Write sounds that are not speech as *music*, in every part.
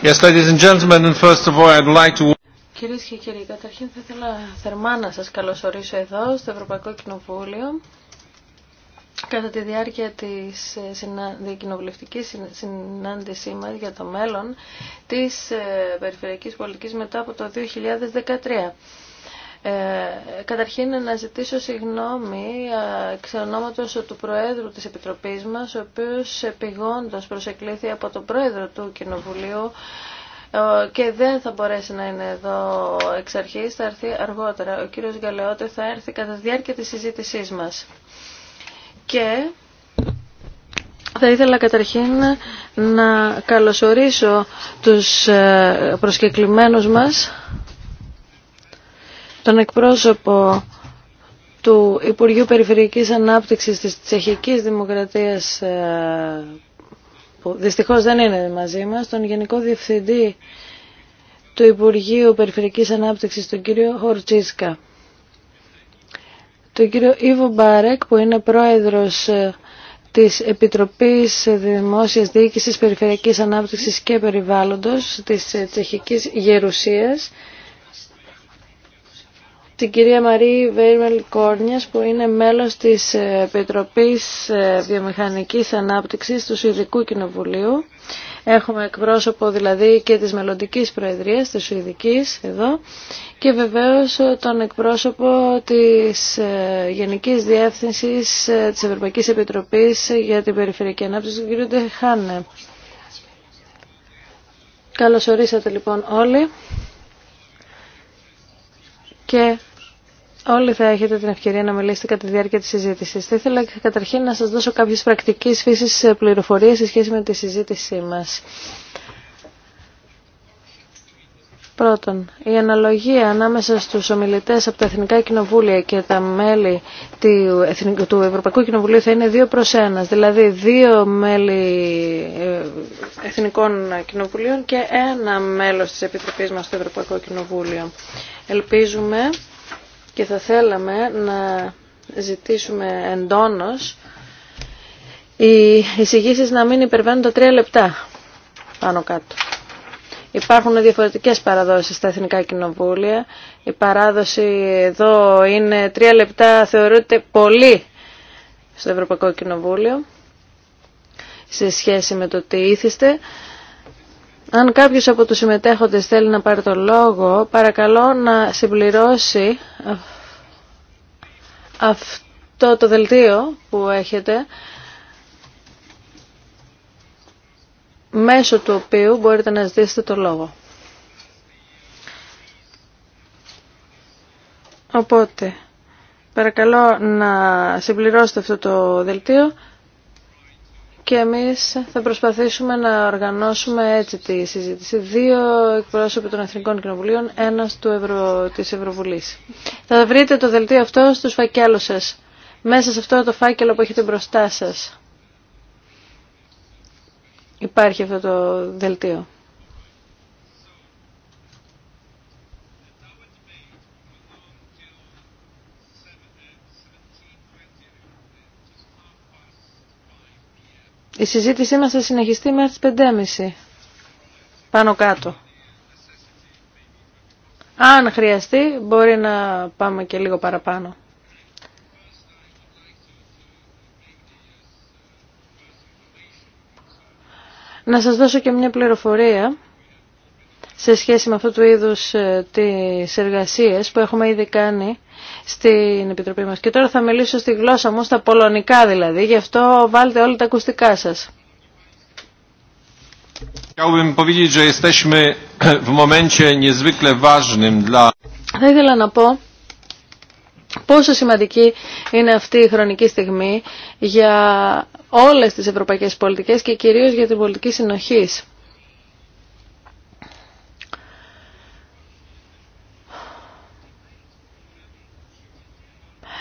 Yes, ladies and gentlemen, and first of all, I'd like to... Κυρίες και κύριοι, καταρχήν θα ήθελα θερμά να σας καλωσορίσω εδώ, στο Ευρωπαϊκό Κοινοβούλιο. Κατά τη διάρκεια της ε, διακοινοβουλευτικής συνάντησή μας για το μέλλον της ε, περιφερειακής πολιτικής μετά από το 2013. Ε, καταρχήν να ζητήσω συγγνώμη ε, εξ ονόματος του Προέδρου της Επιτροπής μας, ο οποίος επιγόντως προσεκλήθη από τον Πρόεδρο του Κοινοβουλίου ε, και δεν θα μπορέσει να είναι εδώ εξ αρχής, θα έρθει αργότερα. Ο κύριος Γαλεώτη θα έρθει κατά τη διάρκεια της συζήτησής μας. Και θα ήθελα καταρχήν να καλωσορίσω τους προσκεκλημένους μας τον εκπρόσωπο του Υπουργείου Περιφερειακής Ανάπτυξης της Τσεχικής Δημοκρατίας ε, που δυστυχώς δεν είναι μαζί μας, τον Γενικό Διευθυντή του Υπουργείου Περιφερειακής Ανάπτυξης, τον κύριο Χορτσίσκα, τον κύριο Ιβο Μπάρεκ που είναι πρόεδρος ε, της Επιτροπής Δημόσιας Διοίκησης Περιφερειακής Ανάπτυξης και Περιβάλλοντος της ε, Τσεχικής Γερουσίας, την κυρία Μαρή Βέιμελ Κόρνιας που είναι μέλος της ε, Επιτροπής ε, Βιομηχανικής Ανάπτυξης του Σουηδικού Κοινοβουλίου. Έχουμε εκπρόσωπο δηλαδή και της μελλοντική Προεδρίας, της Σουηδικής εδώ και βεβαίως ε, τον εκπρόσωπο της Γενικής Διεύθυνσης της Ευρωπαϊκής Επιτροπής για την Περιφερειακή Ανάπτυξη, τον κύριο Ντεχάνε. Καλώς ορίσατε λοιπόν όλοι και Όλοι θα έχετε την ευκαιρία να μιλήσετε κατά τη διάρκεια της συζήτησης. Θα ήθελα καταρχήν να σας δώσω κάποιες πρακτικές φύσεις ε, πληροφορίες σε σχέση με τη συζήτησή μας. Πρώτον, η αναλογία ανάμεσα στους ομιλητές από τα Εθνικά Κοινοβούλια και τα μέλη του Ευρωπαϊκού Κοινοβουλίου θα είναι δύο προς ένα, δηλαδή δύο μέλη ε, Εθνικών Κοινοβουλίων και ένα μέλος της Επιτροπής μας στο Ευρωπαϊκό Κοινοβούλιο. Ελπίζουμε και θα θέλαμε να ζητήσουμε εντόνως οι εισηγήσει να μην υπερβαίνουν τα τρία λεπτά πάνω κάτω. Υπάρχουν διαφορετικές παραδόσεις στα εθνικά κοινοβούλια. Η παράδοση εδώ είναι τρία λεπτά θεωρείται πολύ στο Ευρωπαϊκό Κοινοβούλιο σε σχέση με το τι ήθιστε. Αν κάποιος από τους συμμετέχοντες θέλει να πάρει το λόγο, παρακαλώ να συμπληρώσει αυτό το δελτίο που έχετε, μέσω του οποίου μπορείτε να ζητήσετε το λόγο. Οπότε, παρακαλώ να συμπληρώσετε αυτό το δελτίο και εμείς θα προσπαθήσουμε να οργανώσουμε έτσι τη συζήτηση. Δύο εκπρόσωποι των Εθνικών Κοινοβουλίων, ένας του Ευρω... της Ευρωβουλής. Θα βρείτε το δελτίο αυτό στους φακέλους σας, μέσα σε αυτό το φάκελο που έχετε μπροστά σας. Υπάρχει αυτό το δελτίο. Η συζήτησή μας θα συνεχιστεί μέχρι τις 5.30. Πάνω κάτω. Αν χρειαστεί, μπορεί να πάμε και λίγο παραπάνω. Να σας δώσω και μια πληροφορία σε σχέση με αυτού του είδους ε, τις εργασίες που έχουμε ήδη κάνει στην Επιτροπή μας. Και τώρα θα μιλήσω στη γλώσσα μου, στα πολωνικά δηλαδή, γι' αυτό βάλτε όλα τα ακουστικά σας. Θα ήθελα να πω πόσο σημαντική είναι αυτή η χρονική στιγμή για όλες τις ευρωπαϊκές πολιτικές και κυρίως για την πολιτική συνοχής.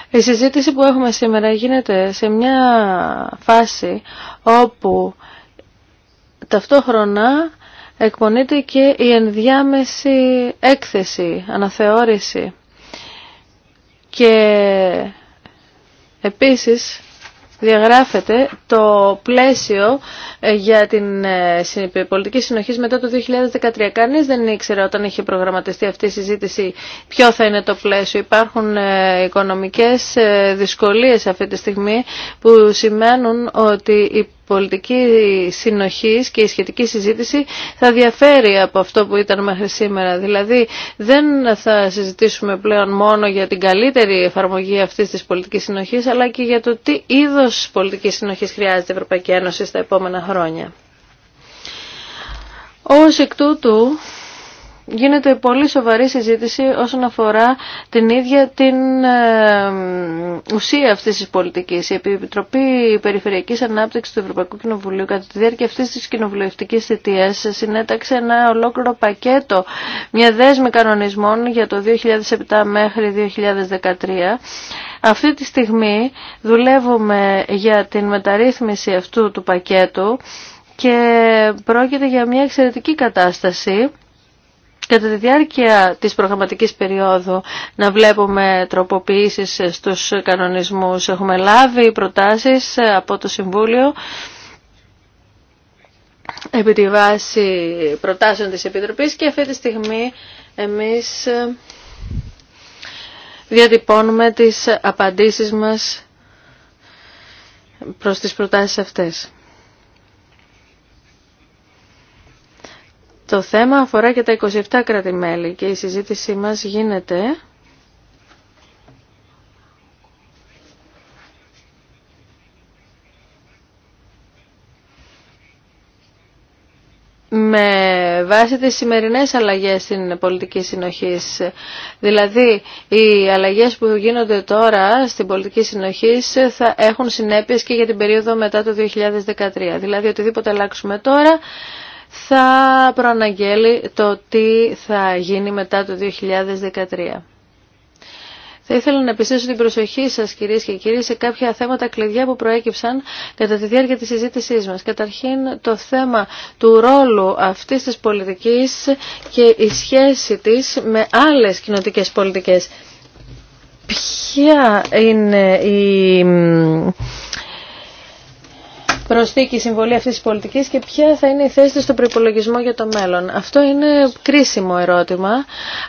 Η συζήτηση που έχουμε σήμερα γίνεται σε μια φάση όπου ταυτόχρονα εκπονείται και η ενδιάμεση έκθεση, αναθεώρηση και επίσης διαγράφεται το πλαίσιο ε, για την ε, πολιτική συνοχή μετά το 2013. Κανεί δεν ήξερε όταν είχε προγραμματιστεί αυτή η συζήτηση ποιο θα είναι το πλαίσιο. Υπάρχουν ε, οικονομικές δυσκολίες αυτή τη στιγμή που σημαίνουν ότι πολιτική συνοχή και η σχετική συζήτηση θα διαφέρει από αυτό που ήταν μέχρι σήμερα. Δηλαδή δεν θα συζητήσουμε πλέον μόνο για την καλύτερη εφαρμογή αυτής της πολιτικής συνοχή, αλλά και για το τι είδο πολιτική συνοχή χρειάζεται η Ευρωπαϊκή Ένωση στα επόμενα χρόνια. Ως εκ τούτου γίνεται πολύ σοβαρή συζήτηση όσον αφορά την ίδια την ε, ουσία αυτής της πολιτικής. Η Επιτροπή Περιφερειακής Ανάπτυξης του Ευρωπαϊκού Κοινοβουλίου κατά τη διάρκεια αυτής της κοινοβουλευτικής θητείας συνέταξε ένα ολόκληρο πακέτο, μια δέσμη κανονισμών για το 2007 μέχρι 2013. Αυτή τη στιγμή δουλεύουμε για την μεταρρύθμιση αυτού του πακέτου και πρόκειται για μια εξαιρετική κατάσταση κατά τη διάρκεια της προγραμματικής περίοδου να βλέπουμε τροποποιήσεις στους κανονισμούς. Έχουμε λάβει προτάσεις από το Συμβούλιο επί τη βάση προτάσεων της Επιτροπής και αυτή τη στιγμή εμείς διατυπώνουμε τις απαντήσεις μας προς τις προτάσεις αυτές. Το θέμα αφορά και τα 27 κράτη-μέλη και η συζήτησή μας γίνεται με βάση τις σημερινές αλλαγές στην πολιτική συνοχή. Δηλαδή, οι αλλαγές που γίνονται τώρα στην πολιτική συνοχή θα έχουν συνέπειες και για την περίοδο μετά το 2013. Δηλαδή, οτιδήποτε αλλάξουμε τώρα θα προαναγγέλει το τι θα γίνει μετά το 2013. Θα ήθελα να επιστήσω την προσοχή σας κυρίες και κύριοι σε κάποια θέματα κλειδιά που προέκυψαν κατά τη διάρκεια της συζήτησής μας. Καταρχήν το θέμα του ρόλου αυτής της πολιτικής και η σχέση της με άλλες κοινωτικές πολιτικές. Ποια είναι η προσθήκη συμβολή αυτής της πολιτικής και ποια θα είναι η θέση της στο προπολογισμό για το μέλλον. Αυτό είναι κρίσιμο ερώτημα,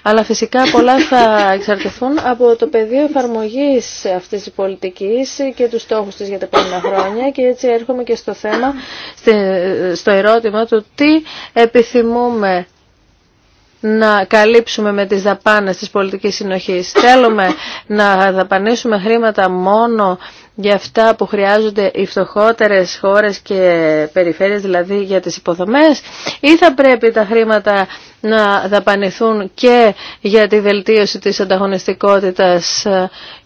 αλλά φυσικά πολλά θα εξαρτηθούν από το πεδίο εφαρμογής αυτής της πολιτικής και τους στόχους της για τα επόμενα χρόνια και έτσι έρχομαι και στο θέμα, στο ερώτημα του τι επιθυμούμε να καλύψουμε με τις δαπάνες της πολιτικής συνοχής. Θέλουμε να δαπανίσουμε χρήματα μόνο για αυτά που χρειάζονται οι φτωχότερες χώρες και περιφέρειες, δηλαδή για τις υποδομές, ή θα πρέπει τα χρήματα να δαπανηθούν και για τη βελτίωση της ανταγωνιστικότητας,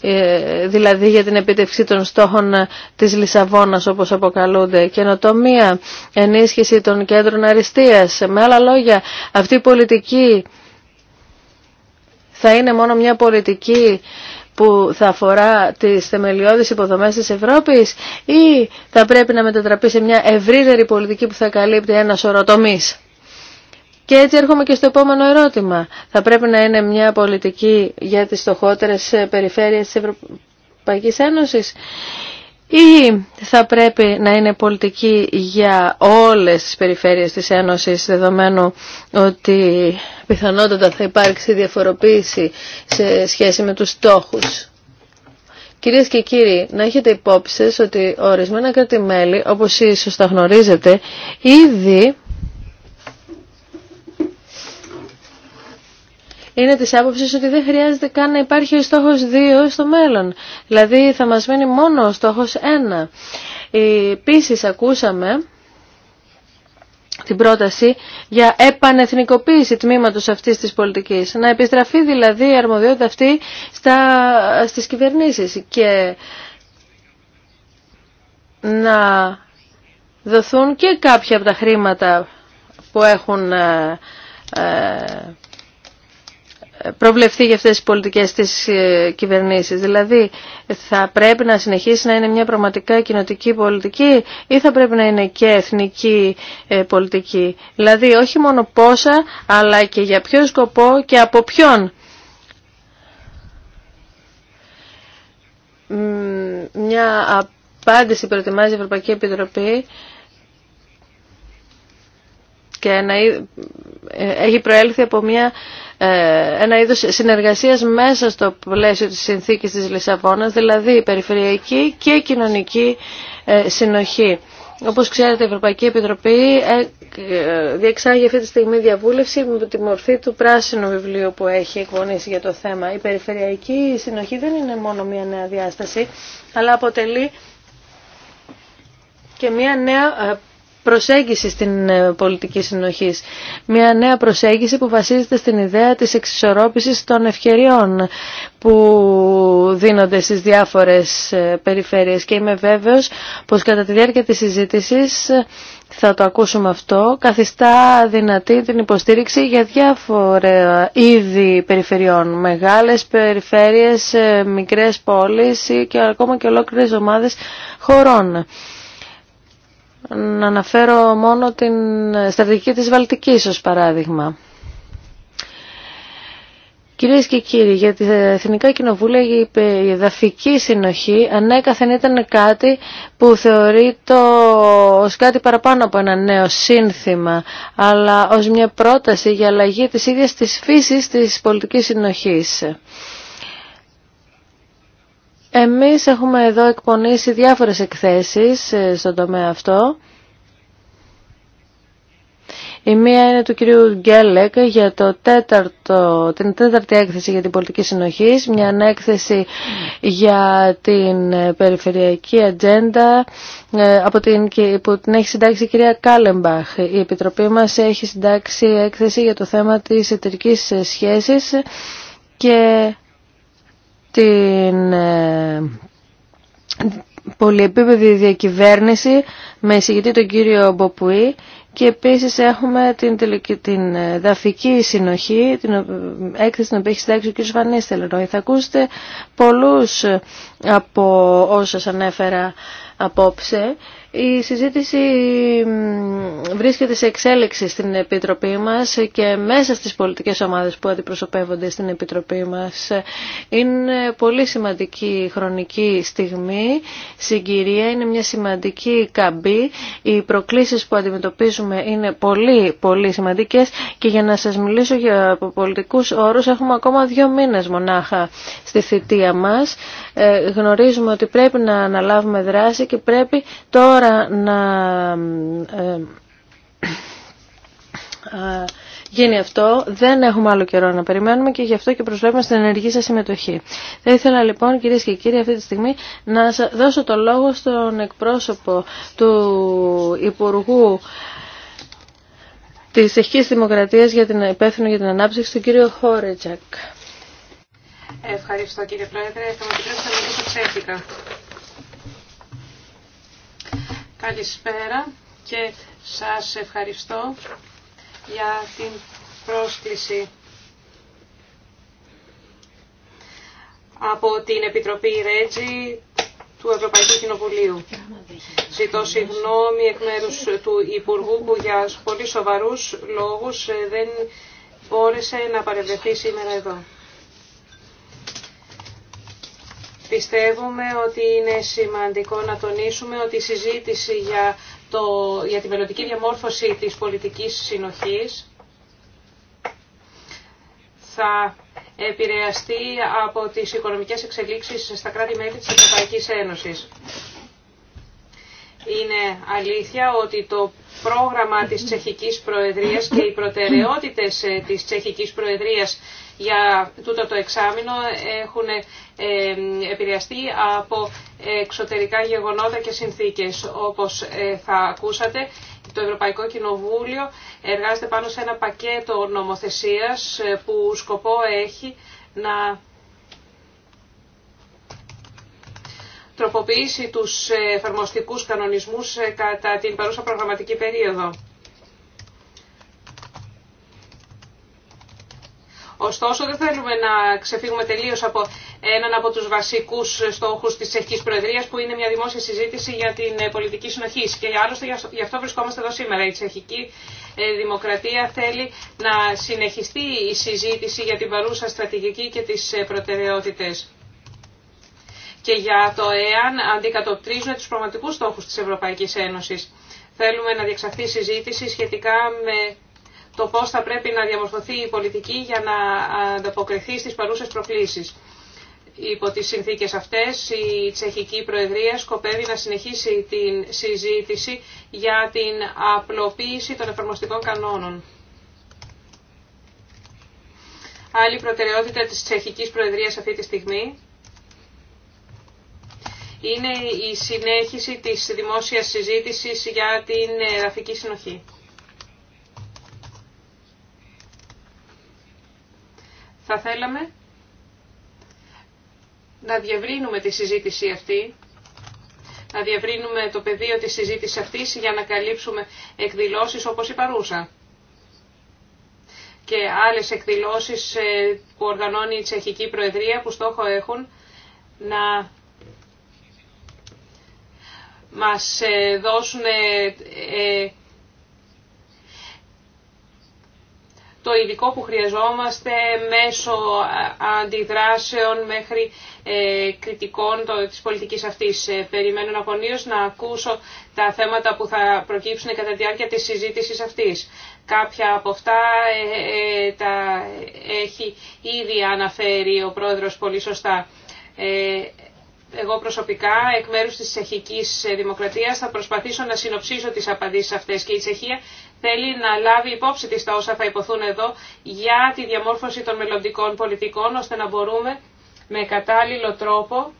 ε, δηλαδή για την επίτευξη των στόχων της Λισαβόνας, όπως αποκαλούνται, καινοτομία, ενίσχυση των κέντρων αριστείας. Με άλλα λόγια, αυτή η πολιτική θα είναι μόνο μια πολιτική που θα αφορά τις θεμελιώδεις υποδομές της Ευρώπης ή θα πρέπει να μετατραπεί σε μια ευρύτερη πολιτική που θα καλύπτει ένα σωρό Και έτσι έρχομαι και στο επόμενο ερώτημα. Θα πρέπει να είναι μια πολιτική για τις στοχότερες περιφέρειες της Ευρωπαϊκής Ένωσης ή θα πρέπει να είναι πολιτική για όλες τις περιφέρειες της Ένωσης δεδομένου ότι πιθανότατα θα υπάρξει διαφοροποίηση σε σχέση με τους στόχους. Κυρίες και κύριοι, να έχετε υπόψη ότι ορισμένα κράτη-μέλη, όπως ίσως τα γνωρίζετε, ήδη είναι της άποψης ότι δεν χρειάζεται καν να υπάρχει ο στόχος 2 στο μέλλον. Δηλαδή θα μας μείνει μόνο ο στόχος 1. Ε, Επίση ακούσαμε την πρόταση για επανεθνικοποίηση τμήματος αυτής της πολιτικής. Να επιστραφεί δηλαδή η αρμοδιότητα αυτή στα, στις κυβερνήσεις και να δοθούν και κάποια από τα χρήματα που έχουν ε, ε, προβλεφθεί για αυτές τις πολιτικές της ε, κυβερνήσεις. Δηλαδή θα πρέπει να συνεχίσει να είναι μια πραγματικά κοινοτική πολιτική ή θα πρέπει να είναι και εθνική ε, πολιτική. Δηλαδή όχι μόνο πόσα αλλά και για ποιο σκοπό και από ποιον. Μια απάντηση προετοιμάζει η Ευρωπαϊκή Επιτροπή και ε, έχει προέλθει από μια, ε, ένα είδος συνεργασίας μέσα στο πλαίσιο της συνθήκης της Λισαβόνας, δηλαδή περιφερειακή και κοινωνική ε, συνοχή. Όπως ξέρετε η Ευρωπαϊκή Επιτροπή διεξάγει αυτή τη στιγμή διαβούλευση με τη μορφή του πράσινου βιβλίου που έχει εκπονήσει για το θέμα. Η περιφερειακή συνοχή δεν είναι μόνο μια νέα διάσταση, αλλά αποτελεί και μια νέα προσέγγιση στην ε, πολιτική συνοχή. Μια νέα προσέγγιση που βασίζεται στην ιδέα της εξισορρόπησης των ευκαιριών που δίνονται στις διάφορες ε, περιφέρειες και είμαι βέβαιος πως κατά τη διάρκεια της συζήτησης ε, θα το ακούσουμε αυτό, καθιστά δυνατή την υποστήριξη για διάφορα είδη περιφερειών, μεγάλες περιφέρειες, μικρές πόλεις και ακόμα και ολόκληρες ομάδες χωρών να αναφέρω μόνο την στρατηγική της Βαλτικής ως παράδειγμα. Κυρίες και κύριοι, για τη Εθνικά Κοινοβούλια η εδαφική συνοχή ανέκαθεν ήταν κάτι που θεωρείται ως κάτι παραπάνω από ένα νέο σύνθημα, αλλά ως μια πρόταση για αλλαγή της ίδιας της φύσης της πολιτικής συνοχής. Εμείς έχουμε εδώ εκπονήσει διάφορες εκθέσεις ε, στον τομέα αυτό. Η μία είναι του κυρίου Γκέλεκ για το τέταρτο, την τέταρτη έκθεση για την πολιτική συνοχή, μια ανέκθεση για την ε, περιφερειακή ατζέντα ε, από την, που την έχει συντάξει η κυρία Κάλεμπαχ. Η Επιτροπή μας έχει συντάξει έκθεση για το θέμα της εταιρικής σχέσης και την ε, πολυεπίπεδη διακυβέρνηση με εισηγητή τον κύριο Μποπουή και επίσης έχουμε την, την ε, δαφική συνοχή, την ε, έκθεση την οποία έχει συντάξει ο κ. Βανίστελ. Θα ακούσετε πολλούς από όσους ανέφερα απόψε η συζήτηση βρίσκεται σε εξέλιξη στην Επιτροπή μας και μέσα στις πολιτικές ομάδες που αντιπροσωπεύονται στην Επιτροπή μας. Είναι πολύ σημαντική χρονική στιγμή, συγκυρία, είναι μια σημαντική καμπή. Οι προκλήσεις που αντιμετωπίζουμε είναι πολύ πολύ σημαντικές και για να σας μιλήσω για πολιτικούς όρους έχουμε ακόμα δύο μήνες μονάχα στη θητεία μας. Ε, γνωρίζουμε ότι πρέπει να αναλάβουμε δράση και πρέπει τώρα τώρα να ε, ε, γίνει αυτό. Δεν έχουμε άλλο καιρό να περιμένουμε και γι' αυτό και προσβλέπουμε στην ενεργή σας συμμετοχή. Θα ήθελα λοιπόν κυρίες και κύριοι αυτή τη στιγμή να δώσω το λόγο στον εκπρόσωπο του Υπουργού τη Εχικής Δημοκρατία για την υπεύθυνο για την ανάπτυξη, του κύριο Χόρετζακ. Ευχαριστώ κύριε Πρόεδρε. Θα μου επιτρέψετε να μιλήσω Καλησπέρα και σας ευχαριστώ για την πρόσκληση από την Επιτροπή Ρέτζη του Ευρωπαϊκού Κοινοβουλίου. Ζητώ συγγνώμη εκ μέρους του Υπουργού που για πολύ σοβαρούς λόγους δεν μπόρεσε να παρευρεθεί σήμερα εδώ. πιστεύουμε ότι είναι σημαντικό να τονίσουμε ότι η συζήτηση για, το, για τη μελλοντική διαμόρφωση της πολιτικής συνοχής θα επηρεαστεί από τις οικονομικές εξελίξεις στα κράτη-μέλη της Ευρωπαϊκής Ένωσης. Είναι αλήθεια ότι το πρόγραμμα της Τσεχικής Προεδρίας και οι προτεραιότητες ε, της Τσεχικής Προεδρίας για τούτο το εξάμεινο έχουν ε, επηρεαστεί από εξωτερικά γεγονότα και συνθήκες. Όπως ε, θα ακούσατε, το Ευρωπαϊκό Κοινοβούλιο εργάζεται πάνω σε ένα πακέτο νομοθεσίας ε, που σκοπό έχει να τροποποιήσει τους εφαρμοστικούς κανονισμούς κατά την παρούσα προγραμματική περίοδο. Ωστόσο, δεν θέλουμε να ξεφύγουμε τελείω από έναν από του βασικού στόχου τη Τσεχική Προεδρία, που είναι μια δημόσια συζήτηση για την ε, πολιτική συνοχή. Και άλλωστε, γι' αυτό βρισκόμαστε εδώ σήμερα. Η Τσεχική ε, Δημοκρατία θέλει να συνεχιστεί η συζήτηση για την παρούσα στρατηγική και τι ε, προτεραιότητε και για το εάν αντικατοπτρίζουν τους πραγματικούς στόχους της Ευρωπαϊκής Ένωσης. Θέλουμε να διεξαχθεί συζήτηση σχετικά με το πώς θα πρέπει να διαμορφωθεί η πολιτική για να ανταποκριθεί στις παρούσες προκλήσεις. Υπό τις συνθήκες αυτές η Τσεχική Προεδρία σκοπεύει να συνεχίσει την συζήτηση για την απλοποίηση των εφαρμοστικών κανόνων. Άλλη προτεραιότητα της Τσεχικής Προεδρίας αυτή τη στιγμή είναι η συνέχιση της δημόσιας συζήτησης για την εδαφική συνοχή. Θα θέλαμε να διαβρύνουμε τη συζήτηση αυτή, να διαβρύνουμε το πεδίο της συζήτησης αυτής για να καλύψουμε εκδηλώσεις όπως η παρούσα και άλλες εκδηλώσεις ε, που οργανώνει η Τσεχική Προεδρία που στόχο έχουν να μας ε, δώσουν ε, το υλικό που χρειαζόμαστε μέσω αντιδράσεων μέχρι ε, κριτικών της πολιτικής αυτής. Ε, περιμένω να ακούσω τα θέματα που θα προκύψουν κατά τη διάρκεια της συζήτησης αυτής. Κάποια από αυτά ε, τα έχει ήδη αναφέρει ο πρόεδρος πολύ σωστά. Εγώ προσωπικά, εκ μέρους της Τσεχικής Δημοκρατίας, θα προσπαθήσω να συνοψίσω τις απαντήσεις αυτές και η Τσεχία θέλει να λάβει υπόψη της τα όσα θα υποθούν εδώ για τη διαμόρφωση των μελλοντικών πολιτικών, ώστε να μπορούμε με κατάλληλο τρόπο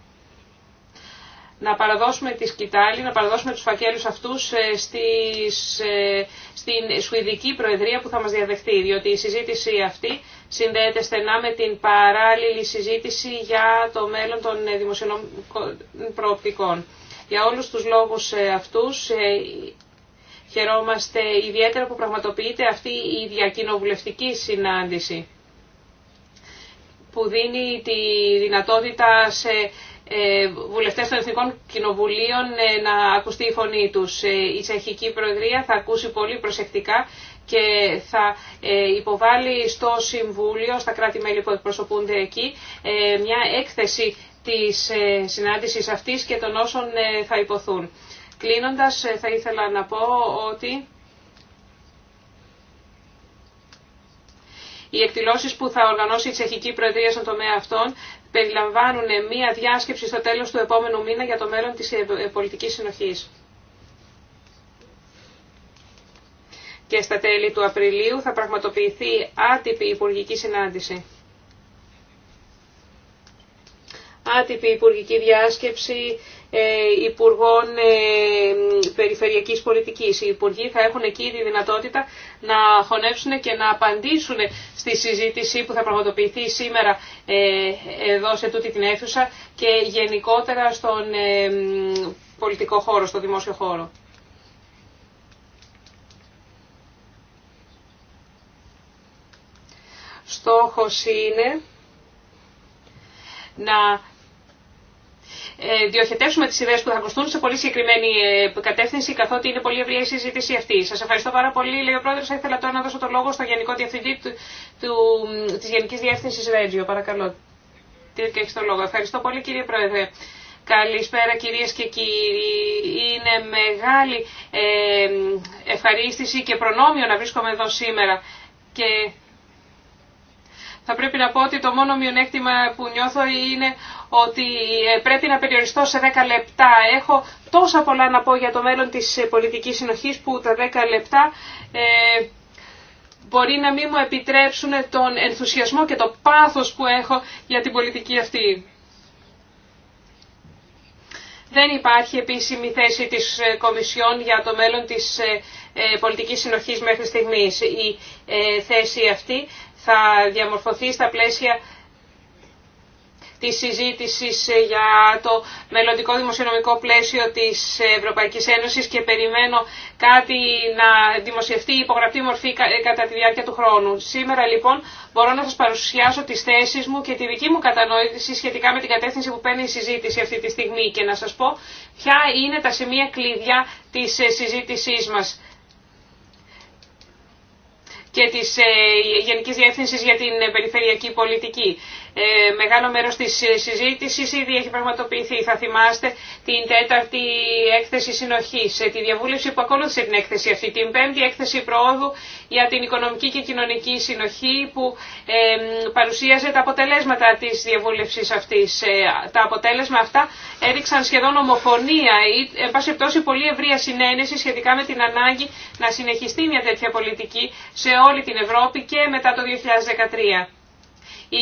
να παραδώσουμε τη σκητάλη, να παραδώσουμε τους φακέλους αυτούς ε, στις, ε, στην Σουηδική Προεδρία που θα μας διαδεχτεί, διότι η συζήτηση αυτή συνδέεται στενά με την παράλληλη συζήτηση για το μέλλον των ε, δημοσιονομικών προοπτικών. Για όλους τους λόγους αυτούς Χαιρόμαστε ιδιαίτερα που πραγματοποιείται αυτή η διακοινοβουλευτική συνάντηση που δίνει τη δυνατότητα σε ε, βουλευτές των Εθνικών Κοινοβουλίων ε, να ακουστεί η φωνή τους. Ε, η Τσεχική Προεδρία θα ακούσει πολύ προσεκτικά και θα υποβάλει στο Συμβούλιο, στα κράτη-μέλη που εκπροσωπούνται εκεί, μια έκθεση της συνάντησης αυτής και των όσων θα υποθούν. Κλείνοντας, ε, θα ήθελα να πω ότι οι εκδηλώσεις που θα οργανώσει η Τσεχική Προεδρία στον τομέα αυτών περιλαμβάνουν μία διάσκεψη στο τέλος του επόμενου μήνα για το μέλλον της ε, ε, πολιτικής συνοχής. Και στα τέλη του Απριλίου θα πραγματοποιηθεί άτυπη υπουργική συνάντηση. Άτυπη υπουργική διάσκεψη ε, Υπουργών ε, Περιφερειακής Πολιτικής. Οι Υπουργοί θα έχουν εκεί τη δυνατότητα να χωνεύσουν και να απαντήσουν στη συζήτηση που θα πραγματοποιηθεί σήμερα ε, εδώ σε τούτη την αίθουσα και γενικότερα στον πολιτικό χώρο, στο δημόσιο χώρο. Στόχος είναι να ε, διοχετεύσουμε τις ιδέες που θα ακουστούν σε πολύ συγκεκριμένη ε, κατεύθυνση, καθότι είναι πολύ ευρία η συζήτηση αυτή. Σας ευχαριστώ πάρα πολύ, λέει ο Πρόεδρος. Θα ήθελα τώρα να δώσω το λόγο στο Γενικό Διευθυντή του, Γενική της Γενικής Διεύθυνσης Ρέτζιο. Παρακαλώ. Τι και έχεις το λόγο. Ευχαριστώ πολύ κύριε Πρόεδρε. Καλησπέρα κυρίες και κύριοι. Είναι μεγάλη ε, ευχαρίστηση και προνόμιο να βρίσκομαι εδώ σήμερα. Και θα πρέπει να πω ότι το μόνο μειονέκτημα που νιώθω είναι ότι ε, πρέπει να περιοριστώ σε 10 λεπτά. Έχω τόσα πολλά να πω για το μέλλον της ε, πολιτικής συνοχής που τα 10 λεπτά ε, μπορεί να μην μου επιτρέψουν τον ενθουσιασμό και το πάθος που έχω για την πολιτική αυτή. Δεν υπάρχει επίσημη θέση της Κομισιόν για το μέλλον της πολιτικής συνοχής μέχρι στιγμής. Η θέση αυτή θα διαμορφωθεί στα πλαίσια τη συζήτηση ε, για το μελλοντικό δημοσιονομικό πλαίσιο της Ευρωπαϊκής Ένωσης και περιμένω κάτι να δημοσιευτεί υπογραπτή μορφή ε, κατά τη διάρκεια του χρόνου. Σήμερα λοιπόν μπορώ να σας παρουσιάσω τι θέσει μου και τη δική μου κατανόηση σχετικά με την κατεύθυνση που παίρνει η συζήτηση αυτή τη στιγμή και να σα πω ποια είναι τα σημεία κλειδιά τη ε, συζήτησή μα και της ε, Γενικής Διεύθυνσης για την ε, Περιφερειακή Πολιτική. Ε, μεγάλο μέρος της συζήτησης ήδη έχει πραγματοποιηθεί. Θα θυμάστε την τέταρτη έκθεση συνοχής, τη διαβούλευση που ακολούθησε την έκθεση αυτή, την πέμπτη έκθεση προόδου για την οικονομική και κοινωνική συνοχή που παρουσίαζε τα αποτελέσματα της διαβούλευσης αυτής. Ε, τα αποτέλεσμα αυτά έδειξαν σχεδόν ομοφωνία ή, εν πάση πτώση, πολύ ευρία συνένεση σχετικά με την ανάγκη να συνεχιστεί μια τέτοια πολιτική σε όλη την Ευρώπη και μετά το 2013.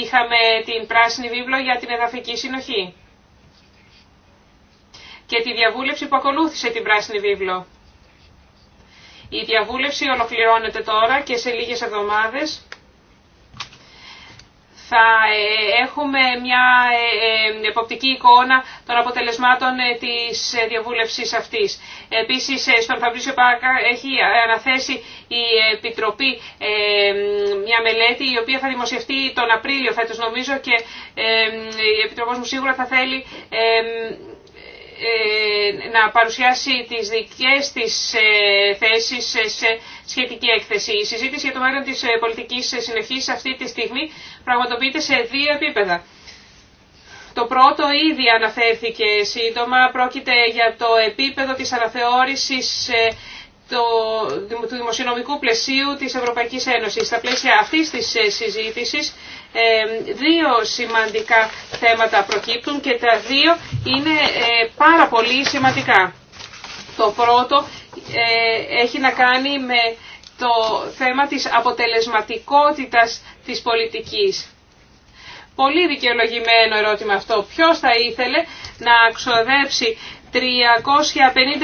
Είχαμε την πράσινη βίβλο για την εδαφική συνοχή και τη διαβούλευση που ακολούθησε την πράσινη βίβλο. Η διαβούλευση ολοκληρώνεται τώρα και σε λίγες εβδομάδες θα ε, έχουμε μια ε, ε, εποπτική εικόνα των αποτελεσμάτων της διαβούλευσης αυτής. Επίσης, στον Φαμπρίσιο Πάκα έχει αναθέσει η Επιτροπή μια μελέτη η οποία θα δημοσιευτεί τον Απρίλιο φέτος νομίζω και η Επιτροπός μου σίγουρα θα θέλει ε, να παρουσιάσει τις δικές της ε, θέσεις σε σχετική έκθεση. Η συζήτηση για το μέλλον της ε, πολιτικής συνεχής αυτή τη στιγμή πραγματοποιείται σε δύο επίπεδα. Το πρώτο ήδη αναφέρθηκε σύντομα, πρόκειται για το επίπεδο της αναθεώρησης του δημοσιονομικού πλαισίου της Ευρωπαϊκής Ένωσης. Στα πλαίσια αυτής της συζήτησης δύο σημαντικά θέματα προκύπτουν και τα δύο είναι ε, πάρα πολύ σημαντικά. Το πρώτο ε, έχει να κάνει με το θέμα της αποτελεσματικότητας της πολιτικής. Πολύ δικαιολογημένο ερώτημα αυτό. Ποιος θα ήθελε να αξοδέψει 350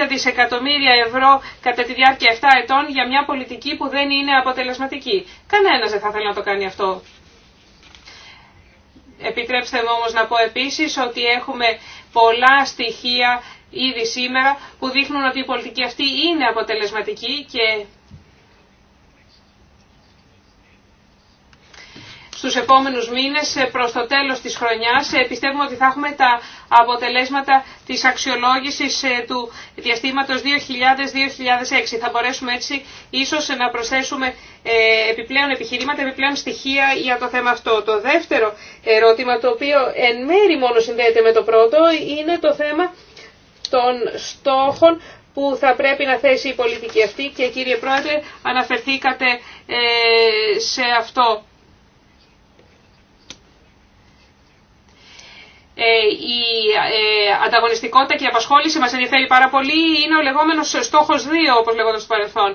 δισεκατομμύρια ευρώ κατά τη διάρκεια 7 ετών για μια πολιτική που δεν είναι αποτελεσματική. Κανένας δεν θα θέλει να το κάνει αυτό. Επιτρέψτε μου όμως να πω επίσης ότι έχουμε πολλά στοιχεία ήδη σήμερα που δείχνουν ότι η πολιτική αυτή είναι αποτελεσματική και στους επόμενους μήνες ε, προς το τέλος της χρονιάς. Ε, πιστεύουμε ότι θα έχουμε τα αποτελέσματα της αξιολόγησης ε, του διαστήματος 2000-2006. Θα μπορέσουμε έτσι ίσως να προσθέσουμε επιπλέον επιχειρήματα, επιπλέον στοιχεία για το θέμα αυτό. Το δεύτερο ερώτημα, το οποίο εν μέρη μόνο συνδέεται με το πρώτο, είναι το θέμα των στόχων που θα πρέπει να θέσει η πολιτική αυτή και κύριε Πρόεδρε αναφερθήκατε σε αυτό. Ε, η ε, ανταγωνιστικότητα και η απασχόληση μας ενδιαφέρει πάρα πολύ. Είναι ο λεγόμενος στόχος 2, όπως λέγοντας στο παρελθόν.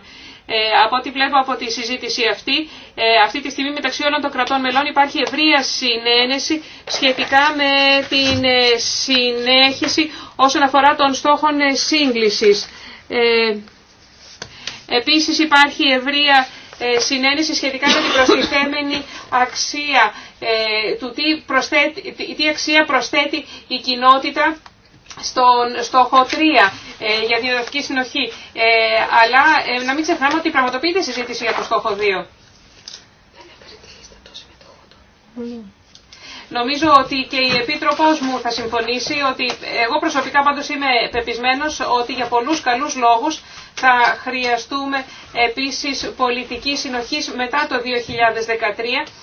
Ε, από ό,τι βλέπω από τη συζήτηση αυτή, αυτή τη στιγμή μεταξύ όλων των κρατών μελών υπάρχει ευρεία συνένεση σχετικά με την συνέχιση όσον αφορά των στόχων σύγκλησης. Ε, επίσης υπάρχει ευρεία ε, συνένεση σχετικά με την προστιθέμενη αξία, ε, του τι, προσθέτει, τι αξία προσθέτει η κοινότητα στον στόχο 3 ε, για διοδοτική συνοχή. αλλά να μην ξεχνάμε ότι πραγματοποιείται συζήτηση για το στόχο 2. Δεν Νομίζω ότι και η Επίτροπος μου θα συμφωνήσει ότι εγώ προσωπικά πάντως είμαι πεπισμένος ότι για πολλούς καλούς λόγους θα χρειαστούμε επίσης πολιτική συνοχής μετά το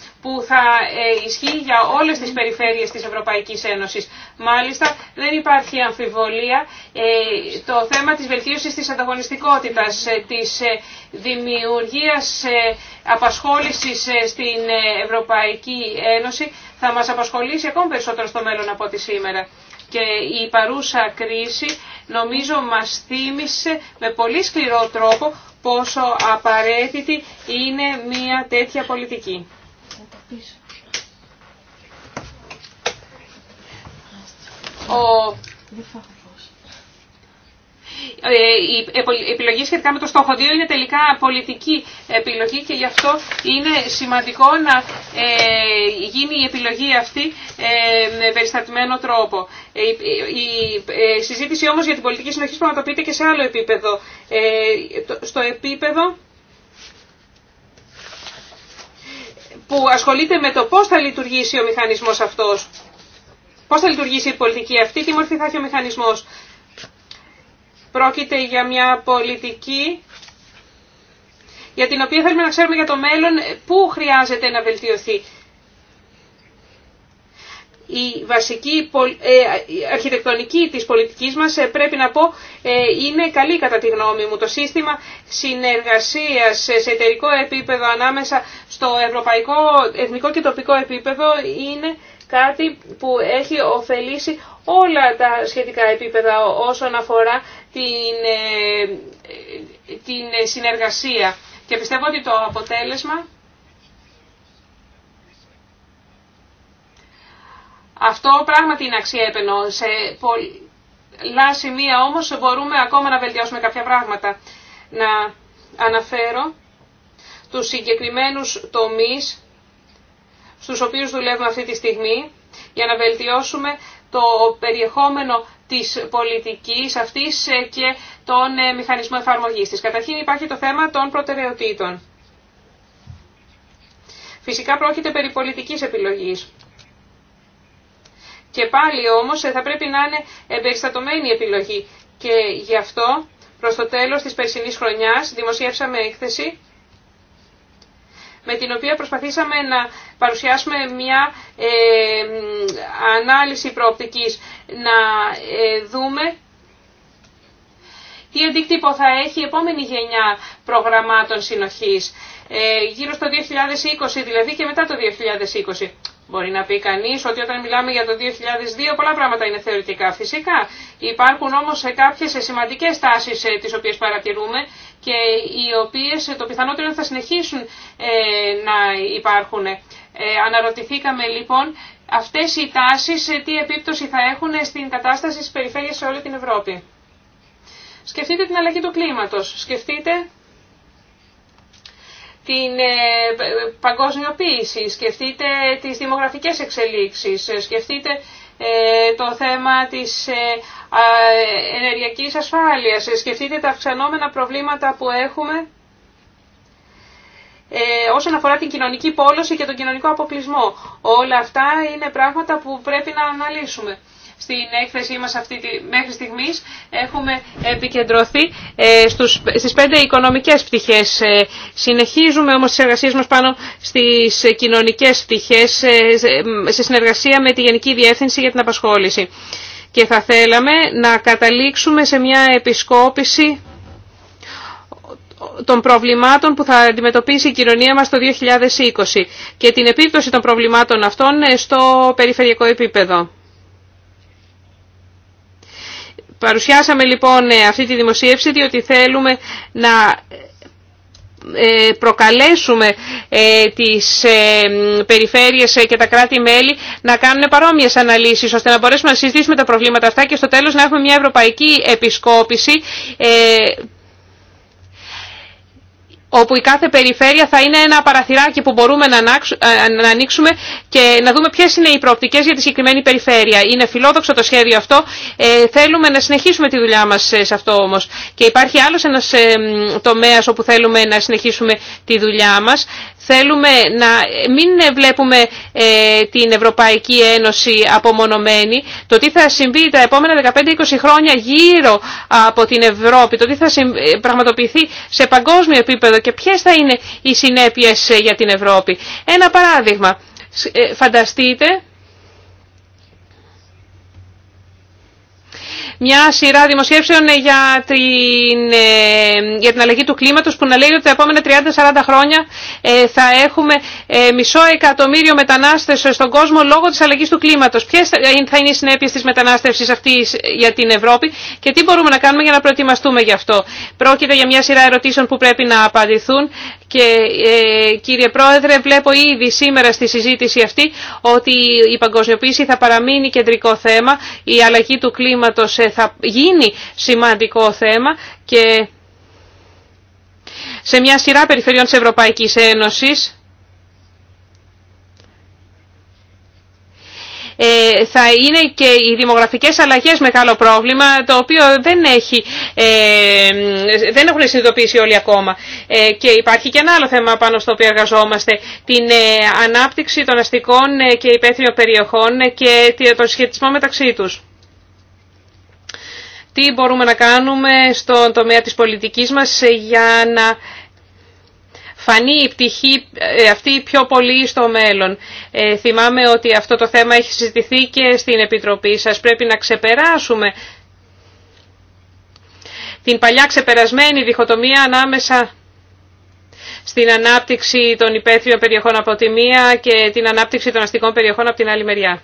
2013 που θα ε, ισχύει για όλες τις περιφέρειες της Ευρωπαϊκής Ένωσης. Μάλιστα, δεν υπάρχει αμφιβολία ε, το θέμα της βελτίωσης της ανταγωνιστικότητας, ε, της δημιουργίας απασχόλησης στην Ευρωπαϊκή Ένωση θα μας απασχολήσει ακόμη περισσότερο στο μέλλον από ό,τι σήμερα. Και η παρούσα κρίση νομίζω μας θύμισε με πολύ σκληρό τρόπο πόσο απαραίτητη είναι μια τέτοια πολιτική. Ο... Ε, η επιλογή σχετικά με το στόχο 2 είναι τελικά πολιτική επιλογή και γι' αυτό είναι σημαντικό να ε, γίνει η επιλογή αυτή ε, με περιστατημένο τρόπο. Η συζήτηση όμως για την πολιτική συνοχή πείτε και σε άλλο επίπεδο. Στο επίπεδο που ασχολείται με το πώς θα λειτουργήσει ο μηχανισμός αυτός. Πώς θα λειτουργήσει η πολιτική αυτή, τι μορφή θα έχει ο μηχανισμός. Πρόκειται για μια πολιτική για την οποία θέλουμε να ξέρουμε για το μέλλον πού χρειάζεται να βελτιωθεί η βασική ε, αρχιτεκτονική της πολιτικής μας, ε, πρέπει να πω, ε, είναι καλή κατά τη γνώμη μου. Το σύστημα συνεργασίας σε εταιρικό επίπεδο ανάμεσα στο ευρωπαϊκό, εθνικό και τοπικό επίπεδο είναι κάτι που έχει ωφελήσει όλα τα σχετικά επίπεδα όσον αφορά την, την συνεργασία. Και πιστεύω ότι το αποτέλεσμα Αυτό πράγματι είναι αξία Σε πολλά σημεία όμως μπορούμε ακόμα να βελτιώσουμε κάποια πράγματα. Να αναφέρω τους συγκεκριμένους τομείς στους οποίους δουλεύουμε αυτή τη στιγμή για να βελτιώσουμε το περιεχόμενο της πολιτικής αυτής και τον ε, μηχανισμό εφαρμογής της. Καταρχήν υπάρχει το θέμα των προτεραιοτήτων. Φυσικά πρόκειται περί πολιτικής επιλογής. Και πάλι όμως ε, θα πρέπει να είναι εμπεριστατωμένη η επιλογή. Και γι' αυτό προς το τέλος της περσινής χρονιάς δημοσιεύσαμε έκθεση με την οποία προσπαθήσαμε να παρουσιάσουμε μια ε, ανάλυση προοπτικής, να ε, δούμε τι αντίκτυπο θα έχει η επόμενη γενιά προγραμμάτων συνοχής, ε, γύρω στο 2020 δηλαδή και μετά το 2020. Μπορεί να πει κανεί, ότι όταν μιλάμε για το 2002 πολλά πράγματα είναι θεωρητικά φυσικά. Υπάρχουν όμως κάποιε σημαντικές τάσεις ε, τις οποίες παρατηρούμε και οι οποίες ε, το πιθανότερο είναι θα συνεχίσουν ε, να υπάρχουν. Αναρωτηθήκαμε λοιπόν αυτές οι τάσεις τι επίπτωση θα έχουν στην κατάσταση τη περιφέρεια σε όλη την Ευρώπη. Σκεφτείτε την αλλαγή του κλίματος. Σκεφτείτε την ε, ε, παγκοσμιοποίηση, σκεφτείτε τις δημογραφικές εξελίξεις, σκεφτείτε ε, το θέμα της ενεργειακής ασφάλειας, σκεφτείτε τα αυξανόμενα προβλήματα που έχουμε όσον αφορά την κοινωνική πόλωση και τον κοινωνικό αποκλεισμό. Όλα αυτά είναι πράγματα που πρέπει να αναλύσουμε στην έκθεσή μας αυτή τη, μέχρι στιγμής έχουμε επικεντρωθεί ε, στους, στις πέντε οικονομικές πτυχές. Ε, συνεχίζουμε όμως τις εργασίες μας πάνω στις κοινωνικές πτυχές ε, σε συνεργασία με τη Γενική Διεύθυνση για την Απασχόληση. Και θα θέλαμε να καταλήξουμε σε μια επισκόπηση των προβλημάτων που θα αντιμετωπίσει η κοινωνία μας το 2020 και την επίπτωση των προβλημάτων αυτών στο περιφερειακό επίπεδο. Παρουσιάσαμε λοιπόν ε, αυτή τη δημοσίευση διότι θέλουμε να ε, προκαλέσουμε ε, τις περιφέρειες και τα κράτη-μέλη να κάνουν παρόμοιες αναλύσεις ώστε να μπορέσουμε να συζητήσουμε τα προβλήματα αυτά και στο τέλος να έχουμε μια ευρωπαϊκή επισκόπηση όπου η κάθε περιφέρεια θα είναι ένα παραθυράκι που μπορούμε ε, να ανοίξουμε και να δούμε ποιες είναι οι προοπτικές για τη συγκεκριμένη περιφέρεια. Είναι φιλόδοξο το σχέδιο αυτό, ε, θέλουμε να συνεχίσουμε τη δουλειά μας ε, σε αυτό όμως. Και υπάρχει άλλος ένας ε, τομέας όπου θέλουμε να συνεχίσουμε τη δουλειά μας. Θέλουμε να μην βλέπουμε ε, την Ευρωπαϊκή Ένωση απομονωμένη. Το τι θα συμβεί τα επόμενα 15-20 χρόνια γύρω από την Ευρώπη, το τι θα ε, πραγματοποιηθεί σε παγκόσμιο επίπεδο και ποιες θα είναι οι συνέπειες ε, για την Ευρώπη. Ένα παράδειγμα. Φανταστείτε μια σειρά δημοσίευσεων ε, για την, ε, για την αλλαγή του κλίματος που να λέει ότι τα επόμενα 30-40 χρόνια ε, θα έχουμε μισό εκατομμύριο μετανάστες στον κόσμο λόγω της αλλαγής του κλίματος. Ποιες θα είναι οι συνέπειες της μετανάστευσης αυτής για την Ευρώπη και τι μπορούμε να κάνουμε για να προετοιμαστούμε γι' αυτό. Πρόκειται για μια σειρά ερωτήσεων που πρέπει να απαντηθούν. Και ε, κύριε Πρόεδρε, βλέπω ήδη σήμερα στη συζήτηση αυτή ότι η παγκοσμιοποίηση θα παραμείνει κεντρικό θέμα, η αλλαγή του κλίματος ε, θα γίνει σημαντικό θέμα και σε μια σειρά περιφερειών της Ευρωπαϊκής Ένωσης Ε, θα είναι και οι δημογραφικές αλλαγές μεγάλο πρόβλημα, το οποίο δεν, έχει, ε, δεν έχουν συνειδητοποιήσει όλοι ακόμα. Ε, και υπάρχει και ένα άλλο θέμα πάνω στο οποίο εργαζόμαστε, την ανάπτυξη των αστικών και υπαίθριων περιοχών και τον σχετισμό μεταξύ τους τι μπορούμε να κάνουμε στον τομέα της πολιτικής μας για να φανεί η πτυχή ε, αυτή πιο πολύ στο μέλλον. Ε, θυμάμαι ότι αυτό το θέμα έχει συζητηθεί και στην Επιτροπή σας. Πρέπει να ξεπεράσουμε την παλιά ξεπερασμένη διχοτομία ανάμεσα στην ανάπτυξη των υπαίθριων περιοχών από τη μία και την ανάπτυξη των αστικών περιοχών από την άλλη μεριά.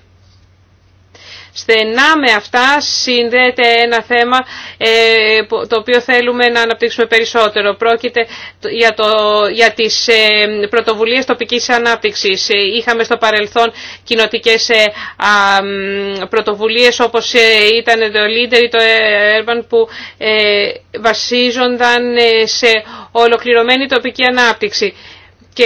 Στενά με αυτά συνδέεται ένα θέμα ε, το οποίο θέλουμε να αναπτύξουμε περισσότερο. Πρόκειται για, το, για τις ε, πρωτοβουλίες τοπικής ανάπτυξης. Ε, είχαμε στο παρελθόν κοινοτικές πρωτοβουλίες όπως ήταν το Leader ή το Urban που βασίζονταν σε ολοκληρωμένη τοπική ανάπτυξη. Και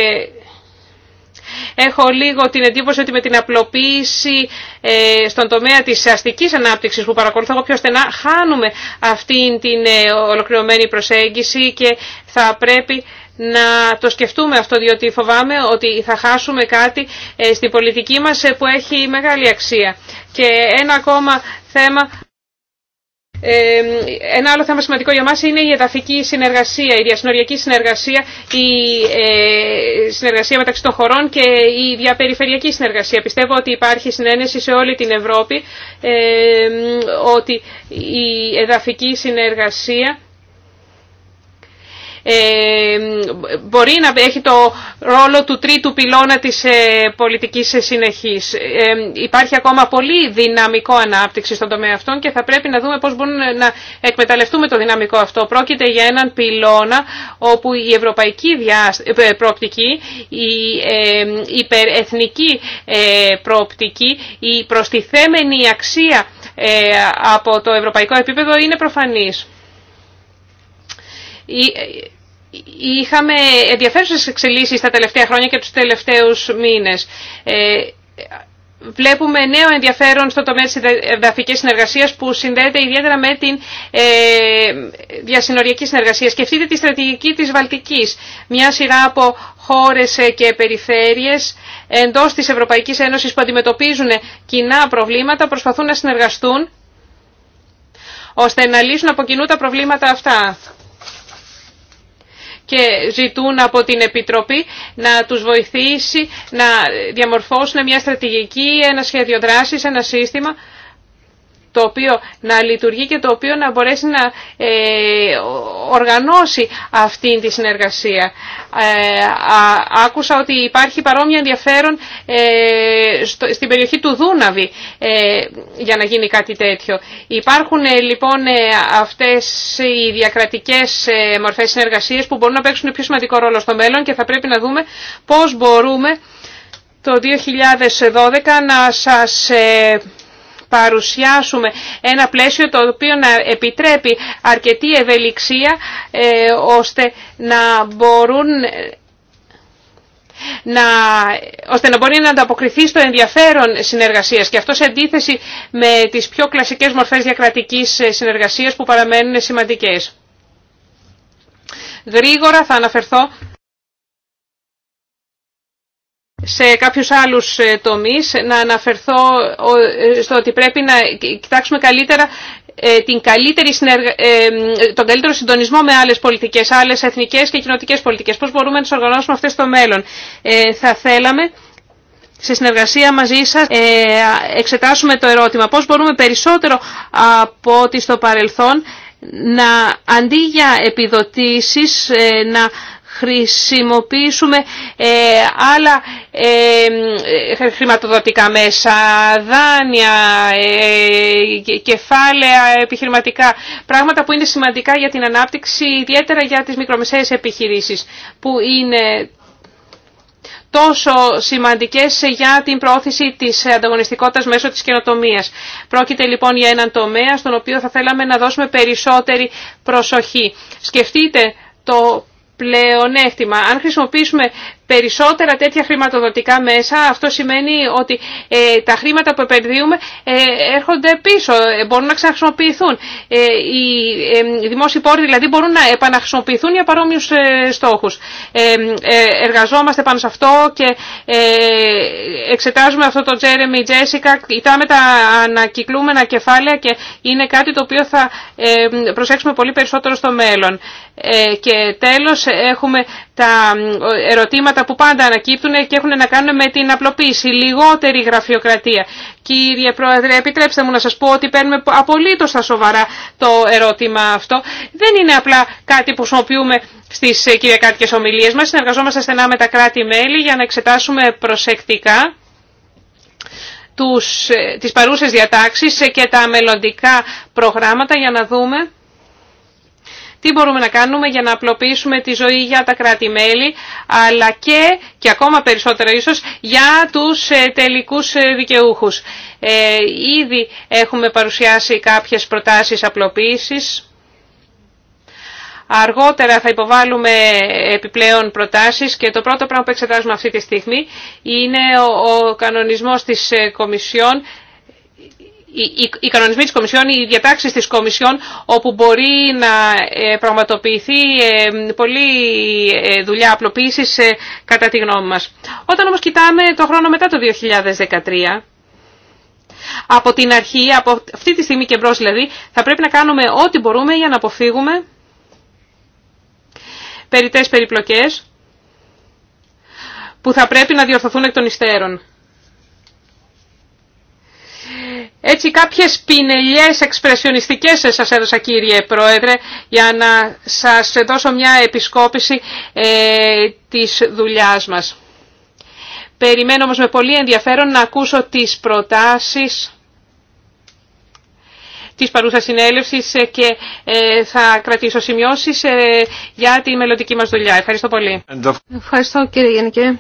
Έχω λίγο την εντύπωση ότι με την απλοποίηση ε, στον τομέα της αστικής ανάπτυξης που παρακολουθώ εγώ πιο στενά χάνουμε αυτή την ε, ολοκληρωμένη προσέγγιση και θα πρέπει να το σκεφτούμε αυτό διότι φοβάμαι ότι θα χάσουμε κάτι ε, στην πολιτική μας που έχει μεγάλη αξία. Και ένα ακόμα θέμα ένα άλλο θέμα σημαντικό για μας είναι η εδαφική συνεργασία, η διασυνοριακή συνεργασία, η ε, συνεργασία μεταξύ των χωρών και η διαπεριφερειακή συνεργασία. Πιστεύω ότι υπάρχει συνένεση σε όλη την Ευρώπη ότι η εδαφική συνεργασία ε, μπορεί να έχει το ρόλο του τρίτου πυλώνα της ε, πολιτικής συνεχής. Ε, υπάρχει ακόμα πολύ δυναμικό ανάπτυξη στον τομέα αυτών και θα πρέπει να δούμε πώς μπορούμε να εκμεταλλευτούμε το δυναμικό αυτό. Πρόκειται για έναν πυλώνα όπου η ευρωπαϊκή προοπτική, η υπερεθνική προοπτική, η προστιθέμενη αξία από το ευρωπαϊκό επίπεδο είναι προφανής είχαμε ενδιαφέρουσες εξελίσεις τα τελευταία χρόνια και τους τελευταίους μήνες. Ε, βλέπουμε νέο ενδιαφέρον στο τομέα της εδαφικής συνεργασίας που συνδέεται ιδιαίτερα με την ε, διασυνοριακή συνεργασία. Σκεφτείτε τη στρατηγική της Βαλτικής. Μια σειρά από χώρες και περιφέρειες εντός της Ευρωπαϊκής Ένωσης που αντιμετωπίζουν κοινά προβλήματα προσπαθούν να συνεργαστούν ώστε να λύσουν από κοινού τα προβλήματα αυτά και ζητούν από την Επιτροπή να τους βοηθήσει να διαμορφώσουν μια στρατηγική, ένα σχέδιο δράσης, ένα σύστημα το οποίο να λειτουργεί και το οποίο να μπορέσει να ε, οργανώσει αυτή τη συνεργασία. Ε, άκουσα ότι υπάρχει παρόμοια ενδιαφέρον ε, στην περιοχή του Δούναβη για να γίνει κάτι τέτοιο. Υπάρχουν λοιπόν αυτές οι διακρατικές μορφές συνεργασίες που μπορούν να παίξουν πιο σημαντικό ρόλο στο μέλλον και θα πρέπει να δούμε πώς μπορούμε το 2012 να σας παρουσιάσουμε ένα πλαίσιο το οποίο να επιτρέπει αρκετή ευελιξία ε, ώστε να μπορούν να, ώστε να μπορεί να ανταποκριθεί στο ενδιαφέρον συνεργασίας και αυτό σε αντίθεση με τις πιο κλασικές μορφές διακρατικής συνεργασίας που παραμένουν σημαντικές. Γρήγορα θα αναφερθώ σε κάποιους άλλους ε, τομείς να αναφερθώ ε, στο ότι πρέπει να κοιτάξουμε καλύτερα ε, την καλύτερη συνεργα... τον καλύτερο συντονισμό με άλλες πολιτικές, άλλες εθνικές και κοινοτικές πολιτικές. Πώς μπορούμε να τις οργανώσουμε αυτές στο μέλλον. θα θέλαμε σε συνεργασία μαζί σας εξετάσουμε το ερώτημα πώς μπορούμε περισσότερο από ό,τι στο παρελθόν να αντί για επιδοτήσεις να χρησιμοποιήσουμε ε, άλλα ε, ε, χρηματοδοτικά μέσα, δάνεια, κεφάλαια επιχειρηματικά, πράγματα που είναι σημαντικά για την ανάπτυξη, ιδιαίτερα για τις μικρομεσαίες επιχειρήσεις, που είναι τόσο σημαντικές για την προώθηση της ανταγωνιστικότητας μέσω της καινοτομίας. Πρόκειται λοιπόν για έναν τομέα στον οποίο θα θέλαμε να δώσουμε περισσότερη προσοχή. Σκεφτείτε το πλεονέκτημα. Αν χρησιμοποιήσουμε περισσότερα τέτοια χρηματοδοτικά μέσα, αυτό σημαίνει ότι ε, τα χρήματα που επενδύουμε ε, έρχονται πίσω, ε, μπορούν να ξαναχρησιμοποιηθούν. Οι δημόσιοι πόροι δηλαδή μπορούν να επαναχρησιμοποιηθούν για παρόμοιους στόχους. Εργαζόμαστε πάνω σε αυτό και εξετάζουμε αυτό το Τζέρεμι, Τζέσικα, κοιτάμε τα ανακυκλούμενα κεφάλαια και είναι κάτι το οποίο θα προσέξουμε πολύ περισσότερο στο μέλλον. Και τέλος έχουμε τα ερωτήματα που πάντα ανακύπτουν και έχουν να κάνουν με την απλοποίηση, λιγότερη γραφειοκρατία. Κύριε Πρόεδρε, επιτρέψτε μου να σας πω ότι παίρνουμε απολύτως στα σοβαρά το ερώτημα αυτό. Δεν είναι απλά κάτι που χρησιμοποιούμε στις ε, κυριακάτικες ομιλίες μας. Συνεργαζόμαστε στενά με τα κράτη-μέλη για να εξετάσουμε προσεκτικά τους, ε, τις παρούσες διατάξεις ε, και τα μελλοντικά προγράμματα για να δούμε τι μπορούμε να κάνουμε για να απλοποιήσουμε τη ζωή για τα κράτη-μέλη, αλλά και, και ακόμα περισσότερο ίσως, για τους ε, τελικούς ε, δικαιούχους. Ε, ήδη έχουμε παρουσιάσει κάποιες προτάσεις απλοποίησης. Αργότερα θα υποβάλουμε επιπλέον προτάσεις και το πρώτο πράγμα που εξετάζουμε αυτή τη στιγμή είναι ο κανονισμός της ε, Κομισιόν οι κανονισμοί της Κομισιόν, οι διατάξεις της Κομισιόν όπου μπορεί να ε, πραγματοποιηθεί ε, πολλή ε, δουλειά απλοποίησης κατά τη γνώμη μας. Όταν όμως κοιτάμε το χρόνο μετά το 2013, από την αρχή, από αυτή τη στιγμή και μπρος δηλαδή, θα πρέπει να κάνουμε ό,τι μπορούμε για να αποφύγουμε περιτές περιπλοκές που θα πρέπει να διορθωθούν εκ των υστέρων. Έτσι κάποιες πινελιές εξπρεσιονιστικές σας έδωσα κύριε Πρόεδρε για να σας δώσω μια επισκόπηση ε, της δουλειάς μας. Περιμένω όμως με πολύ ενδιαφέρον να ακούσω τις προτάσεις της παρούσας συνέλευσης ε, και ε, θα κρατήσω σημειώσεις για τη μελλοντική μας δουλειά. Ευχαριστώ πολύ. Ευχαριστώ κύριε Γενικέ.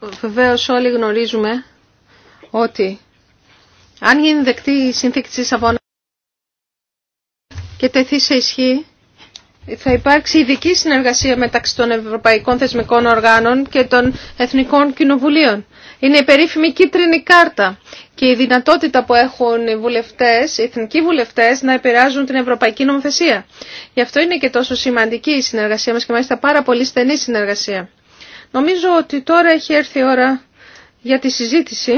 Βεβαίως όλοι γνωρίζουμε ότι αν γίνει δεκτή η σύνθηκη της Σαββόνα και τεθεί σε ισχύ, θα υπάρξει ειδική συνεργασία μεταξύ των ευρωπαϊκών θεσμικών οργάνων και των εθνικών κοινοβουλίων. Είναι η περίφημη κίτρινη κάρτα και η δυνατότητα που έχουν οι βουλευτές, οι εθνικοί βουλευτές να επηρεάζουν την ευρωπαϊκή νομοθεσία. Γι' αυτό είναι και τόσο σημαντική η συνεργασία μας και μάλιστα πάρα πολύ στενή συνεργασία. Νομίζω ότι τώρα έχει έρθει η ώρα για τη συζήτηση.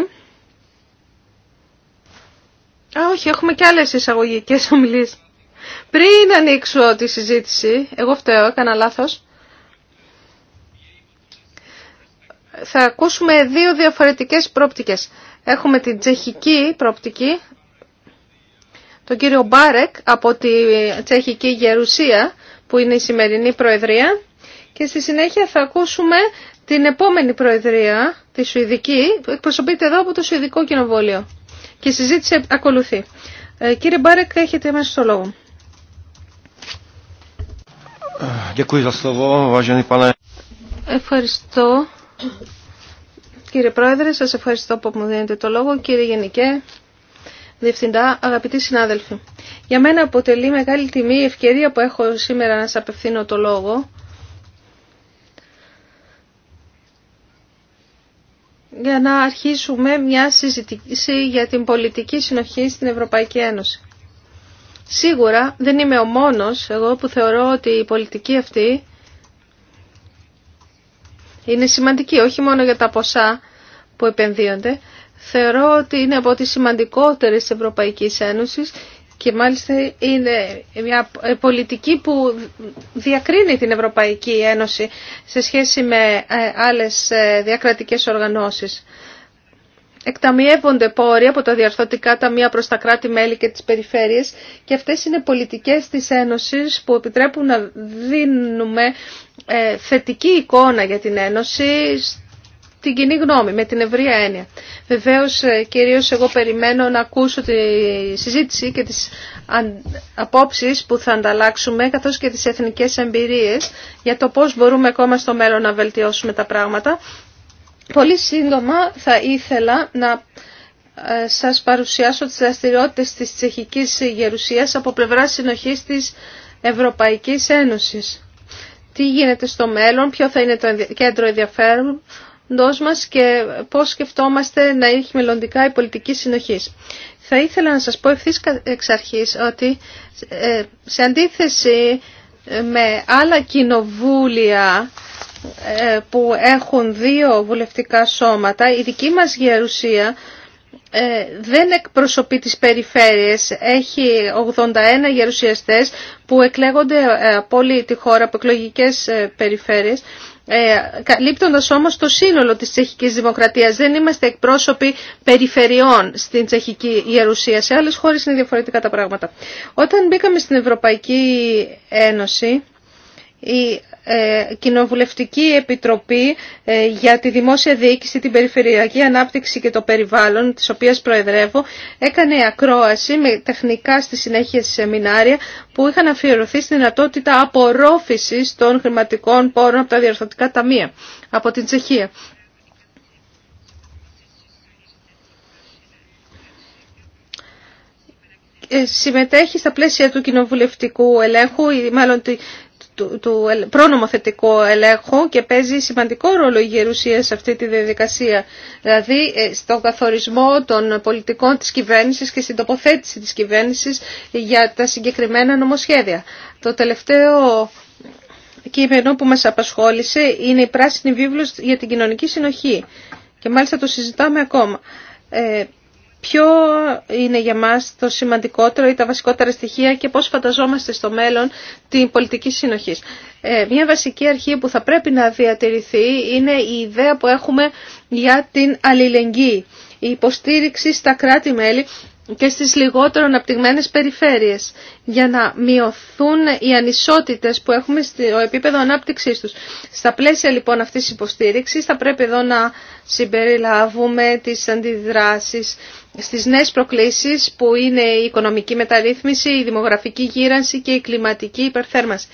Α, όχι, έχουμε και άλλες εισαγωγικές ομιλίες. Πριν ανοίξω τη συζήτηση, εγώ φταίω, έκανα λάθος. Θα ακούσουμε δύο διαφορετικές πρόπτικες. Έχουμε την τσεχική πρόπτικη, τον κύριο Μπάρεκ από τη τσεχική Γερουσία, που είναι η σημερινή προεδρία. Και στη συνέχεια θα ακούσουμε την επόμενη προεδρία, τη Σουηδική, που εκπροσωπείται εδώ από το Σουηδικό Κοινοβούλιο και η συζήτηση ακολουθεί. Ε, κύριε Μπάρεκ, έχετε μέσα στο λόγο. Ευχαριστώ. Κύριε Πρόεδρε, Σα ευχαριστώ που μου δίνετε το λόγο. Κύριε Γενικέ, Διευθυντά, αγαπητοί συνάδελφοι. Για μένα αποτελεί μεγάλη τιμή η ευκαιρία που έχω σήμερα να σα απευθύνω το λόγο για να αρχίσουμε μια συζήτηση για την πολιτική συνοχή στην Ευρωπαϊκή Ένωση. Σίγουρα δεν είμαι ο μόνος εγώ που θεωρώ ότι η πολιτική αυτή είναι σημαντική όχι μόνο για τα ποσά που επενδύονται, θεωρώ ότι είναι από τις σημαντικότερες της Ευρωπαϊκής Ένωσης και μάλιστα είναι μια πολιτική που διακρίνει την Ευρωπαϊκή Ένωση σε σχέση με ε, άλλες ε, διακρατικές οργανώσεις. Εκταμιεύονται πόροι από τα διαρθωτικά ταμεία προς τα κράτη-μέλη και τις περιφέρειες και αυτές είναι πολιτικές της Ένωσης που επιτρέπουν να δίνουμε ε, θετική εικόνα για την Ένωση την κοινή γνώμη, με την ευρία έννοια. Βεβαίως, ε, κυρίω εγώ περιμένω να ακούσω τη συζήτηση και τις απόψεις που θα ανταλλάξουμε, καθώ και τι εθνικές εμπειρίες για το πώ μπορούμε ακόμα στο μέλλον να βελτιώσουμε τα πράγματα. Πολύ σύντομα θα ήθελα να ε, σας παρουσιάσω τις δραστηριότητες της τσεχικής γερουσίας από πλευρά συνοχής της Ευρωπαϊκής Ένωσης. Τι γίνεται στο μέλλον, ποιο θα είναι το κέντρο ενδιαφέρον και πώς σκεφτόμαστε να έχει μελλοντικά η πολιτική συνοχής. Θα ήθελα να σας πω ευθύς εξ αρχής ότι ε, σε αντίθεση ε, με άλλα κοινοβούλια ε, που έχουν δύο βουλευτικά σώματα, η δική μας γερουσία δεν εκπροσωπεί τις περιφέρειες. Έχει 81 γερουσιαστές που εκλέγονται από όλη τη χώρα, από εκλογικές περιφέρειες ε, καλύπτοντας όμως το σύνολο της τσεχικής δημοκρατίας. Δεν είμαστε εκπρόσωποι περιφερειών στην τσεχική Ιερουσία. Σε άλλες χώρες είναι διαφορετικά τα πράγματα. Όταν μπήκαμε στην Ευρωπαϊκή Ένωση η ε, Κοινοβουλευτική Επιτροπή ε, για τη Δημόσια Διοίκηση, την Περιφερειακή Ανάπτυξη και το Περιβάλλον, της οποίας προεδρεύω, έκανε ακρόαση με τεχνικά στη συνέχεια σε σεμινάρια που είχαν αφιερωθεί στην δυνατότητα απορρόφησης των χρηματικών πόρων από τα διαρθωτικά ταμεία, από την Τσεχία. Ε, συμμετέχει στα πλαίσια του κοινοβουλευτικού ελέγχου ή μάλλον του, του θετικό ελέγχου και παίζει σημαντικό ρόλο η γερουσία σε αυτή τη διαδικασία. Δηλαδή ε, στον καθορισμό των πολιτικών της κυβέρνησης και στην τοποθέτηση της κυβέρνησης για τα συγκεκριμένα νομοσχέδια. Το τελευταίο κείμενο που μας απασχόλησε είναι η πράσινη βίβλος για την κοινωνική συνοχή. Και μάλιστα το συζητάμε ακόμα. Ε, ποιο είναι για μας το σημαντικότερο ή τα βασικότερα στοιχεία και πώς φανταζόμαστε στο μέλλον την πολιτική συνοχής. Ε, μια βασική αρχή που θα πρέπει να διατηρηθεί είναι η ιδέα που έχουμε για την αλληλεγγύη. Η υποστήριξη στα κράτη-μέλη και στις λιγότερο αναπτυγμένες περιφέρειες για να μειωθούν οι ανισότητες που έχουμε στο επίπεδο ανάπτυξής τους. Στα πλαίσια λοιπόν αυτής της υποστήριξης θα πρέπει εδώ να συμπεριλάβουμε τις αντιδράσεις στις νέες προκλήσεις που είναι η οικονομική μεταρρύθμιση, η δημογραφική γύρανση και η κλιματική υπερθέρμανση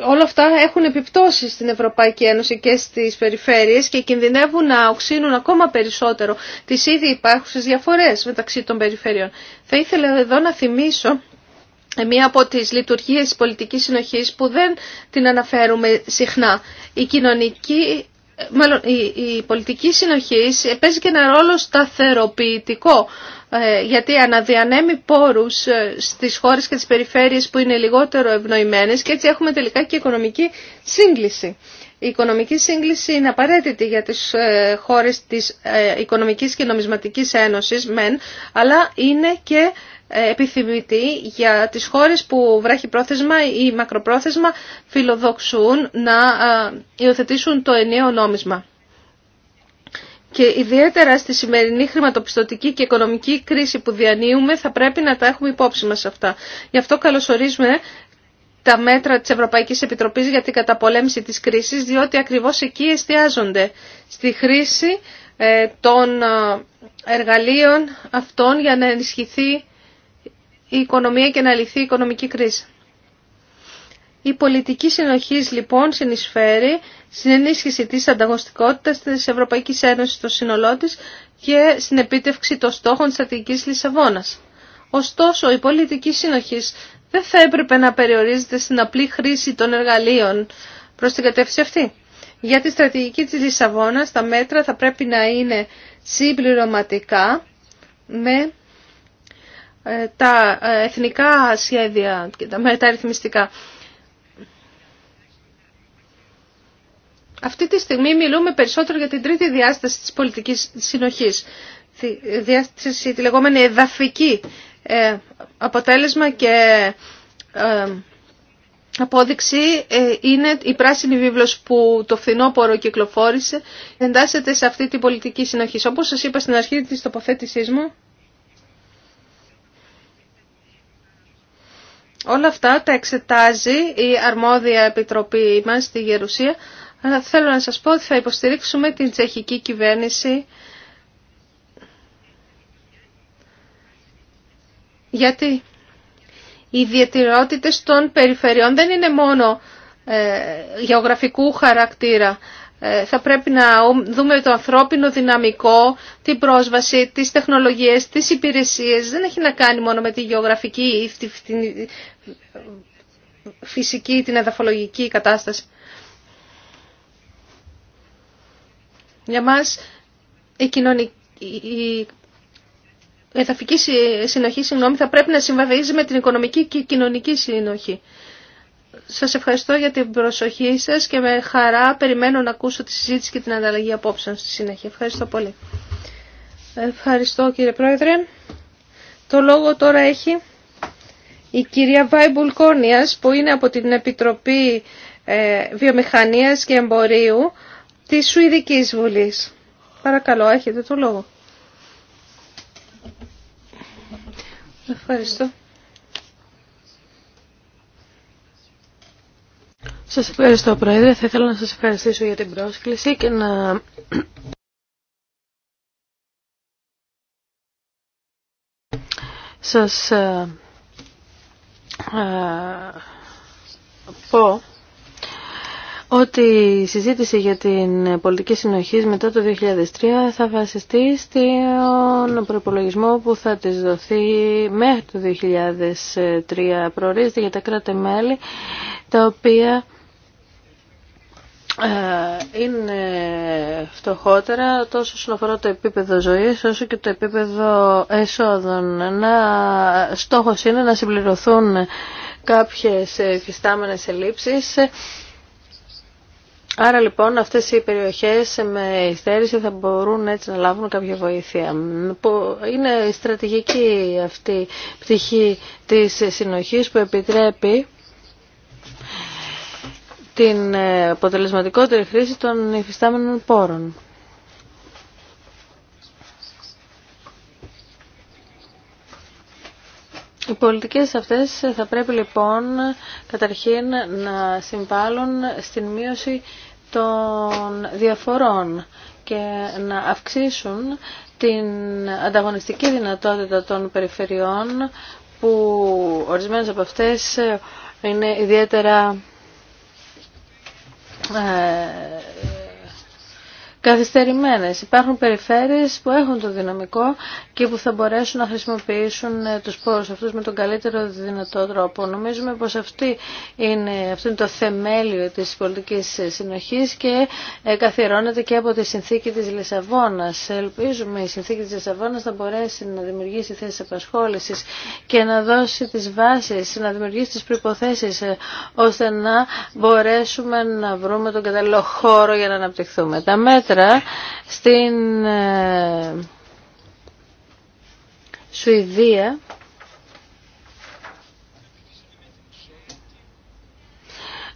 όλα αυτά έχουν επιπτώσει στην Ευρωπαϊκή Ένωση και στις περιφέρειες και κινδυνεύουν να οξύνουν ακόμα περισσότερο τις ήδη υπάρχουσε διαφορές μεταξύ των περιφερειών. Θα ήθελα εδώ να θυμίσω μία από τις λειτουργίες της πολιτικής συνοχής που δεν την αναφέρουμε συχνά. Η κοινωνική μάλλον η, πολιτική συνοχή παίζει και ένα ρόλο σταθεροποιητικό ε, γιατί αναδιανέμει πόρους ε, στις χώρες και τις περιφέρειες που είναι λιγότερο ευνοημένες και έτσι έχουμε τελικά και οικονομική σύγκληση. Η οικονομική σύγκληση είναι απαραίτητη για τις ε, χώρες της Οικονομικής και Νομισματικής Ένωσης, μεν, αλλά είναι και επιθυμητή για τις χώρες που πρόθεσμα ή μακροπρόθεσμα φιλοδοξούν να ε, υιοθετήσουν το ενιαίο νόμισμα. Και ιδιαίτερα στη σημερινή χρηματοπιστωτική και οικονομική κρίση που διανύουμε θα πρέπει να τα έχουμε υπόψη μας αυτά. Γι' αυτό καλωσορίζουμε τα μέτρα της Ευρωπαϊκής Επιτροπής για την καταπολέμηση της κρίσης, διότι ακριβώς εκεί εστιάζονται στη χρήση ε, των ε, εργαλείων αυτών για να ενισχυθεί η οικονομία και να λυθεί η οικονομική κρίση. Η πολιτική συνοχή λοιπόν συνεισφέρει στην ενίσχυση της ανταγωνιστικότητας της Ευρωπαϊκής Ένωσης στο σύνολό τη και στην επίτευξη των στόχων της στρατηγικής Λισαβόνας. Ωστόσο, η πολιτική συνοχή δεν θα έπρεπε να περιορίζεται στην απλή χρήση των εργαλείων προς την κατεύθυνση αυτή. Για τη στρατηγική της Λισαβόνας τα μέτρα θα πρέπει να είναι συμπληρωματικά με ε, τα ε, εθνικά σχέδια και τα μεταρρυθμιστικά. Αυτή τη στιγμή μιλούμε περισσότερο για την τρίτη διάσταση της πολιτικής συνοχής, τη διάσταση, τη λεγόμενη εδαφική ε, αποτέλεσμα και απόδειξη είναι η πράσινη βίβλος που το φθινόπωρο κυκλοφόρησε, εντάσσεται σε αυτή την πολιτική συνοχή. Όπως σας είπα στην αρχή της τοποθέτησής μου, Όλα αυτά τα εξετάζει η αρμόδια επιτροπή μας στη Γερουσία, αλλά θέλω να σας πω ότι θα υποστηρίξουμε την τσεχική κυβέρνηση γιατί οι ιδιαιτερότητες των περιφερειών δεν είναι μόνο ε, γεωγραφικού χαρακτήρα. Ε, θα πρέπει να δούμε το ανθρώπινο δυναμικό, την πρόσβαση, τις τεχνολογίες, τις υπηρεσίες. Δεν έχει να κάνει μόνο με τη γεωγραφική ή τη φυσική ή την εδαφολογική κατάσταση. Για μας η, κοινωνική, η εδαφική συνοχή συγγνώμη, θα πρέπει να συμβαδίζει με την οικονομική και κοινωνική συνοχή. Σας ευχαριστώ για την προσοχή σας και με χαρά περιμένω να ακούσω τη συζήτηση και την ανταλλαγή απόψεων στη συνέχεια. Ευχαριστώ πολύ. Ευχαριστώ κύριε Πρόεδρε. Το λόγο τώρα έχει η κυρία Βάιμπουλ που είναι από την Επιτροπή ε, Βιομηχανίας και Εμπορίου της Σουηδικής Βουλής. Παρακαλώ, έχετε το λόγο. Ευχαριστώ. Σας ευχαριστώ Πρόεδρε. Θα ήθελα να σας ευχαριστήσω για την πρόσκληση και να... Σας ε, ε, πω ότι η συζήτηση για την πολιτική συνοχή μετά το 2003 θα βασιστεί στον προπολογισμό που θα της δοθεί μέχρι το 2003 προορίζεται για τα κράτη-μέλη τα οποία ε, είναι φτωχότερα τόσο όσον το επίπεδο ζωής όσο και το επίπεδο εσόδων. Να, στόχος είναι να συμπληρωθούν κάποιες φυστάμενες ελλείψεις. Άρα λοιπόν αυτές οι περιοχές με υστέρηση θα μπορούν έτσι να λάβουν κάποια βοήθεια. Είναι η στρατηγική αυτή πτυχή της συνοχής που επιτρέπει την ε, αποτελεσματικότερη χρήση των υφιστάμενων πόρων. Οι πολιτικές αυτές θα πρέπει λοιπόν καταρχήν να συμβάλλουν στην μείωση των διαφορών και να αυξήσουν την ανταγωνιστική δυνατότητα των περιφερειών που ορισμένες από αυτές είναι ιδιαίτερα Βέβαια. Ε, Καθυστερημένε Υπάρχουν περιφέρειες που έχουν το δυναμικό και που θα μπορέσουν να χρησιμοποιήσουν ε, τους πόρους αυτούς με τον καλύτερο δυνατό τρόπο. Νομίζουμε πως αυτή είναι, αυτό είναι το θεμέλιο της πολιτικής συνοχής και ε, καθιερώνεται και από τη συνθήκη της Λισαβόνας. Ελπίζουμε η συνθήκη της Λισαβόνας να μπορέσει να δημιουργήσει θέσεις απασχόλησης και να δώσει τις βάσεις, να δημιουργήσει τις προϋποθέσεις ε, ώστε να μπορέσουμε να βρούμε τον κατάλληλο χώρο για να αναπτυχθούμε. Τα στην ε, Σουηδία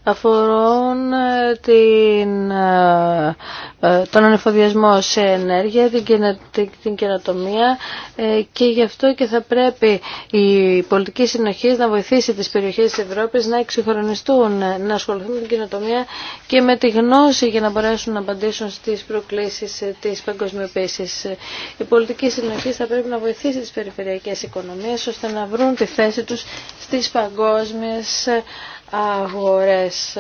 αφορούν ε, την, ε, ε, τον ανεφοδιασμό σε ενέργεια, την, καινα, την καινοτομία και γι' αυτό και θα πρέπει η πολιτική συνοχή να βοηθήσει τις περιοχές της Ευρώπης να εξυγχρονιστούν, να ασχοληθούν με την καινοτομία και με τη γνώση για να μπορέσουν να απαντήσουν στις προκλήσεις της παγκοσμιοποίησης. Η πολιτική συνοχή θα πρέπει να βοηθήσει τις περιφερειακές οικονομίες ώστε να βρουν τη θέση τους στις παγκόσμιες αγορές.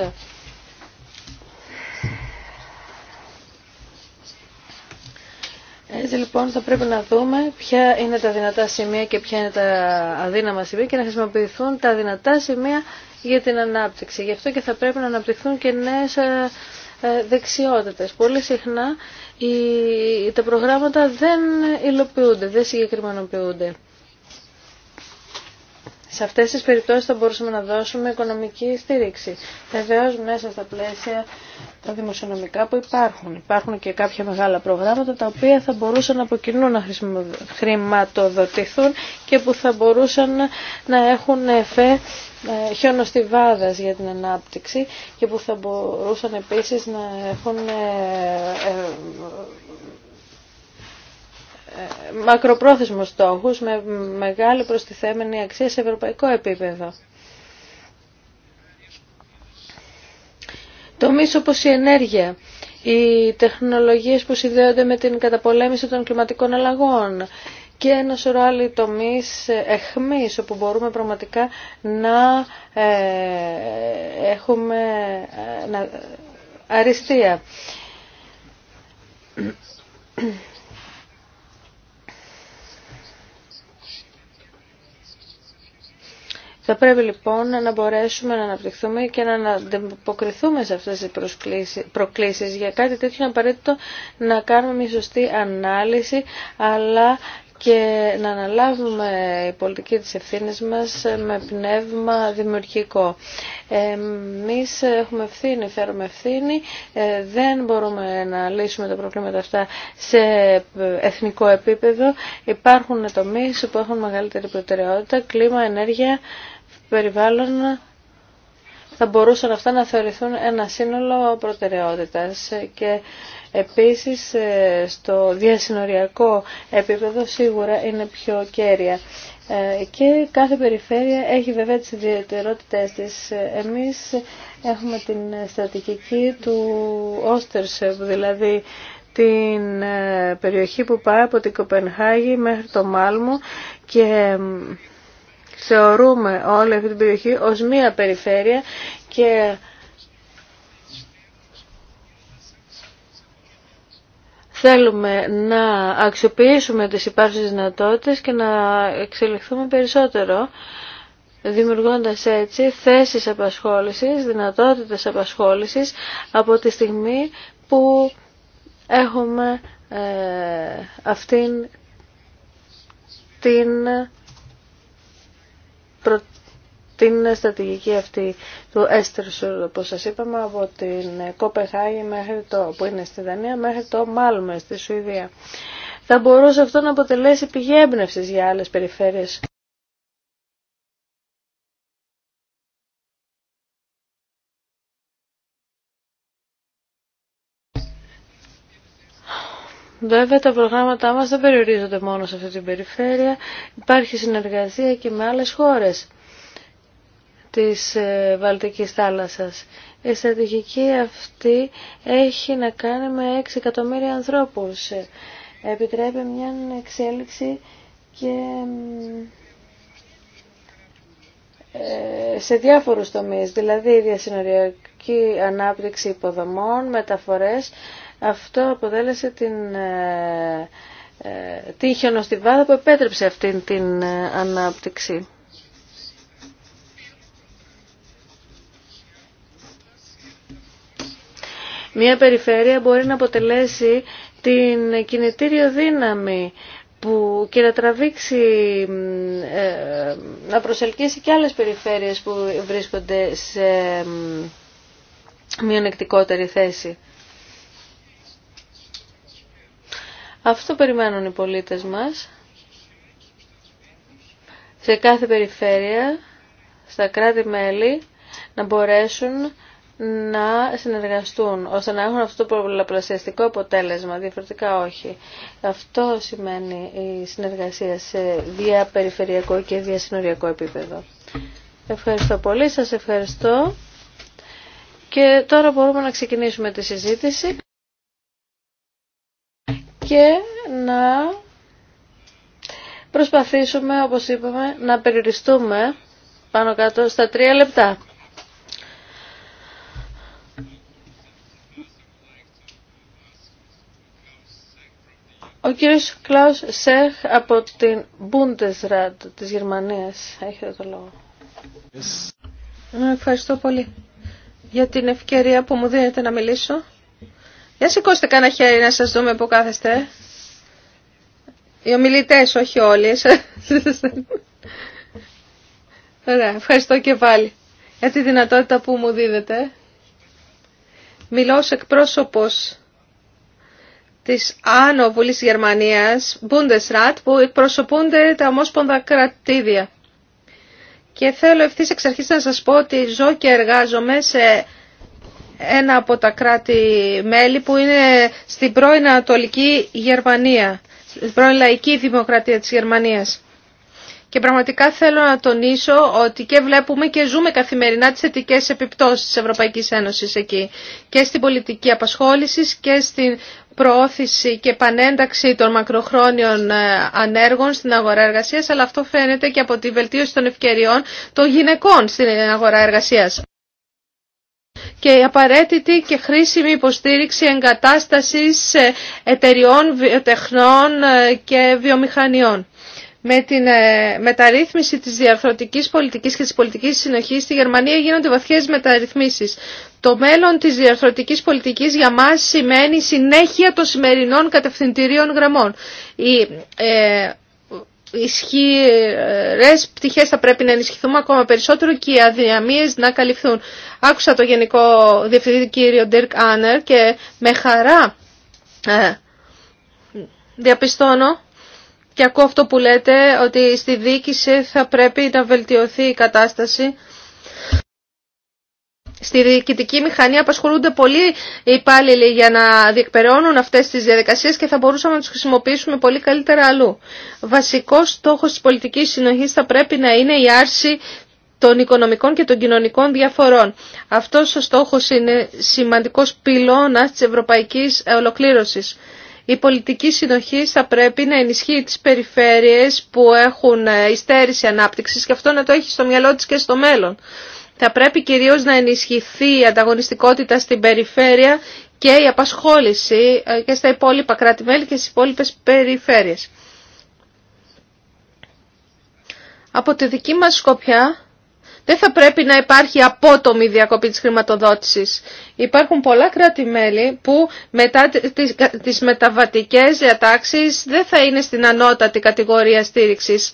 Έτσι λοιπόν θα πρέπει να δούμε ποια είναι τα δυνατά σημεία και ποια είναι τα αδύναμα σημεία και να χρησιμοποιηθούν τα δυνατά σημεία για την ανάπτυξη. Γι' αυτό και θα πρέπει να αναπτυχθούν και νέες ε, ε, δεξιότητες. Πολύ συχνά τα προγράμματα δεν υλοποιούνται, δεν συγκεκριμενοποιούνται. Σε αυτές τις περιπτώσεις θα μπορούσαμε να δώσουμε οικονομική στήριξη. Βεβαίω μέσα στα πλαίσια τα δημοσιονομικά που υπάρχουν. Υπάρχουν και κάποια μεγάλα προγράμματα τα οποία θα μπορούσαν από κοινού να χρηματοδοτηθούν και που θα μπορούσαν να έχουν εφέ ε, χιονοστιβάδας για την ανάπτυξη και που θα μπορούσαν επίσης να έχουν ε, ε, μακροπρόθεσμους στόχους με μεγάλη προστιθέμενη αξία σε ευρωπαϊκό επίπεδο. Τομείς όπως η ενέργεια, οι τεχνολογίες που συνδέονται με την καταπολέμηση των κλιματικών αλλαγών και ένα σωρό άλλοι τομείς εχμής όπου μπορούμε πραγματικά να ε, έχουμε ε, αριστεία. Θα πρέπει λοιπόν να μπορέσουμε να αναπτυχθούμε και να αντιποκριθούμε σε αυτές τις προκλήσεις. Για κάτι τέτοιο είναι απαραίτητο να κάνουμε μια σωστή ανάλυση, αλλά και να αναλάβουμε η πολιτική της ευθύνης μας με πνεύμα δημιουργικό. Εμείς έχουμε ευθύνη, φέρουμε ευθύνη, ε, δεν μπορούμε να λύσουμε τα προβλήματα αυτά σε εθνικό επίπεδο. Υπάρχουν τομείς που έχουν μεγαλύτερη προτεραιότητα, κλίμα, ενέργεια, περιβάλλον θα μπορούσαν αυτά να θεωρηθούν ένα σύνολο προτεραιότητας και επίσης ε, στο διασυνοριακό επίπεδο σίγουρα είναι πιο κέρια. Ε, και κάθε περιφέρεια έχει βέβαια τις ιδιαιτερότητές της. Ε, εμείς έχουμε την στρατηγική του Όστερσεβ, δηλαδή την περιοχή που πάει από την Κοπενχάγη μέχρι το Μάλμο και θεωρούμε όλη αυτή την περιοχή ως μία περιφέρεια και θέλουμε να αξιοποιήσουμε τις υπάρχουσες δυνατότητες και να εξελιχθούμε περισσότερο δημιουργώντας έτσι θέσεις απασχόλησης, δυνατότητες απασχόλησης από τη στιγμή που έχουμε ε, αυτήν την προ... την στρατηγική αυτή του Έστερσουρ, όπω σα είπαμε, από την Κοπεχάγη μέχρι το, που είναι στη Δανία μέχρι το Μάλμε στη Σουηδία. Θα μπορούσε αυτό να αποτελέσει πηγή έμπνευση για άλλες περιφέρειες. Βέβαια τα προγράμματά μας δεν περιορίζονται μόνο σε αυτή την περιφέρεια. Υπάρχει συνεργασία και με άλλες χώρες της ε, Βαλτικής θάλασσας. Η στρατηγική αυτή έχει να κάνει με 6 εκατομμύρια ανθρώπους. Ε, επιτρέπει μια εξέλιξη και ε, σε διάφορους τομείς, δηλαδή η διασυνοριακή ανάπτυξη υποδομών, μεταφορές, αυτό αποτέλεσε την ε, ε, τη χιονοστιβάδα που επέτρεψε αυτήν την ε, ανάπτυξη. Μία περιφέρεια μπορεί να αποτελέσει την κινητήριο δύναμη που και να τραβήξει, να προσελκύσει και άλλες περιφέρειες που βρίσκονται σε μειονεκτικότερη θέση. Αυτό περιμένουν οι πολίτες μας σε κάθε περιφέρεια, στα κράτη-μέλη, να μπορέσουν να συνεργαστούν, ώστε να έχουν αυτό το πολλαπλασιαστικό αποτέλεσμα, διαφορετικά όχι. Αυτό σημαίνει η συνεργασία σε διαπεριφερειακό και διασυνοριακό επίπεδο. Ευχαριστώ πολύ, σας ευχαριστώ. Και τώρα μπορούμε να ξεκινήσουμε τη συζήτηση και να προσπαθήσουμε, όπως είπαμε, να περιοριστούμε πάνω κάτω στα τρία λεπτά. Ο κύριος Κλάους Σέχ από την Bundesrat της Γερμανίας. Έχετε το λόγο. Ευχαριστώ πολύ για την ευκαιρία που μου δίνετε να μιλήσω. Για σηκώστε κανένα χέρι να σας δούμε που κάθεστε. Οι ομιλητές, όχι όλοι. Ωραία, ευχαριστώ και πάλι για τη δυνατότητα που μου δίδετε. Μιλώ ως εκπρόσωπος της Άνω Βουλής Γερμανίας, Bundesrat, που εκπροσωπούνται τα ομόσπονδα κρατήδια. Και θέλω ευθύ εξ αρχής να σας πω ότι ζω και εργάζομαι σε ένα από τα κράτη-μέλη που είναι στην πρώην Ανατολική Γερμανία, στην πρώην Λαϊκή Δημοκρατία της Γερμανίας. Και πραγματικά θέλω να τονίσω ότι και βλέπουμε και ζούμε καθημερινά τις θετικέ επιπτώσεις της Ευρωπαϊκής Ένωσης εκεί και στην πολιτική απασχόληση και στην προώθηση και πανένταξη των μακροχρόνιων ε, ανέργων στην αγορά εργασίας, αλλά αυτό φαίνεται και από τη βελτίωση των ευκαιριών των γυναικών στην αγορά εργασίας και η απαραίτητη και χρήσιμη υποστήριξη εγκατάστασης ε, εταιριών, βιοτεχνών ε, και βιομηχανιών. Με την ε, μεταρρύθμιση της διαρθρωτικής πολιτικής και της πολιτικής συνοχής στη Γερμανία γίνονται βαθιές μεταρρυθμίσεις. Το μέλλον της διαρθρωτικής πολιτικής για μας σημαίνει συνέχεια των σημερινών κατευθυντηρίων γραμμών. Οι ε, ισχυρές πτυχές θα πρέπει να ενισχυθούν ακόμα περισσότερο και οι αδυναμίες να καλυφθούν. Άκουσα το Γενικό Διευθυντή κύριο Dirk Άνερ και με χαρά ε, διαπιστώνω και ακούω αυτό που λέτε ότι στη διοίκηση θα πρέπει να βελτιωθεί η κατάσταση. Στη διοικητική μηχανή απασχολούνται πολλοί υπάλληλοι για να διεκπαιρώνουν αυτές τις διαδικασίες και θα μπορούσαμε να τους χρησιμοποιήσουμε πολύ καλύτερα αλλού. Βασικός στόχος της πολιτικής συνοχής θα πρέπει να είναι η άρση των οικονομικών και των κοινωνικών διαφορών. Αυτός ο στόχος είναι σημαντικός πυλώνας της ευρωπαϊκής ολοκλήρωσης. Η πολιτική συνοχή θα πρέπει να ενισχύει τις περιφέρειες που έχουν υστέρηση ανάπτυξης και αυτό να το έχει στο μυαλό της και στο μέλλον. Θα πρέπει κυρίως να ενισχυθεί η ανταγωνιστικότητα στην περιφέρεια και η απασχόληση ε, και στα υπόλοιπα κράτη-μέλη και στις υπόλοιπες περιφέρειες. Από τη δική μας σκοπιά δεν θα πρέπει να υπάρχει απότομη διακοπή της χρηματοδότησης. Υπάρχουν πολλά κράτη-μέλη που μετά τις μεταβατικές διατάξεις δεν θα είναι στην ανώτατη κατηγορία στήριξης.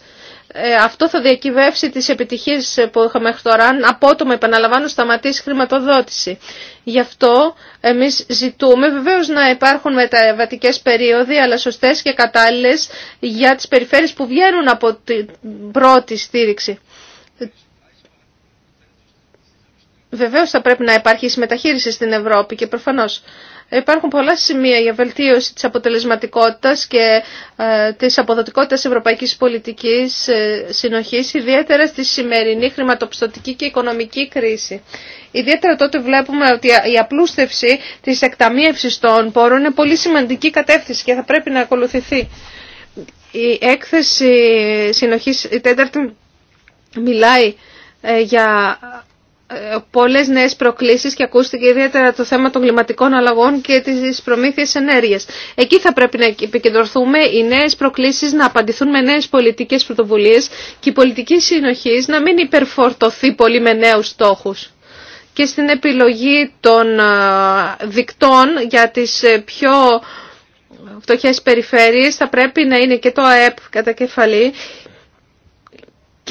Ε, αυτό θα διακυβεύσει τις επιτυχίες που είχαμε μέχρι τώρα, αν απότομα επαναλαμβάνω σταματήσει χρηματοδότηση. Γι' αυτό εμείς ζητούμε βεβαίως να υπάρχουν μεταβατικές περίοδοι, αλλά σωστές και κατάλληλες για τις περιφέρειες που βγαίνουν από την πρώτη στήριξη. Βεβαίως θα πρέπει να υπάρχει συμμεταχείριση στην Ευρώπη και προφανώς υπάρχουν πολλά σημεία για βελτίωση της αποτελεσματικότητας και ε, της αποδοτικότητας ευρωπαϊκής πολιτικής ε, συνοχής, ιδιαίτερα στη σημερινή χρηματοπιστωτική και οικονομική κρίση. Ιδιαίτερα τότε βλέπουμε ότι η απλούστευση της εκταμίευσης των πόρων είναι πολύ σημαντική κατεύθυνση και θα πρέπει να ακολουθηθεί. Η έκθεση συνοχής, η τέταρτη, μιλάει ε, για ε, πολλές νέες προκλήσεις και ακούστηκε ιδιαίτερα το θέμα των κλιματικών αλλαγών και της προμήθειας ενέργειας. Εκεί θα πρέπει να επικεντρωθούμε οι νέες προκλήσεις να απαντηθούν με νέες πολιτικές πρωτοβουλίες και η πολιτική συνοχή να μην υπερφορτωθεί πολύ με νέους στόχους και στην επιλογή των ε, δικτών για τις ε, πιο φτωχές περιφέρειες θα πρέπει να είναι και το ΑΕΠ κατά κεφαλή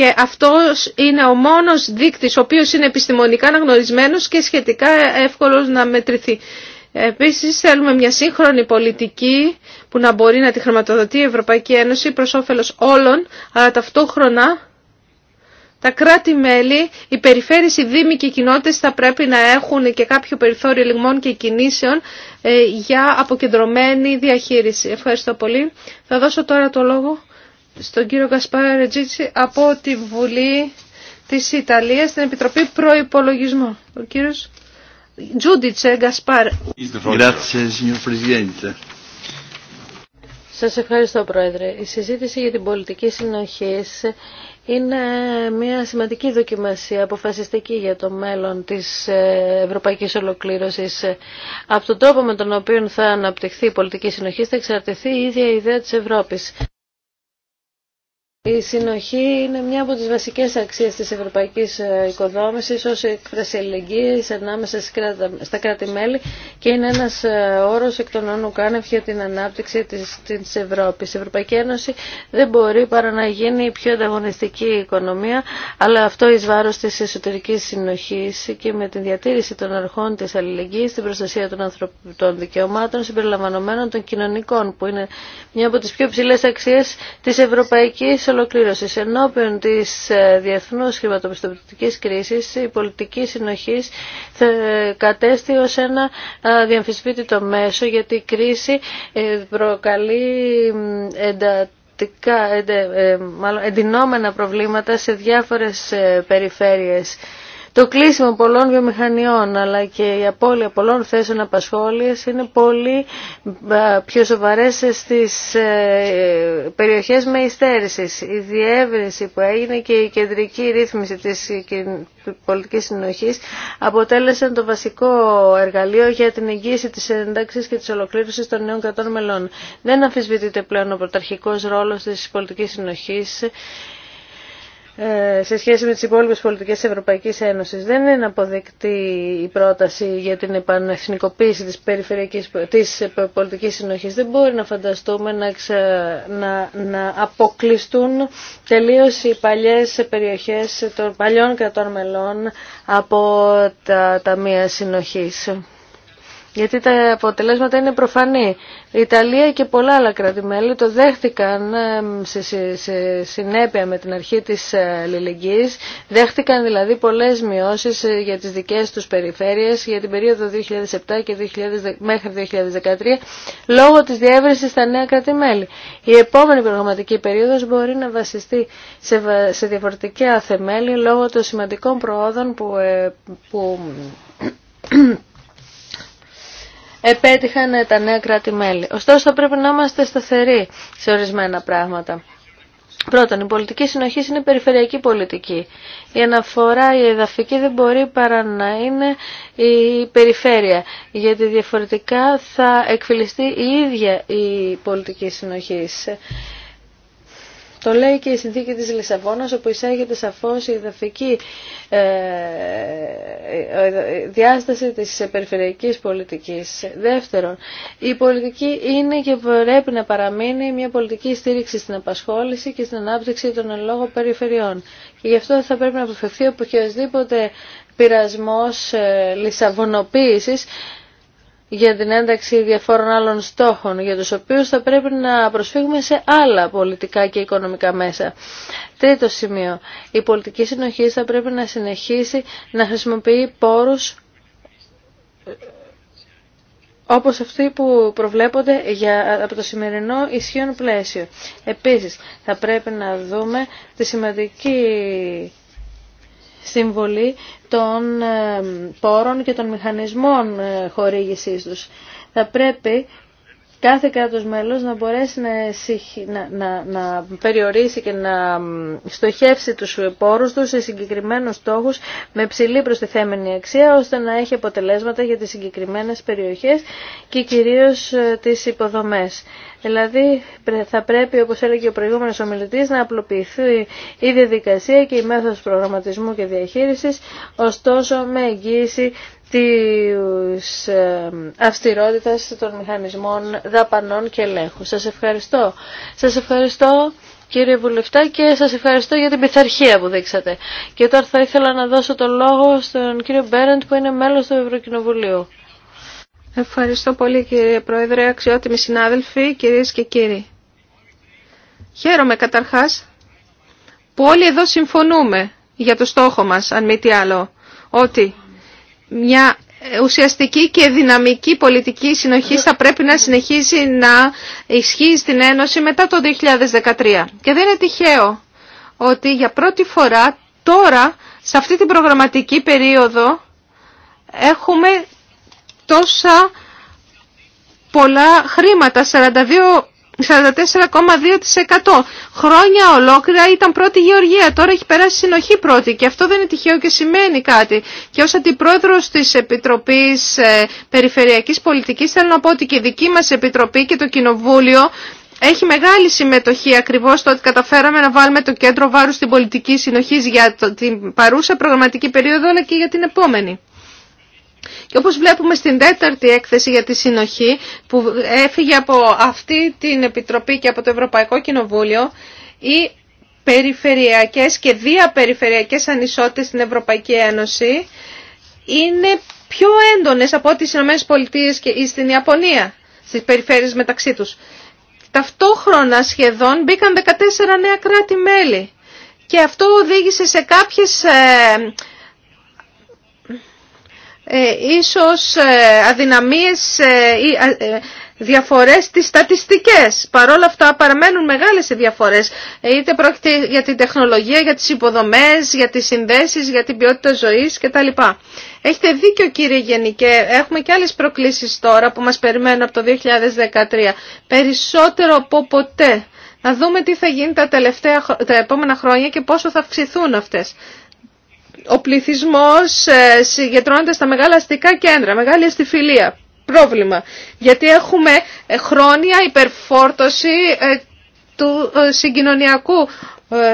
και αυτός είναι ο μόνος δείκτης ο οποίος είναι επιστημονικά αναγνωρισμένος και σχετικά εύκολος να μετρηθεί. Επίσης θέλουμε μια σύγχρονη πολιτική που να μπορεί να τη χρηματοδοτεί η Ευρωπαϊκή Ένωση προς όφελος όλων, αλλά ταυτόχρονα τα κράτη-μέλη, οι περιφέρειες, οι δήμοι και οι κοινότητες θα πρέπει να έχουν και κάποιο περιθώριο λιγμών και κινήσεων ε, για αποκεντρωμένη διαχείριση. Ευχαριστώ πολύ. Θα δώσω τώρα το λόγο στον κύριο Γκασπάρ Τζίτσι από τη Βουλή της Ιταλίας στην Επιτροπή Προϋπολογισμού. Ο κύριος Τζούντιτσε Γκασπάρ. Σας ευχαριστώ Πρόεδρε. Η συζήτηση για την πολιτική συνοχή είναι μια σημαντική δοκιμασία αποφασιστική για το μέλλον της ευρωπαϊκής ολοκλήρωσης. Από τον τρόπο με τον οποίο θα αναπτυχθεί η πολιτική συνοχή θα εξαρτηθεί η ίδια ιδέα της Ευρώπης. Η συνοχή είναι μια από τις βασικές αξίες της ευρωπαϊκής ε, οικοδόμησης ως έκφραση ελεγγύης ανάμεσα στα κράτη-μέλη και είναι ένας ε, όρος εκ των όνων κάνευ για την ανάπτυξη της, της Ευρώπης. Η Ευρωπαϊκή Ένωση δεν μπορεί παρά να γίνει η πιο ανταγωνιστική οικονομία, αλλά αυτό εις βάρος της εσωτερικής συνοχής και με τη διατήρηση των αρχών της αλληλεγγύης, την προστασία των, των δικαιωμάτων συμπεριλαμβανομένων των κοινωνικών, που είναι μια από τις πιο ψηλές αξίες της ευρωπαϊκής ολοκλήρωση Ενώπιον τη ε, διεθνού χρηματοπιστωτική κρίσης, η πολιτική συνοχή κατέστη ω ένα διαμφισβήτητο μέσο, γιατί η κρίση ε, προκαλεί εντατικά ε, εντυνόμενα προβλήματα σε διάφορες περιφέρειες. Το κλείσιμο πολλών βιομηχανιών αλλά και η απώλεια πολλών θέσεων απασχόλειας είναι πολύ ε, πιο σοβαρές στις ε, περιοχές με υστέρησης. Η διεύρυνση που έγινε και η κεντρική ρύθμιση της πολιτικής συνοχής αποτέλεσαν το βασικό εργαλείο για την εγγύηση της ένταξης και της ολοκλήρωσης των νέων κρατών μελών. Δεν αμφισβητείται πλέον ο πρωταρχικός ρόλος της πολιτικής συνοχής ε, σε σχέση με τις υπόλοιπες πολιτικές της Ευρωπαϊκής Ένωσης. Δεν είναι αποδεκτή η πρόταση για την επανεθνικοποίηση της, περιφερειακής, της πολιτικής συνοχής. Δεν μπορεί να φανταστούμε να, ξα... να, να αποκλειστούν τελείως οι παλιές περιοχές των παλιών κρατών μελών από τα ταμεία συνοχής γιατί τα αποτελέσματα είναι προφανή. Η Ιταλία και πολλά άλλα κράτη-μέλη το δέχτηκαν σε συνέπεια με την αρχή της ε, αλληλεγγύης, δέχτηκαν δηλαδή πολλές μειώσεις ε, για τις δικές τους περιφέρειες για την περίοδο 2007 και μέχρι 2013 λόγω της διεύρυνσης στα νέα κράτη-μέλη. Η επόμενη προγραμματική περίοδος μπορεί να βασιστεί σε, σε διαφορετικά θεμέλια λόγω των σημαντικών προόδων που, ε, που επέτυχαν τα νέα κράτη-μέλη. Ωστόσο θα πρέπει να είμαστε σταθεροί σε ορισμένα πράγματα. Πρώτον, η πολιτική συνοχή είναι η περιφερειακή πολιτική. Η αναφορά η εδαφική δεν μπορεί παρά να είναι η περιφέρεια, γιατί διαφορετικά θα εκφυλιστεί η ίδια η πολιτική συνοχή. Το λέει και η συνθήκη της Λισαβόνας όπου εισάγεται σαφώς η εδαφική ε, ε, ε, διάσταση της περιφερειακής πολιτικής. Δεύτερον, η πολιτική είναι και πρέπει να παραμείνει μια πολιτική στήριξη στην απασχόληση και στην ανάπτυξη των λόγων περιφερειών. Και γι' αυτό θα πρέπει να αποφευθεί οποιοδήποτε πειρασμός λισαβονοποίησης για την ένταξη διαφόρων άλλων στόχων, για τους οποίους θα πρέπει να προσφύγουμε σε άλλα πολιτικά και οικονομικά μέσα. Τρίτο σημείο, η πολιτική συνοχή θα πρέπει να συνεχίσει να χρησιμοποιεί πόρους ε, όπως αυτοί που προβλέπονται για, από το σημερινό ισχύον πλαίσιο. Επίσης, θα πρέπει να δούμε τη σημαντική συμβολή των ε, πόρων και των μηχανισμών ε, χορήγησής τους. Θα πρέπει κάθε κράτος μέλος να μπορέσει να, να, να περιορίσει και να στοχεύσει τους πόρους του σε συγκεκριμένους στόχους με ψηλή προστιθέμενη αξία ώστε να έχει αποτελέσματα για τις συγκεκριμένες περιοχές και κυρίως ε, τις υποδομές. Δηλαδή θα πρέπει όπως έλεγε ο προηγούμενος ομιλητής να απλοποιηθεί η διαδικασία και η μέθοδος προγραμματισμού και διαχείρισης ωστόσο με εγγύηση της ε, αυστηρότητας των μηχανισμών δαπανών και ελέγχου. Σας ευχαριστώ. Σας ευχαριστώ κύριε Βουλευτά και σας ευχαριστώ για την πειθαρχία που δείξατε. Και τώρα θα ήθελα να δώσω το λόγο στον κύριο Μπέρεντ που είναι μέλος του Ευρωκοινοβουλίου. Ευχαριστώ πολύ κύριε Πρόεδρε, αξιότιμοι συνάδελφοι, κυρίες και κύριοι. Χαίρομαι καταρχάς που όλοι εδώ συμφωνούμε για το στόχο μας, αν μη τι άλλο, ότι μια ουσιαστική και δυναμική πολιτική συνοχή θα πρέπει να συνεχίζει να ισχύει στην Ένωση μετά το 2013. Και δεν είναι τυχαίο ότι για πρώτη φορά τώρα σε αυτή την προγραμματική περίοδο έχουμε τόσα πολλά χρήματα, 42 44,2%. Χρόνια ολόκληρα ήταν πρώτη γεωργία, τώρα έχει περάσει συνοχή πρώτη και αυτό δεν είναι τυχαίο και σημαίνει κάτι. Και ως αντιπρόεδρος της Επιτροπής ε, Περιφερειακής Πολιτικής θέλω να πω ότι και η δική μας Επιτροπή και το Κοινοβούλιο έχει μεγάλη συμμετοχή ακριβώς στο ότι καταφέραμε να βάλουμε το κέντρο βάρου στην πολιτική συνοχή για την παρούσα προγραμματική περίοδο αλλά και για την επόμενη. Και όπως βλέπουμε στην τέταρτη έκθεση για τη συνοχή που έφυγε από αυτή την Επιτροπή και από το Ευρωπαϊκό Κοινοβούλιο, οι περιφερειακές και διαπεριφερειακές ανισότητες στην Ευρωπαϊκή Ένωση είναι πιο έντονες από ό,τι στις ΗΠΑ και στην Ιαπωνία, στις περιφέρειες μεταξύ τους. Ταυτόχρονα σχεδόν μπήκαν 14 νέα κράτη-μέλη και αυτό οδήγησε σε κάποιες ε, ε, ίσως ε, αδυναμίες ε, ή διαφορές στις στατιστικές. Παρόλα αυτά παραμένουν μεγάλες οι διαφορές. Είτε πρόκειται για την τεχνολογία, για τις υποδομές, για τις συνδέσεις, για την ποιότητα ζωής κτλ. Έχετε δίκιο κύριε Γενικέ, έχουμε και άλλες προκλήσεις τώρα που μας περιμένουν από το 2013. Περισσότερο από ποτέ. Να δούμε τι θα γίνει τα, τελευταία, τα επόμενα χρόνια και πόσο θα αυξηθούν αυτές ο πληθυσμός ε, συγκεντρώνεται στα μεγάλα αστικά κέντρα, μεγάλη αστιφιλία. Πρόβλημα. Γιατί έχουμε ε, χρόνια υπερφόρτωση ε, του συγκοινωνιακού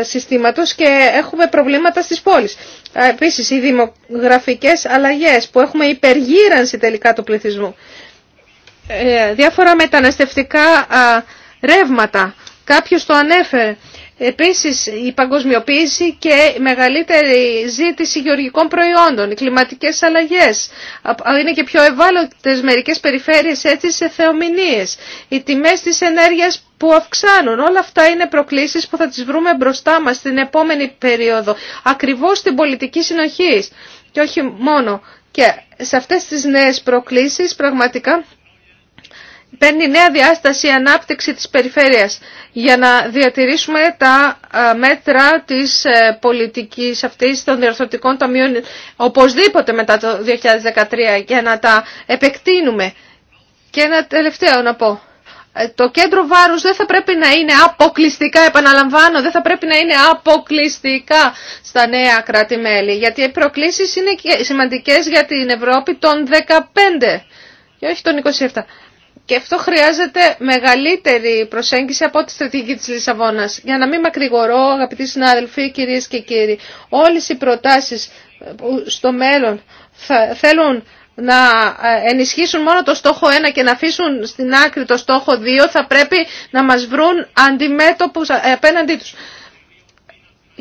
συστήματος και έχουμε προβλήματα στις πόλεις. Επίσης, οι δημογραφικές αλλαγές που έχουμε υπεργύρανση τελικά του πληθυσμού. Διάφορα μεταναστευτικά ρεύματα. Κάποιος το ανέφερε. Επίσης η παγκοσμιοποίηση και η μεγαλύτερη ζήτηση γεωργικών προϊόντων, οι κλιματικές αλλαγές. Είναι και πιο ευάλωτες μερικές περιφέρειες έτσι σε θεομηνίες. Οι τιμές της ενέργειας που αυξάνουν. Όλα αυτά είναι προκλήσεις που θα τις βρούμε μπροστά μας την επόμενη περίοδο. Ακριβώς στην πολιτική συνοχή και όχι μόνο. Και σε αυτές τις νέες προκλήσεις πραγματικά παίρνει νέα διάσταση η ανάπτυξη της περιφέρειας για να διατηρήσουμε τα ε, μέτρα της ε, πολιτικής αυτής των διορθωτικών ταμείων οπωσδήποτε μετά το 2013 και να τα επεκτείνουμε. Και ένα τελευταίο να πω. Ε, το κέντρο βάρους δεν θα πρέπει να είναι αποκλειστικά, επαναλαμβάνω, δεν θα πρέπει να είναι αποκλειστικά στα νέα κράτη-μέλη, γιατί οι προκλήσεις είναι σημαντικές για την Ευρώπη των 15 και όχι των 27. Και αυτό χρειάζεται μεγαλύτερη προσέγγιση από τη στρατηγική της Λισαβόνας. Για να μην μακρηγορώ, αγαπητοί συνάδελφοι, κυρίες και κύριοι, όλες οι προτάσεις που στο μέλλον θα θέλουν να ε, ενισχύσουν μόνο το στόχο 1 και να αφήσουν στην άκρη το στόχο 2, θα πρέπει να μας βρουν αντιμέτωπους ε, απέναντί τους.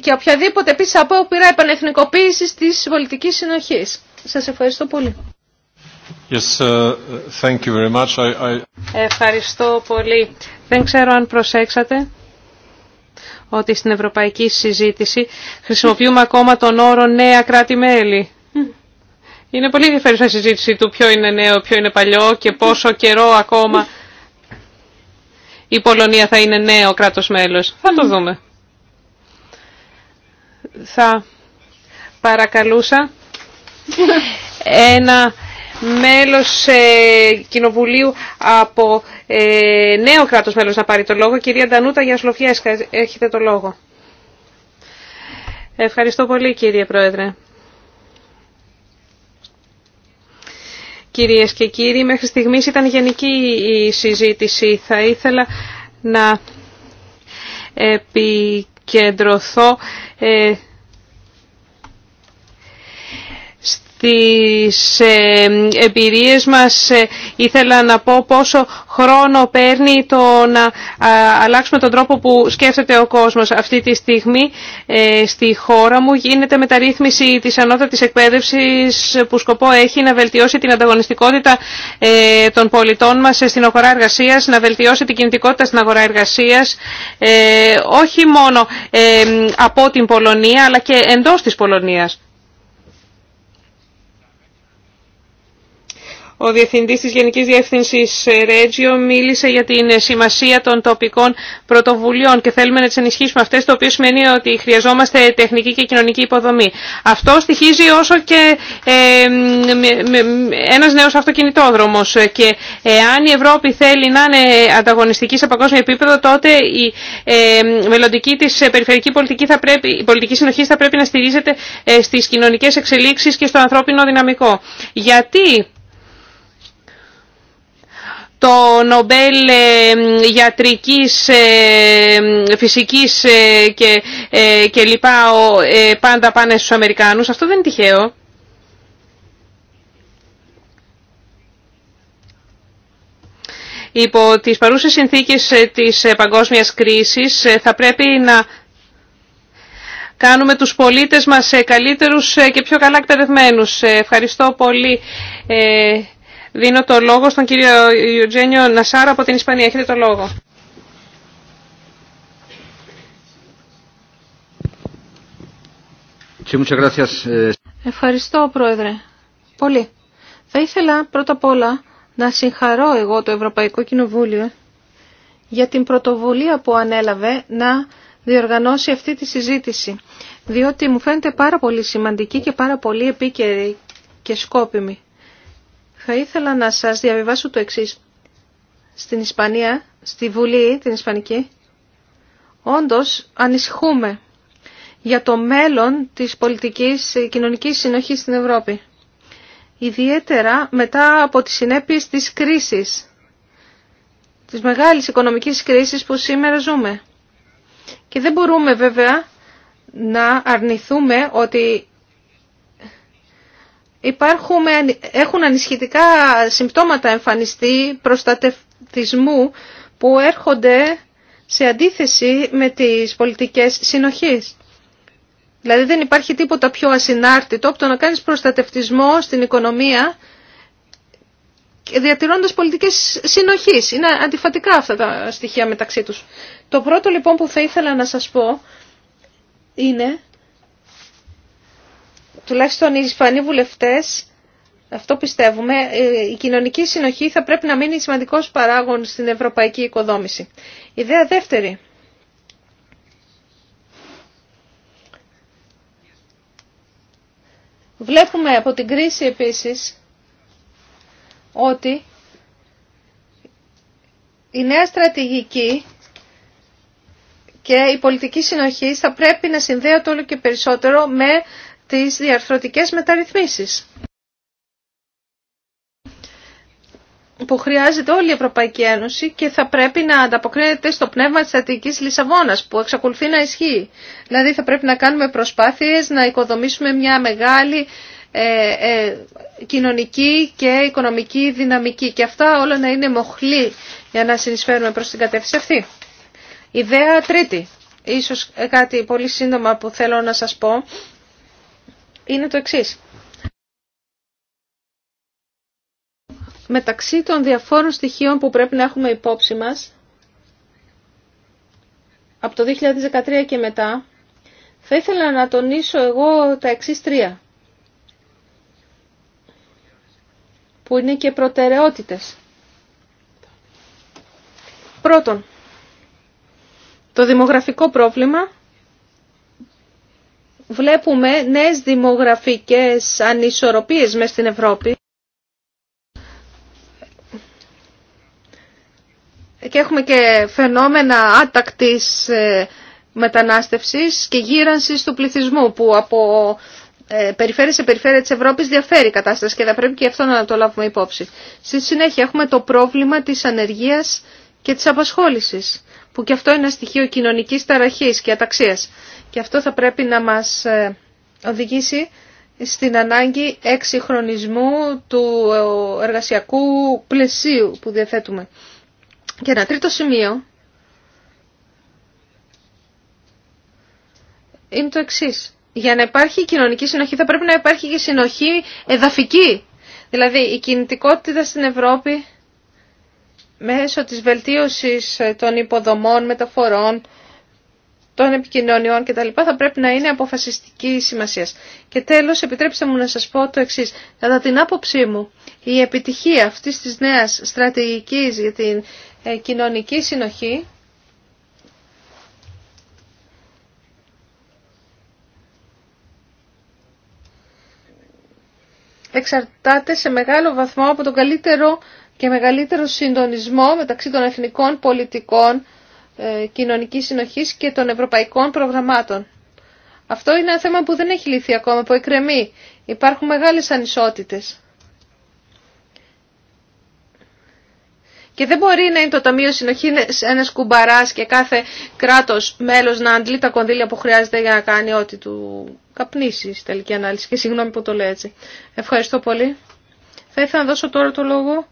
Και οποιαδήποτε επίσης απόπειρα επανεθνικοποίησης της πολιτικής συνοχής. Σας ευχαριστώ πολύ. Uh, Ευχαριστώ πολύ. Δεν ξέρω αν προσέξατε ότι στην ευρωπαϊκή συζήτηση χρησιμοποιούμε ακόμα τον όρο νέα κράτη-μέλη. Είναι πολύ ενδιαφέρουσα η συζήτηση του ποιο είναι νέο, ποιο είναι παλιό και πόσο καιρό ακόμα η Πολωνία θα είναι νέο κράτος μέλος. Θα το δούμε. Θα παρακαλούσα ένα μέλος ε, κοινοβουλίου από ε, νέο κράτος μέλος να πάρει το λόγο. Κυρία Ντανούτα Γιασλοφιέσκα, έχετε το λόγο. Ευχαριστώ πολύ κύριε Πρόεδρε. Κυρίες και κύριοι, μέχρι στιγμής ήταν γενική η συζήτηση. Θα ήθελα να επικεντρωθώ ε, τις ε, εμπειρίες μας ε, ήθελα να πω πόσο χρόνο παίρνει το να αλλάξουμε τον τρόπο που σκέφτεται ο κόσμος. Αυτή τη στιγμή ε, στη χώρα μου γίνεται μεταρρύθμιση της ανώτατης εκπαίδευσης που σκοπό έχει να βελτιώσει την ανταγωνιστικότητα των πολιτών μας στην αγορά εργασίας, να βελτιώσει την κινητικότητα στην αγορά εργασίας, όχι μόνο από την Πολωνία αλλά και εντός της Πολωνίας. Ο Διευθυντή τη Γενική Διεύθυνση ε, Ρέτζιο μίλησε για την ε, σημασία των τοπικών πρωτοβουλειών και θέλουμε να τι ενισχύσουμε αυτέ, το οποίο σημαίνει ότι χρειαζόμαστε τεχνική και κοινωνική υποδομή. Αυτό στοιχίζει όσο και ε, ένα νέο αυτοκινητόδρομο. και εάν η Ευρώπη θέλει να είναι ανταγωνιστική σε παγκόσμιο επίπεδο, τότε η μελλοντική τη περιφερειακή πολιτική, θα πρέπει, η πολιτική συνοχή θα πρέπει να στηρίζεται στι κοινωνικέ εξελίξει και στο ανθρώπινο δυναμικό. Γιατί το Νομπέλ Γιατρικής, ε, ε, Φυσικής ε, και, και λοιπά πάντα πάνε στους Αμερικάνους. Αυτό δεν είναι τυχαίο. Υπό τις παρούσες συνθήκες της παγκόσμιας κρίσης θα πρέπει να κάνουμε τους πολίτες μας καλύτερους και πιο καλά εκπαιδευμένους. Ευχαριστώ πολύ Δίνω το λόγο στον κύριο Ιουτζένιο Νασάρα από την Ισπανία. Έχετε το λόγο. Eh. Ευχαριστώ, Πρόεδρε. Πολύ. Θα ήθελα πρώτα απ' όλα να συγχαρώ εγώ το Ευρωπαϊκό Κοινοβούλιο για την πρωτοβουλία που ανέλαβε να διοργανώσει αυτή τη συζήτηση, διότι μου φαίνεται πάρα πολύ σημαντική και πάρα πολύ επίκαιρη και σκόπιμη. Θα ήθελα να σας διαβιβάσω το εξής. Στην Ισπανία, στη Βουλή, την Ισπανική, όντως ανησυχούμε για το μέλλον της πολιτικής ε, κοινωνικής συνοχής στην Ευρώπη. Ιδιαίτερα μετά από τις συνέπειες της κρίσης, της μεγάλης οικονομικής κρίσης που σήμερα ζούμε. Και δεν μπορούμε βέβαια να αρνηθούμε ότι Υπάρχουμε, έχουν ανισχυτικά συμπτώματα εμφανιστεί προστατευτισμού που έρχονται σε αντίθεση με τις πολιτικές συνοχής. Δηλαδή δεν υπάρχει τίποτα πιο ασυνάρτητο από το να κάνεις προστατευτισμό στην οικονομία διατηρώντας πολιτικές συνοχής. Είναι αντιφατικά αυτά τα στοιχεία μεταξύ τους. Το πρώτο λοιπόν που θα ήθελα να σας πω είναι τουλάχιστον οι Ισπανοί βουλευτές, αυτό πιστεύουμε, ε, η κοινωνική συνοχή θα πρέπει να μείνει σημαντικός παράγον στην ευρωπαϊκή οικοδόμηση. Ιδέα δεύτερη. Βλέπουμε από την κρίση επίσης ότι η νέα στρατηγική και η πολιτική συνοχή θα πρέπει να συνδέονται όλο και περισσότερο με τις διαρθρωτικές μεταρρυθμίσεις που χρειάζεται όλη η Ευρωπαϊκή Ένωση και θα πρέπει να ανταποκρίνεται στο πνεύμα της Αττικής Λισαβόνας που εξακολουθεί να ισχύει. Δηλαδή θα πρέπει να κάνουμε προσπάθειες να οικοδομήσουμε μια μεγάλη ε, ε, κοινωνική και οικονομική δυναμική και αυτά όλα να είναι μοχλή για να συνεισφέρουμε προς την κατεύθυνση αυτή. Ιδέα τρίτη, ίσως κάτι πολύ σύντομα που θέλω να σας πω, είναι το εξής. Μεταξύ των διαφόρων στοιχείων που πρέπει να έχουμε υπόψη μας, από το 2013 και μετά, θα ήθελα να τονίσω εγώ τα εξής τρία, που είναι και προτεραιότητες. Πρώτον, το δημογραφικό πρόβλημα βλέπουμε νέες δημογραφικές ανισορροπίες μέσα στην Ευρώπη και έχουμε και φαινόμενα άτακτης ε, μετανάστευσης και γύρανσης του πληθυσμού που από ε, περιφέρεια σε περιφέρεια της Ευρώπης διαφέρει η κατάσταση και θα πρέπει και αυτό να το λάβουμε υπόψη. Στη συνέχεια έχουμε το πρόβλημα της ανεργίας και της απασχόλησης που και αυτό είναι ένα στοιχείο κοινωνικής ταραχής και αταξίας. Και αυτό θα πρέπει να μας ε, οδηγήσει στην ανάγκη εξυγχρονισμού του ε, εργασιακού πλαισίου που διαθέτουμε. Και ένα τρίτο σημείο είναι το εξής. Για να υπάρχει κοινωνική συνοχή θα πρέπει να υπάρχει και συνοχή εδαφική. Δηλαδή η κινητικότητα στην Ευρώπη μέσω της βελτίωσης ε, των υποδομών, μεταφορών, των επικοινωνιών κτλ. θα πρέπει να είναι αποφασιστική σημασία. Και τέλος, επιτρέψτε μου να σας πω το εξής. Κατά την άποψή μου, η επιτυχία αυτής της νέας στρατηγικής για την ε, κοινωνική συνοχή εξαρτάται σε μεγάλο βαθμό από τον καλύτερο και μεγαλύτερο συντονισμό μεταξύ των εθνικών πολιτικών ε, κοινωνικής συνοχής και των ευρωπαϊκών προγραμμάτων. Αυτό είναι ένα θέμα που δεν έχει λυθεί ακόμα, που εκκρεμεί. Υπάρχουν μεγάλες ανισότητες. Και δεν μπορεί να είναι το Ταμείο Συνοχή ένα κουμπαρά και κάθε κράτο μέλο να αντλεί τα κονδύλια που χρειάζεται για να κάνει ό,τι του καπνίσει στη τελική ανάλυση. Και συγγνώμη που το λέω έτσι. Ευχαριστώ πολύ. Θα ήθελα να δώσω τώρα το λόγο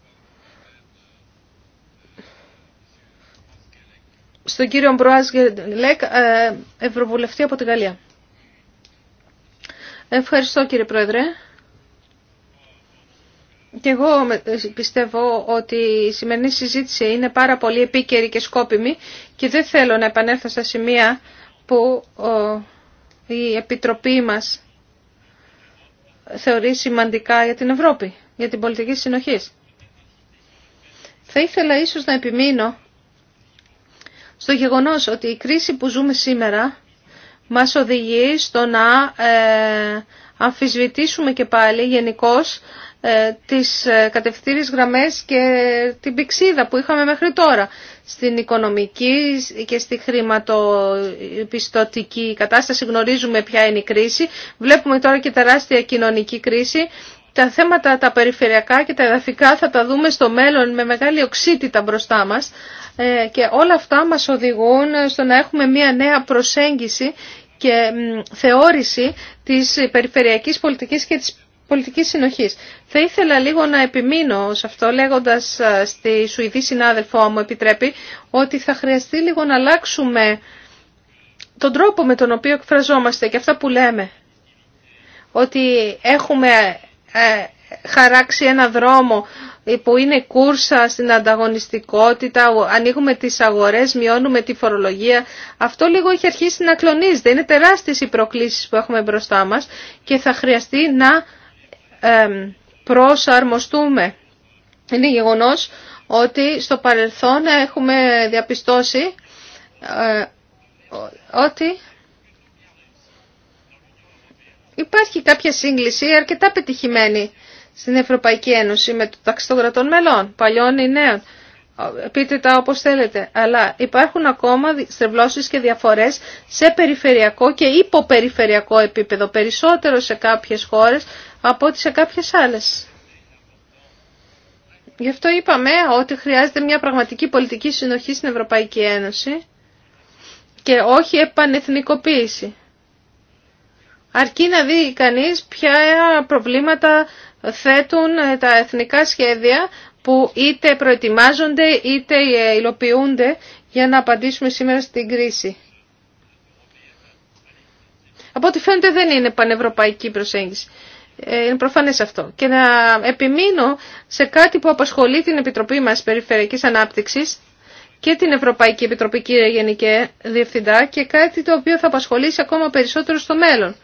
στον κύριο Μπροάζ Λεκ, ε, Ευρωβουλευτή από την Γαλλία. Ευχαριστώ κύριε Πρόεδρε. Και εγώ πιστεύω ότι η σημερινή συζήτηση είναι πάρα πολύ επίκαιρη και σκόπιμη και δεν θέλω να επανέλθω στα σημεία που η Επιτροπή μας θεωρεί σημαντικά για την Ευρώπη, για την πολιτική συνοχής. Θα ήθελα ίσως να επιμείνω στο γεγονός ότι η κρίση που ζούμε σήμερα μας οδηγεί στο να ε, αμφισβητήσουμε και πάλι γενικώ ε, τις ε, κατευθύνες γραμμές και την πηξίδα που είχαμε μέχρι τώρα στην οικονομική και στη χρηματοπιστωτική κατάσταση γνωρίζουμε ποια είναι η κρίση βλέπουμε τώρα και τεράστια κοινωνική κρίση τα θέματα τα περιφερειακά και τα εδαφικά θα τα δούμε στο μέλλον με μεγάλη οξύτητα μπροστά μας ε, και όλα αυτά μας οδηγούν ε, στο να έχουμε μια νέα προσέγγιση και θεώρηση της περιφερειακής πολιτικής και της πολιτικής συνοχής. Θα ήθελα λίγο να επιμείνω σε αυτό λέγοντας ε, στη Σουηδή συνάδελφό μου επιτρέπει ότι θα χρειαστεί λίγο να αλλάξουμε τον τρόπο με τον οποίο εκφραζόμαστε και αυτά που λέμε. Ότι έχουμε ε, χαράξει ένα δρόμο που είναι κούρσα στην ανταγωνιστικότητα, ανοίγουμε τις αγορές, μειώνουμε τη φορολογία. Αυτό λίγο έχει αρχίσει να κλονίζεται. Είναι τεράστιες οι προκλήσεις που έχουμε μπροστά μας και θα χρειαστεί να προσαρμοστούμε. Είναι γεγονός ότι στο παρελθόν έχουμε διαπιστώσει ε, ότι Υπάρχει κάποια σύγκληση αρκετά πετυχημένη στην Ευρωπαϊκή Ένωση με το ταξί των κρατών μελών, παλιών ή νέων. Πείτε τα όπως θέλετε. Αλλά υπάρχουν ακόμα στρεβλώσεις και διαφορές σε περιφερειακό και υποπεριφερειακό επίπεδο. Περισσότερο σε κάποιες χώρες από ό,τι σε κάποιες άλλες. Γι' αυτό είπαμε ότι χρειάζεται μια πραγματική πολιτική συνοχή στην Ευρωπαϊκή Ένωση και όχι επανεθνικοποίηση αρκεί να δει κανείς ποια προβλήματα θέτουν ε, τα εθνικά σχέδια που είτε προετοιμάζονται είτε ε, υλοποιούνται για να απαντήσουμε σήμερα στην κρίση. Από ό,τι φαίνεται δεν είναι πανευρωπαϊκή προσέγγιση. Ε, είναι προφανές αυτό. Και να επιμείνω σε κάτι που απασχολεί την Επιτροπή μας Περιφερειακής Ανάπτυξης και την Ευρωπαϊκή Επιτροπή, κύριε Γενικέ Διευθυντά, και κάτι το οποίο θα απασχολήσει ακόμα περισσότερο στο μέλλον.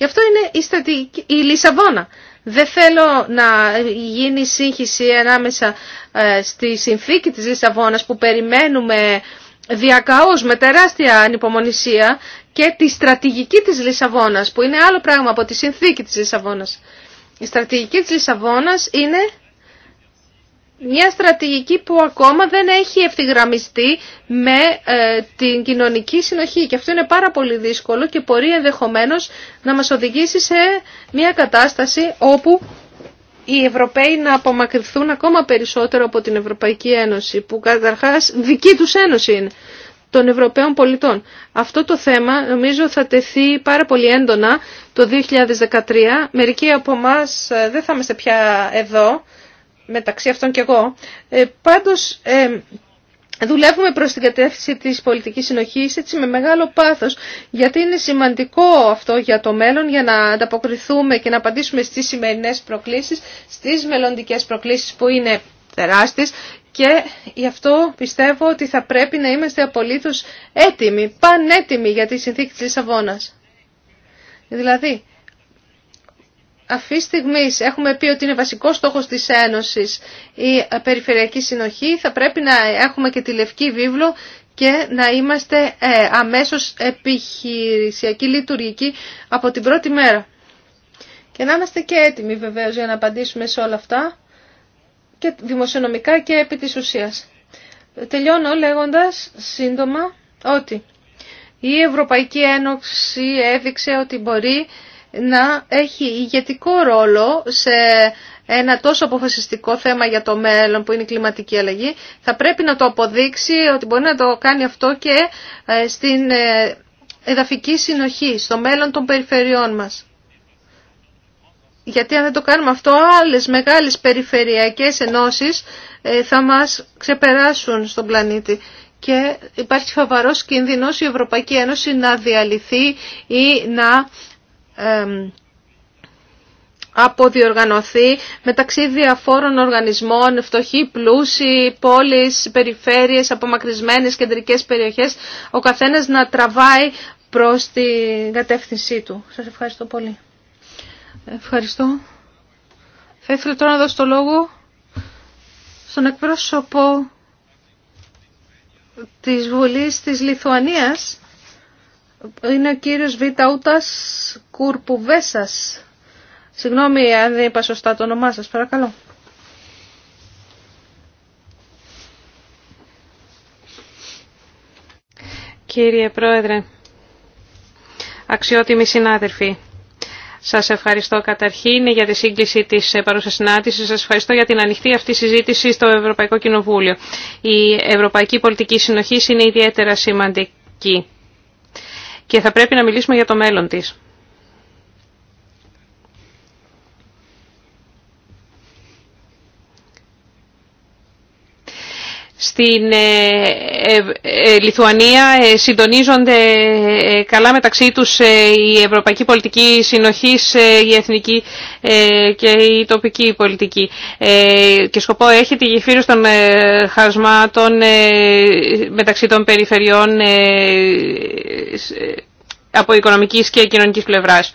Γι' αυτό είναι η, η Λισαβόνα. Δεν θέλω να γίνει σύγχυση ανάμεσα ε, στη συνθήκη της Λισαβόνας που περιμένουμε διακαώς με τεράστια ανυπομονησία και τη στρατηγική της Λισαβόνας που είναι άλλο πράγμα από τη συνθήκη της Λισαβόνας. Η στρατηγική της Λισαβόνας είναι μια στρατηγική που ακόμα δεν έχει ευθυγραμμιστεί με ε, την κοινωνική συνοχή και αυτό είναι πάρα πολύ δύσκολο και μπορεί ενδεχομένως να μας οδηγήσει σε μια κατάσταση όπου οι Ευρωπαίοι να απομακρυνθούν ακόμα περισσότερο από την Ευρωπαϊκή Ένωση που καταρχάς δική τους ένωση είναι των Ευρωπαίων πολιτών. Αυτό το θέμα νομίζω θα τεθεί πάρα πολύ έντονα το 2013. Μερικοί από εμά ε, δεν θα είμαστε πια εδώ μεταξύ αυτών και εγώ. Ε, πάντως ε, δουλεύουμε προς την κατεύθυνση της πολιτικής συνοχής έτσι με μεγάλο πάθος γιατί είναι σημαντικό αυτό για το μέλλον για να ανταποκριθούμε και να απαντήσουμε στις σημερινές προκλήσεις, στις μελλοντικές προκλήσεις που είναι τεράστιες και γι' αυτό πιστεύω ότι θα πρέπει να είμαστε απολύτως έτοιμοι, πανέτοιμοι για τη συνθήκη της Λισαβόνας. Δηλαδή, αυτή τη στιγμή έχουμε πει ότι είναι βασικό στόχος της Ένωσης η περιφερειακή συνοχή, θα πρέπει να έχουμε και τη λευκή βίβλο και να είμαστε ε, αμέσως επιχειρησιακοί, λειτουργικοί από την πρώτη μέρα. Και να είμαστε και έτοιμοι βεβαίως για να απαντήσουμε σε όλα αυτά και δημοσιονομικά και επί της ουσίας. Τελειώνω λέγοντας σύντομα ότι η Ευρωπαϊκή Ένωση έδειξε ότι μπορεί να έχει ηγετικό ρόλο σε ένα τόσο αποφασιστικό θέμα για το μέλλον που είναι η κλιματική αλλαγή, θα πρέπει να το αποδείξει ότι μπορεί να το κάνει αυτό και ε, στην ε, εδαφική συνοχή, στο μέλλον των περιφερειών μας. Γιατί αν δεν το κάνουμε αυτό, άλλες μεγάλες περιφερειακές ενώσεις ε, θα μας ξεπεράσουν στον πλανήτη. Και υπάρχει φοβαρός κίνδυνος η Ευρωπαϊκή Ένωση να διαλυθεί ή να αποδιοργανωθεί μεταξύ διαφόρων οργανισμών, φτωχοί, πλούσιοι, πόλεις, περιφέρειες, απομακρυσμένες κεντρικές περιοχές, ο καθένας να τραβάει προς την κατεύθυνσή του. Σας ευχαριστώ πολύ. Ευχαριστώ. Θα ήθελα τώρα να δώσω το λόγο στον εκπρόσωπο της Βουλής της Λιθουανίας, είναι ο κύριος Βιταούτας Κουρπουβέσας. Συγγνώμη αν δεν είπα σωστά το όνομά σας, παρακαλώ. Κύριε Πρόεδρε, αξιότιμοι συνάδελφοι, σας ευχαριστώ καταρχήν για τη σύγκληση της παρούσας συνάντησης. Σας ευχαριστώ για την ανοιχτή αυτή συζήτηση στο Ευρωπαϊκό Κοινοβούλιο. Η Ευρωπαϊκή Πολιτική Συνοχή είναι ιδιαίτερα σημαντική και θα πρέπει να μιλήσουμε για το μέλλον της. στην ε, ε, ε, Λιθουανία συντονίζονται καλά μεταξύ τους η ευρωπαϊκή πολιτική συνοχής, η εθνική και η τοπική πολιτική. Και σκοπό έχει τη γεφύρωση των χασμάτων μεταξύ των περιφερειών από οικονομικής και κοινωνικής πλευράς.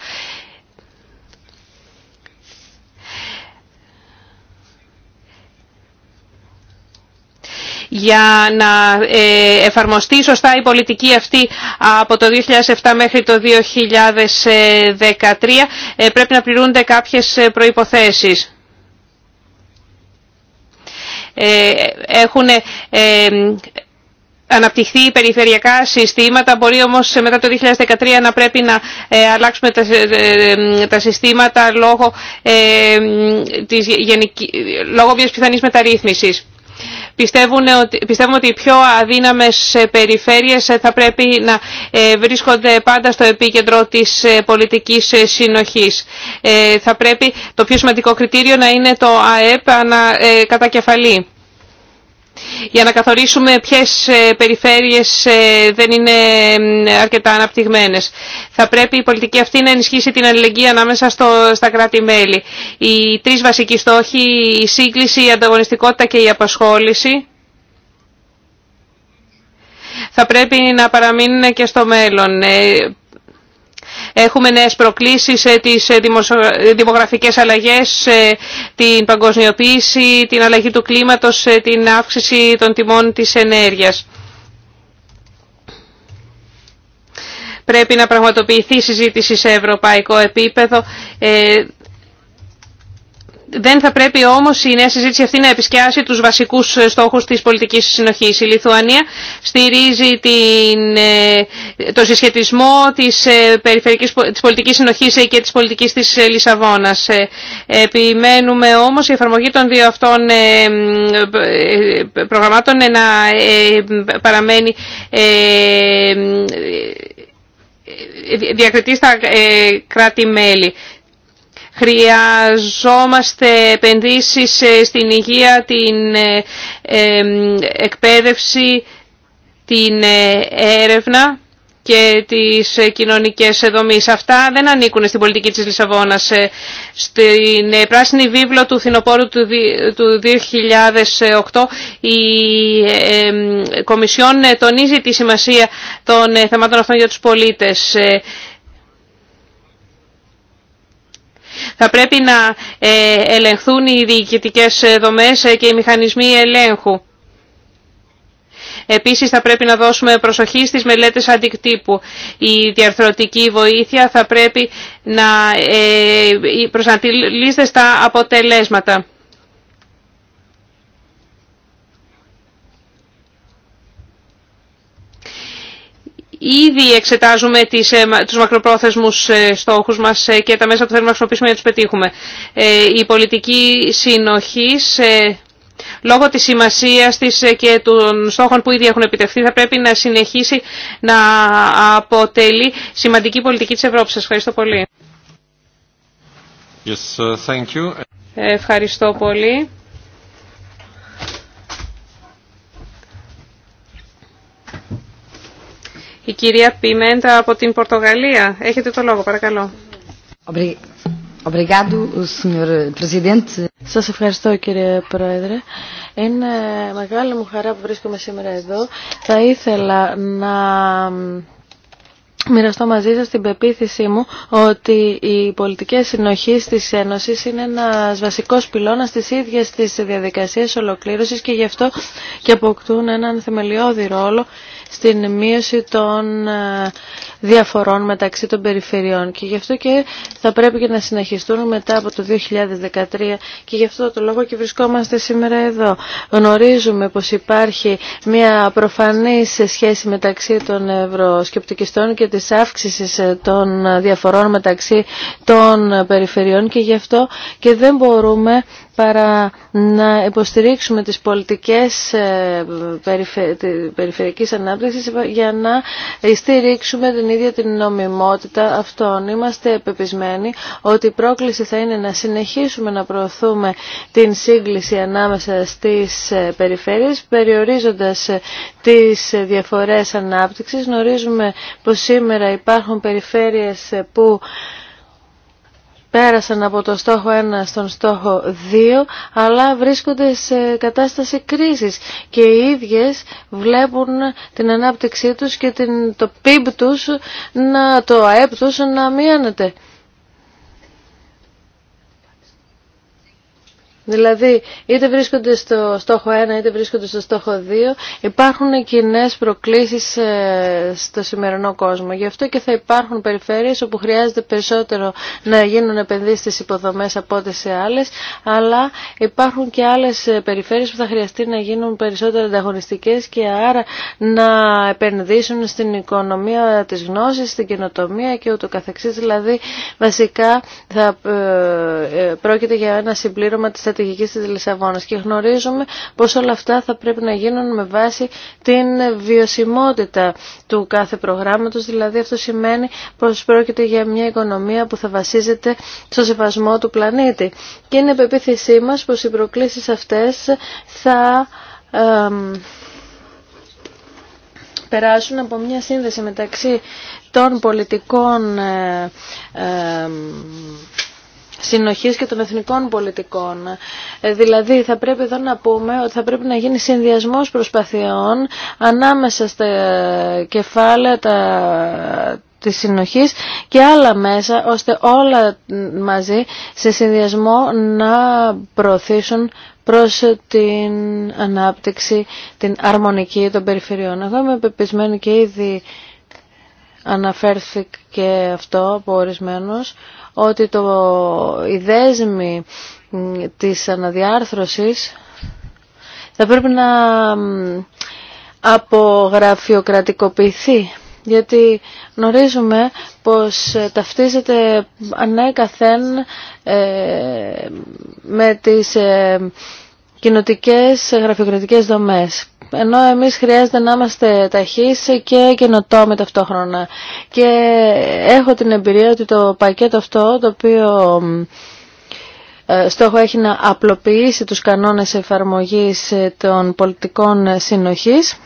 για να ε, εφαρμοστεί σωστά η πολιτική αυτή από το 2007 μέχρι το 2013 ε, πρέπει να πληρούνται κάποιες ε, προϋποθέσεις. Έχουν αναπτυχθεί περιφερειακά συστήματα. Μπορεί όμως μετά το 2013 να πρέπει να αλλάξουμε τα, συστήματα λόγω, της, λόγω μιας πιθανής μεταρρύθμισης ότι, πιστεύουμε ότι οι πιο αδύναμες ε, περιφέρειες ε, θα πρέπει να ε, βρίσκονται πάντα στο επίκεντρο της πολιτικής συνοχής. Θα πρέπει το πιο σημαντικό κριτήριο να είναι το ΑΕΠ ανα, κατά κεφαλή για να καθορίσουμε ποιες ε, περιφέρειες ε, δεν είναι αρκετά αναπτυγμένες. Θα πρέπει η πολιτική αυτή να ενισχύσει την αλληλεγγύη ανάμεσα στο, στα κράτη-μέλη. Οι τρεις βασικοί στόχοι, η σύγκληση, η ανταγωνιστικότητα και η απασχόληση, θα πρέπει να παραμείνουν και στο μέλλον. Ε, Έχουμε νέες προκλήσεις, ε, τι ε, δημογραφικές αλλαγές, ε, την παγκοσμιοποίηση, την αλλαγή του κλίματος, την αύξηση των τιμών της ενέργειας. Πρέπει να πραγματοποιηθεί συζήτηση σε ευρωπαϊκό επίπεδο δεν θα πρέπει όμως η νέα συζήτηση αυτή να επισκιάσει τους βασικούς ε, στόχους της πολιτικής συνοχής. Η Λιθουανία στηρίζει την, ε, το συσχετισμό τη ε, περιφερειακής της πολιτικής συνοχής και της πολιτική της Λισαβόνας. Επιμένουμε όμως η εφαρμογή των δύο αυτών προγραμμάτων να παραμένει διακριτή στα κράτη-μέλη. Χρειαζόμαστε επενδύσεις ε, στην υγεία, την ε, ε, εκπαίδευση, την έρευνα και τις κοινωνικές δομές. Αυτά δεν ανήκουν στην πολιτική της Λισαβόνας. Στην πράσινη βίβλο του Θηνοπόρου του 2008 η Κομισιόν τονίζει τη σημασία των θεμάτων αυτών για τους πολίτες. Θα πρέπει να ε, ελεγχθούν οι διοικητικές ε, δομές ε, και οι μηχανισμοί ελέγχου. Επίσης θα πρέπει να δώσουμε προσοχή στις μελέτες αντικτύπου. Η διαρθρωτική βοήθεια θα πρέπει να προσανατολίζεται στα αποτελέσματα. Ήδη εξετάζουμε τις, ε, τους μακροπρόθεσμους ε, στόχους μας ε, και τα μέσα που θέλουμε να χρησιμοποιήσουμε για να τους πετύχουμε. Η πολιτική συνοχής, λόγω της σημασίας της και των στόχων που ήδη έχουν επιτευχθεί, θα πρέπει να συνεχίσει να αποτελεί σημαντική πολιτική της Ευρώπης. Σας ευχαριστώ πολύ. Yes, thank you. Ευχαριστώ πολύ. Η κυρία Πιμέντα από την Πορτογαλία. Έχετε το λόγο, παρακαλώ. Σας ευχαριστώ κύριε Πρόεδρε. Είναι μεγάλη μου χαρά που βρίσκομαι σήμερα εδώ. Θα ήθελα να μοιραστώ μαζί σας την πεποίθησή μου ότι οι πολιτικές συνοχής της Ένωσης είναι ένας βασικός πυλώνας της ίδιας της διαδικασία ολοκλήρωσης και γι' αυτό και αποκτούν έναν θεμελιώδη ρόλο στην μείωση των ε, διαφορών μεταξύ των περιφερειών και γι' αυτό και θα πρέπει και να συνεχιστούν μετά από το 2013 και γι' αυτό το λόγο και βρισκόμαστε σήμερα εδώ. Γνωρίζουμε πως υπάρχει μια προφανή σε σχέση μεταξύ των ευρωσκεπτικιστών και της αύξησης ε, των διαφορών μεταξύ των περιφερειών και γι' αυτό και δεν μπορούμε παρά να υποστηρίξουμε τις πολιτικές ε, περιφερειακής ανάπτυξης για να στηρίξουμε την ίδια την νομιμότητα αυτών. Είμαστε επεπισμένοι ότι η πρόκληση θα είναι να συνεχίσουμε να προωθούμε την σύγκληση ανάμεσα στις ε, περιφέρειες, περιορίζοντας ε, τις διαφορές ανάπτυξης. Γνωρίζουμε πως σήμερα υπάρχουν περιφέρειες που πέρασαν από το στόχο 1 στον στόχο 2, αλλά βρίσκονται σε κατάσταση κρίσης και οι ίδιες βλέπουν την ανάπτυξή τους και την, το πιμπ τους, να, το ΑΕΠ να μειώνεται. Δηλαδή, είτε βρίσκονται στο στόχο 1, είτε βρίσκονται στο στόχο 2, υπάρχουν κοινέ προκλήσεις ε, στο σημερινό κόσμο. Γι' αυτό και θα υπάρχουν περιφέρειες όπου χρειάζεται περισσότερο να γίνουν επενδύσει στι υποδομέ από ό,τι σε άλλε, αλλά υπάρχουν και άλλε ε, περιφέρειες που θα χρειαστεί να γίνουν περισσότερο ανταγωνιστικέ και άρα να επενδύσουν στην οικονομία τη γνώση, στην καινοτομία και ούτω καθεξής. Δηλαδή, βασικά θα ε, πρόκειται για ένα συμπλήρωμα της της Λισαβόνας και γνωρίζουμε πως όλα αυτά θα πρέπει να γίνουν με βάση την βιωσιμότητα του κάθε προγράμματος, δηλαδή αυτό σημαίνει πως πρόκειται για μια οικονομία που θα βασίζεται στο σεβασμό του πλανήτη. Και είναι πεποίθησή μας πως οι προκλήσεις αυτές θα περάσουν από μια σύνδεση μεταξύ των πολιτικών ε, ε, συνοχής και των εθνικών πολιτικών. Ε, δηλαδή θα πρέπει εδώ να πούμε ότι θα πρέπει να γίνει συνδυασμός προσπαθειών ανάμεσα στα κεφάλαια τα, της συνοχής και άλλα μέσα ώστε όλα μαζί σε συνδυασμό να προωθήσουν προς την ανάπτυξη, την αρμονική των περιφερειών. Εγώ είμαι πεπισμένη και ήδη αναφέρθηκε αυτό από ορισμένους ότι το, οι της αναδιάρθρωσης θα πρέπει να απογραφειοκρατικοποιηθεί γιατί γνωρίζουμε πως ε, ταυτίζεται ανέκαθεν ε, με τις ε, κοινοτικές γραφειοκρατικές δομές ενώ εμείς χρειάζεται να είμαστε ταχείς και καινοτόμοι ταυτόχρονα. Και έχω την εμπειρία ότι το πακέτο αυτό, το οποίο ε, στόχο έχει να απλοποιήσει τους κανόνες εφαρμογής ε, των πολιτικών συνοχής,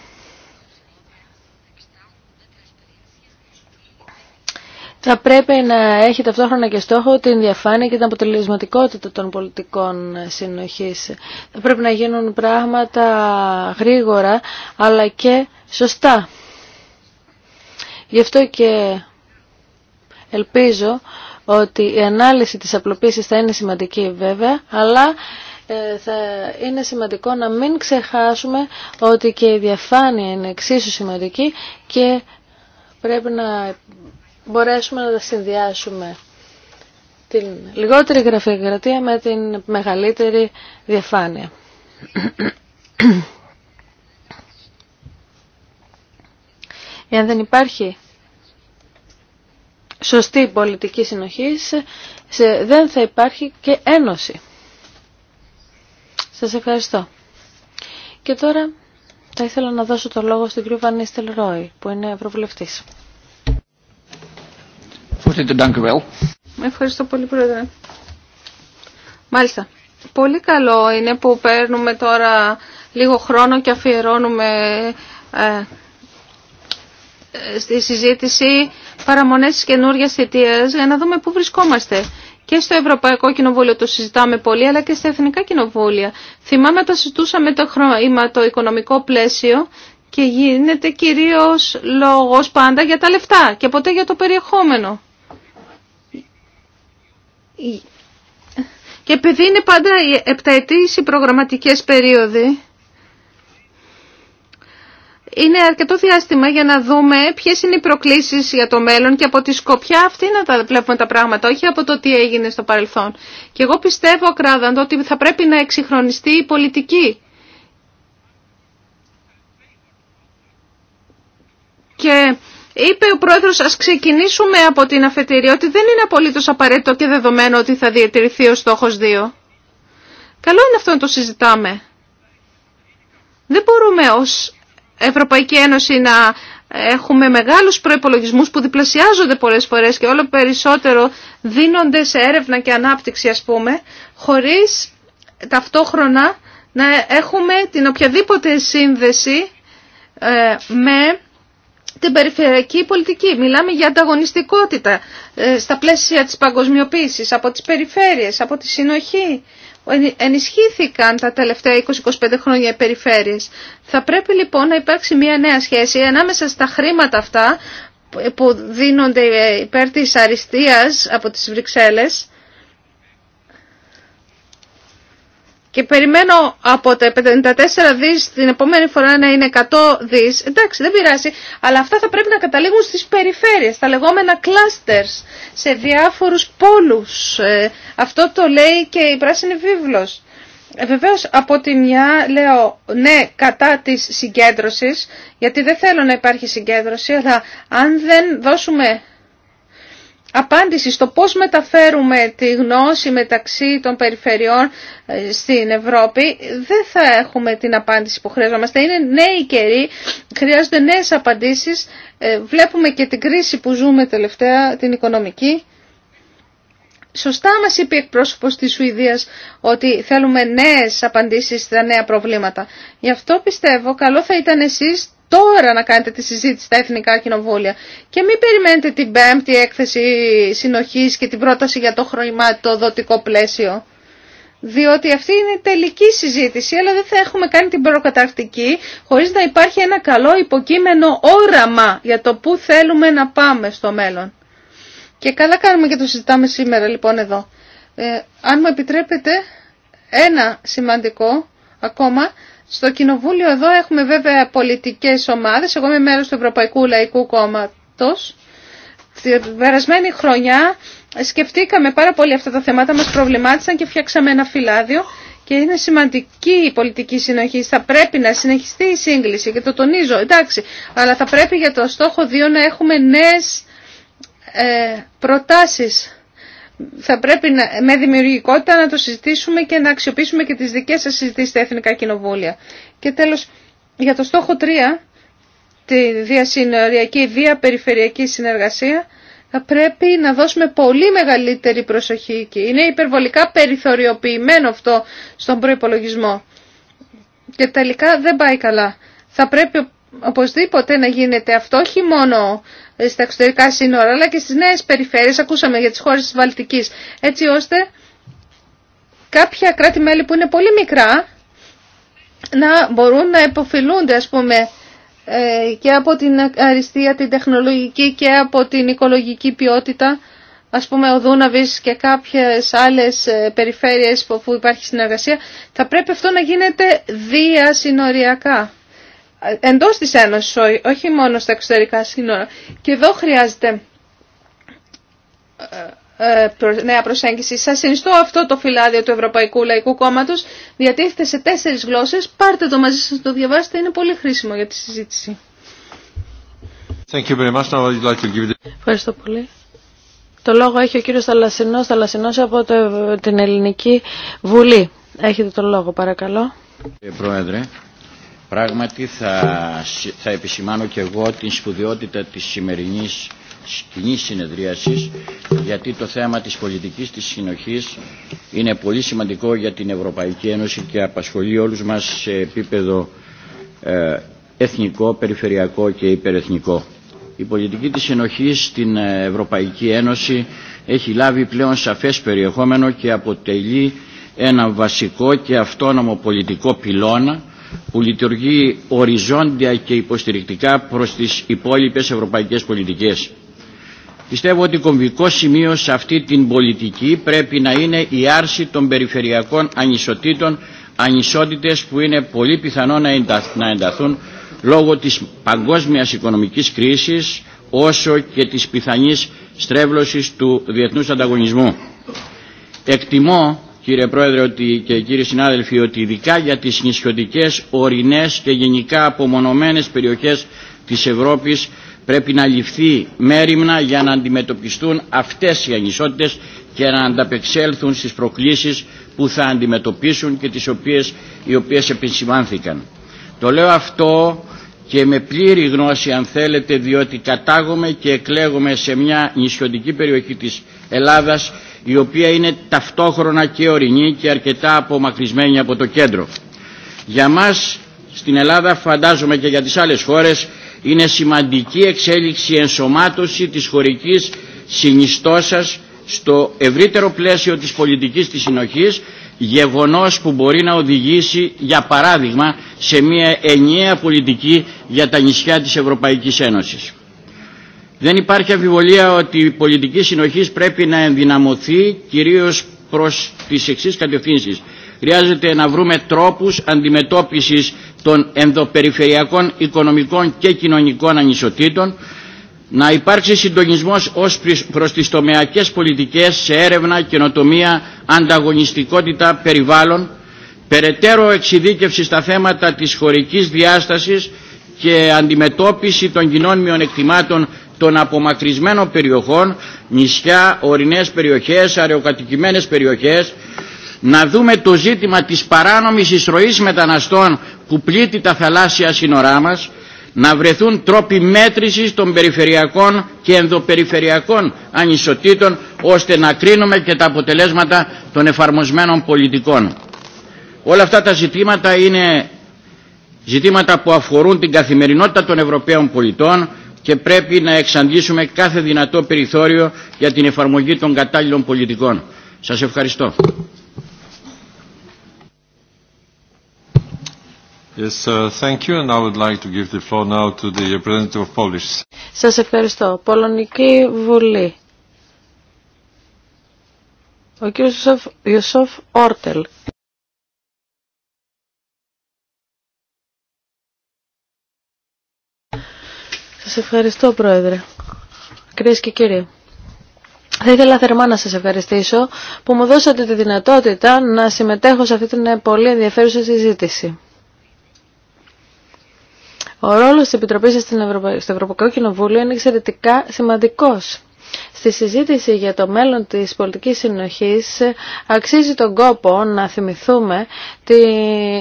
θα πρέπει να έχει ταυτόχρονα και στόχο την διαφάνεια και την αποτελεσματικότητα των πολιτικών συνοχής. Θα πρέπει να γίνουν πράγματα γρήγορα αλλά και σωστά. Γι' αυτό και ελπίζω ότι η ανάλυση της απλοποίησης θα είναι σημαντική βέβαια, αλλά ε, θα είναι σημαντικό να μην ξεχάσουμε ότι και η διαφάνεια είναι εξίσου σημαντική και πρέπει να μπορέσουμε να τα συνδυάσουμε την λιγότερη γραφειοκρατία με την μεγαλύτερη διαφάνεια. Εάν δεν υπάρχει σωστή πολιτική συνοχή, δεν θα υπάρχει και ένωση. Σας ευχαριστώ. Και τώρα θα ήθελα να δώσω το λόγο στην κύριο Βανίστελ Ρόι, που είναι ευρωβουλευτής. Ευχαριστώ πολύ, Πρόεδρε. Μάλιστα. Πολύ καλό είναι που παίρνουμε τώρα λίγο χρόνο και αφιερώνουμε ε, ε, στη συζήτηση παραμονές της καινούργιας θητείας για να δούμε πού βρισκόμαστε. Και στο Ευρωπαϊκό Κοινοβούλιο το συζητάμε πολύ, αλλά και στα Εθνικά Κοινοβούλια. Θυμάμαι όταν συζητούσαμε το οικονομικό πλαίσιο και γίνεται κυρίως λόγος πάντα για τα λεφτά και ποτέ για το περιεχόμενο. Και επειδή είναι πάντα οι επταετής οι προγραμματικές περίοδοι, είναι αρκετό διάστημα για να δούμε ποιες είναι οι προκλήσεις για το μέλλον και από τη σκοπιά αυτή να τα βλέπουμε τα πράγματα, όχι από το τι έγινε στο παρελθόν. Και εγώ πιστεύω, ακράδαντο, ότι θα πρέπει να εξυγχρονιστεί η πολιτική. Και Είπε ο πρόεδρος ας ξεκινήσουμε από την αφετηρία ότι δεν είναι απολύτως απαραίτητο και δεδομένο ότι θα διατηρηθεί ο στόχος 2. Καλό είναι αυτό να το συζητάμε. Δεν μπορούμε ως Ευρωπαϊκή Ένωση να έχουμε μεγάλους προϋπολογισμούς που διπλασιάζονται πολλές φορές και όλο περισσότερο δίνονται σε έρευνα και ανάπτυξη ας πούμε, χωρίς ταυτόχρονα να έχουμε την οποιαδήποτε σύνδεση ε, με την περιφερειακή πολιτική. Μιλάμε για ανταγωνιστικότητα ε, στα πλαίσια της παγκοσμιοποίησης, από τις περιφέρειες, από τη συνοχή. Ενισχύθηκαν τα τελευταία 20-25 χρόνια οι περιφέρειες. Θα πρέπει λοιπόν να υπάρξει μια νέα σχέση ανάμεσα στα χρήματα αυτά που δίνονται ε, υπέρ της αριστείας από τις Βρυξέλλες και περιμένω από τα 54 δις την επόμενη φορά να είναι 100 δις, εντάξει δεν πειράζει, αλλά αυτά θα πρέπει να καταλήγουν στις περιφέρειες, στα λεγόμενα clusters, σε διάφορους πόλους. Ε, αυτό το λέει και η πράσινη βίβλος. Ε, Βεβαίω από τη μια λέω ναι κατά της συγκέντρωσης, γιατί δεν θέλω να υπάρχει συγκέντρωση, αλλά αν δεν δώσουμε απάντηση στο πώς μεταφέρουμε τη γνώση μεταξύ των περιφερειών ε, στην Ευρώπη δεν θα έχουμε την απάντηση που χρειαζόμαστε. Είναι νέοι καιροί, χρειάζονται νέες απαντήσεις. Ε, βλέπουμε και την κρίση που ζούμε τελευταία, την οικονομική. Σωστά μας είπε εκπρόσωπος της Σουηδίας ότι θέλουμε νέες απαντήσεις στα νέα προβλήματα. Γι' αυτό πιστεύω καλό θα ήταν εσείς τώρα να κάνετε τη συζήτηση στα εθνικά κοινοβούλια και μην περιμένετε την πέμπτη έκθεση συνοχής και την πρόταση για το χρηματοδοτικό πλαίσιο. Διότι αυτή είναι η τελική συζήτηση, αλλά δεν θα έχουμε κάνει την προκαταρκτική χωρίς να υπάρχει ένα καλό υποκείμενο όραμα για το πού θέλουμε να πάμε στο μέλλον. Και καλά κάνουμε και το συζητάμε σήμερα λοιπόν εδώ. Ε, αν μου επιτρέπετε ένα σημαντικό ακόμα στο Κοινοβούλιο εδώ έχουμε βέβαια πολιτικές ομάδες. Εγώ είμαι μέλος του Ευρωπαϊκού Λαϊκού Κόμματος. Την περασμένη χρονιά σκεφτήκαμε πάρα πολύ αυτά τα θέματα, μας προβλημάτισαν και φτιάξαμε ένα φυλάδιο και είναι σημαντική η πολιτική συνοχή. Θα πρέπει να συνεχιστεί η σύγκληση και το τονίζω, εντάξει, αλλά θα πρέπει για το στόχο 2 να έχουμε νέες ε, προτάσεις θα πρέπει να, με δημιουργικότητα να το συζητήσουμε και να αξιοποιήσουμε και τις δικές σας συζητήσεις στα Εθνικά Κοινοβούλια. Και τέλος, για το στόχο 3, τη διασυνοριακή διαπεριφερειακή συνεργασία, θα πρέπει να δώσουμε πολύ μεγαλύτερη προσοχή εκεί. Είναι υπερβολικά περιθωριοποιημένο αυτό στον προϋπολογισμό. Και τελικά δεν πάει καλά. Θα πρέπει οπωσδήποτε να γίνεται αυτό όχι μόνο στα εξωτερικά σύνορα αλλά και στις νέες περιφέρειες, ακούσαμε για τις χώρες της Βαλτικής, έτσι ώστε κάποια κράτη-μέλη που είναι πολύ μικρά να μπορούν να υποφιλούνται ας πούμε ε, και από την αριστεία, την τεχνολογική και από την οικολογική ποιότητα ας πούμε ο Δούναβης και κάποιες άλλες ε, περιφέρειες που υπάρχει συνεργασία θα πρέπει αυτό να γίνεται διασυνοριακά εντός της Ένωσης, όχι μόνο στα εξωτερικά σύνορα. Και εδώ χρειάζεται ε, ε, νέα προσέγγιση. Σας συνιστώ αυτό το φυλάδιο του Ευρωπαϊκού Λαϊκού Κόμματος. Διατίθεται σε τέσσερις γλώσσες. Πάρτε το μαζί σας, το διαβάστε. Είναι πολύ χρήσιμο για τη συζήτηση. Thank you very much. like to give Ευχαριστώ πολύ. Το λόγο έχει ο κύριος Θαλασσινός, Θαλασσινός από το, την Ελληνική Βουλή. Έχετε το λόγο παρακαλώ. Ε, Πρόεδρε, Πράγματι θα, θα επισημάνω και εγώ την σπουδαιότητα της σημερινής κοινή συνεδρίασης γιατί το θέμα της πολιτικής της συνοχής είναι πολύ σημαντικό για την Ευρωπαϊκή Ένωση και απασχολεί όλους μας σε επίπεδο ε, εθνικό, περιφερειακό και υπερεθνικό. Η πολιτική της συνοχής στην ε, Ευρωπαϊκή Ένωση έχει λάβει πλέον σαφές περιεχόμενο και αποτελεί ένα βασικό και αυτόνομο πολιτικό πυλώνα που λειτουργεί οριζόντια και υποστηρικτικά προς τις υπόλοιπες ευρωπαϊκές πολιτικές. Πιστεύω ότι κομβικό σημείο σε αυτή την πολιτική πρέπει να είναι η άρση των περιφερειακών ανισοτήτων, ανισότητες που είναι πολύ πιθανό να ενταθούν λόγω της παγκόσμιας οικονομικής κρίσης όσο και της πιθανής στρέβλωσης του διεθνούς ανταγωνισμού. Εκτιμώ κύριε Πρόεδρε ότι, και κύριοι συνάδελφοι ότι ειδικά για τις νησιωτικές, ορεινές και γενικά απομονωμένες περιοχές της Ευρώπης πρέπει να ληφθεί μέρημνα για να αντιμετωπιστούν αυτές οι ανισότητες και να ανταπεξέλθουν στις προκλήσεις που θα αντιμετωπίσουν και τις οποίες, οι οποίες επισημάνθηκαν. Το λέω αυτό και με πλήρη γνώση αν θέλετε διότι κατάγομαι και εκλέγομαι σε μια νησιωτική περιοχή της Ελλάδας η οποία είναι ταυτόχρονα και ορεινή και αρκετά απομακρυσμένη από το κέντρο. Για μας στην Ελλάδα φαντάζομαι και για τις άλλες χώρες είναι σημαντική εξέλιξη ενσωμάτωση της χωρικής συνιστώσας στο ευρύτερο πλαίσιο της πολιτικής της συνοχής γεγονός που μπορεί να οδηγήσει για παράδειγμα σε μια ενιαία πολιτική για τα νησιά της Ευρωπαϊκής Ένωσης. Δεν υπάρχει αμφιβολία ότι η πολιτική συνοχής πρέπει να ενδυναμωθεί κυρίως προς τις εξής κατευθύνσεις. Χρειάζεται να βρούμε τρόπους αντιμετώπισης των ενδοπεριφερειακών οικονομικών και κοινωνικών ανισοτήτων να υπάρξει συντονισμός ως προς τις τομεακές πολιτικές σε έρευνα, καινοτομία, ανταγωνιστικότητα, περιβάλλον, περαιτέρω εξειδίκευση στα θέματα της χωρικής διάστασης και αντιμετώπιση των κοινών μειονεκτημάτων των απομακρυσμένων περιοχών, νησιά, ορεινές περιοχές, αρεοκατοικημένες περιοχές, να δούμε το ζήτημα της παράνομης εισρωής μεταναστών που πλήττει τα θαλάσσια σύνορά μας, να βρεθούν τρόποι μέτρησης των περιφερειακών και ενδοπεριφερειακών ανισοτήτων ώστε να κρίνουμε και τα αποτελέσματα των εφαρμοσμένων πολιτικών. Όλα αυτά τα ζητήματα είναι ζητήματα που αφορούν την καθημερινότητα των Ευρωπαίων πολιτών και πρέπει να εξαντλήσουμε κάθε δυνατό περιθώριο για την εφαρμογή των κατάλληλων πολιτικών. Σας ευχαριστώ. Σα Σας ευχαριστώ. Πολωνική Βουλή. Ο κ. Ιωσόφ Όρτελ. Σας ευχαριστώ, Πρόεδρε. Κυρίες και κύριοι. Θα ήθελα θερμά να σας ευχαριστήσω που μου δώσατε τη δυνατότητα να συμμετέχω σε αυτή την πολύ ενδιαφέρουσα συζήτηση. Ο ρόλος της Επιτροπής στο Ευρωπαϊκό Κοινοβούλιο είναι εξαιρετικά σημαντικός. Στη συζήτηση για το μέλλον της πολιτικής συνοχής αξίζει τον κόπο να θυμηθούμε, τη,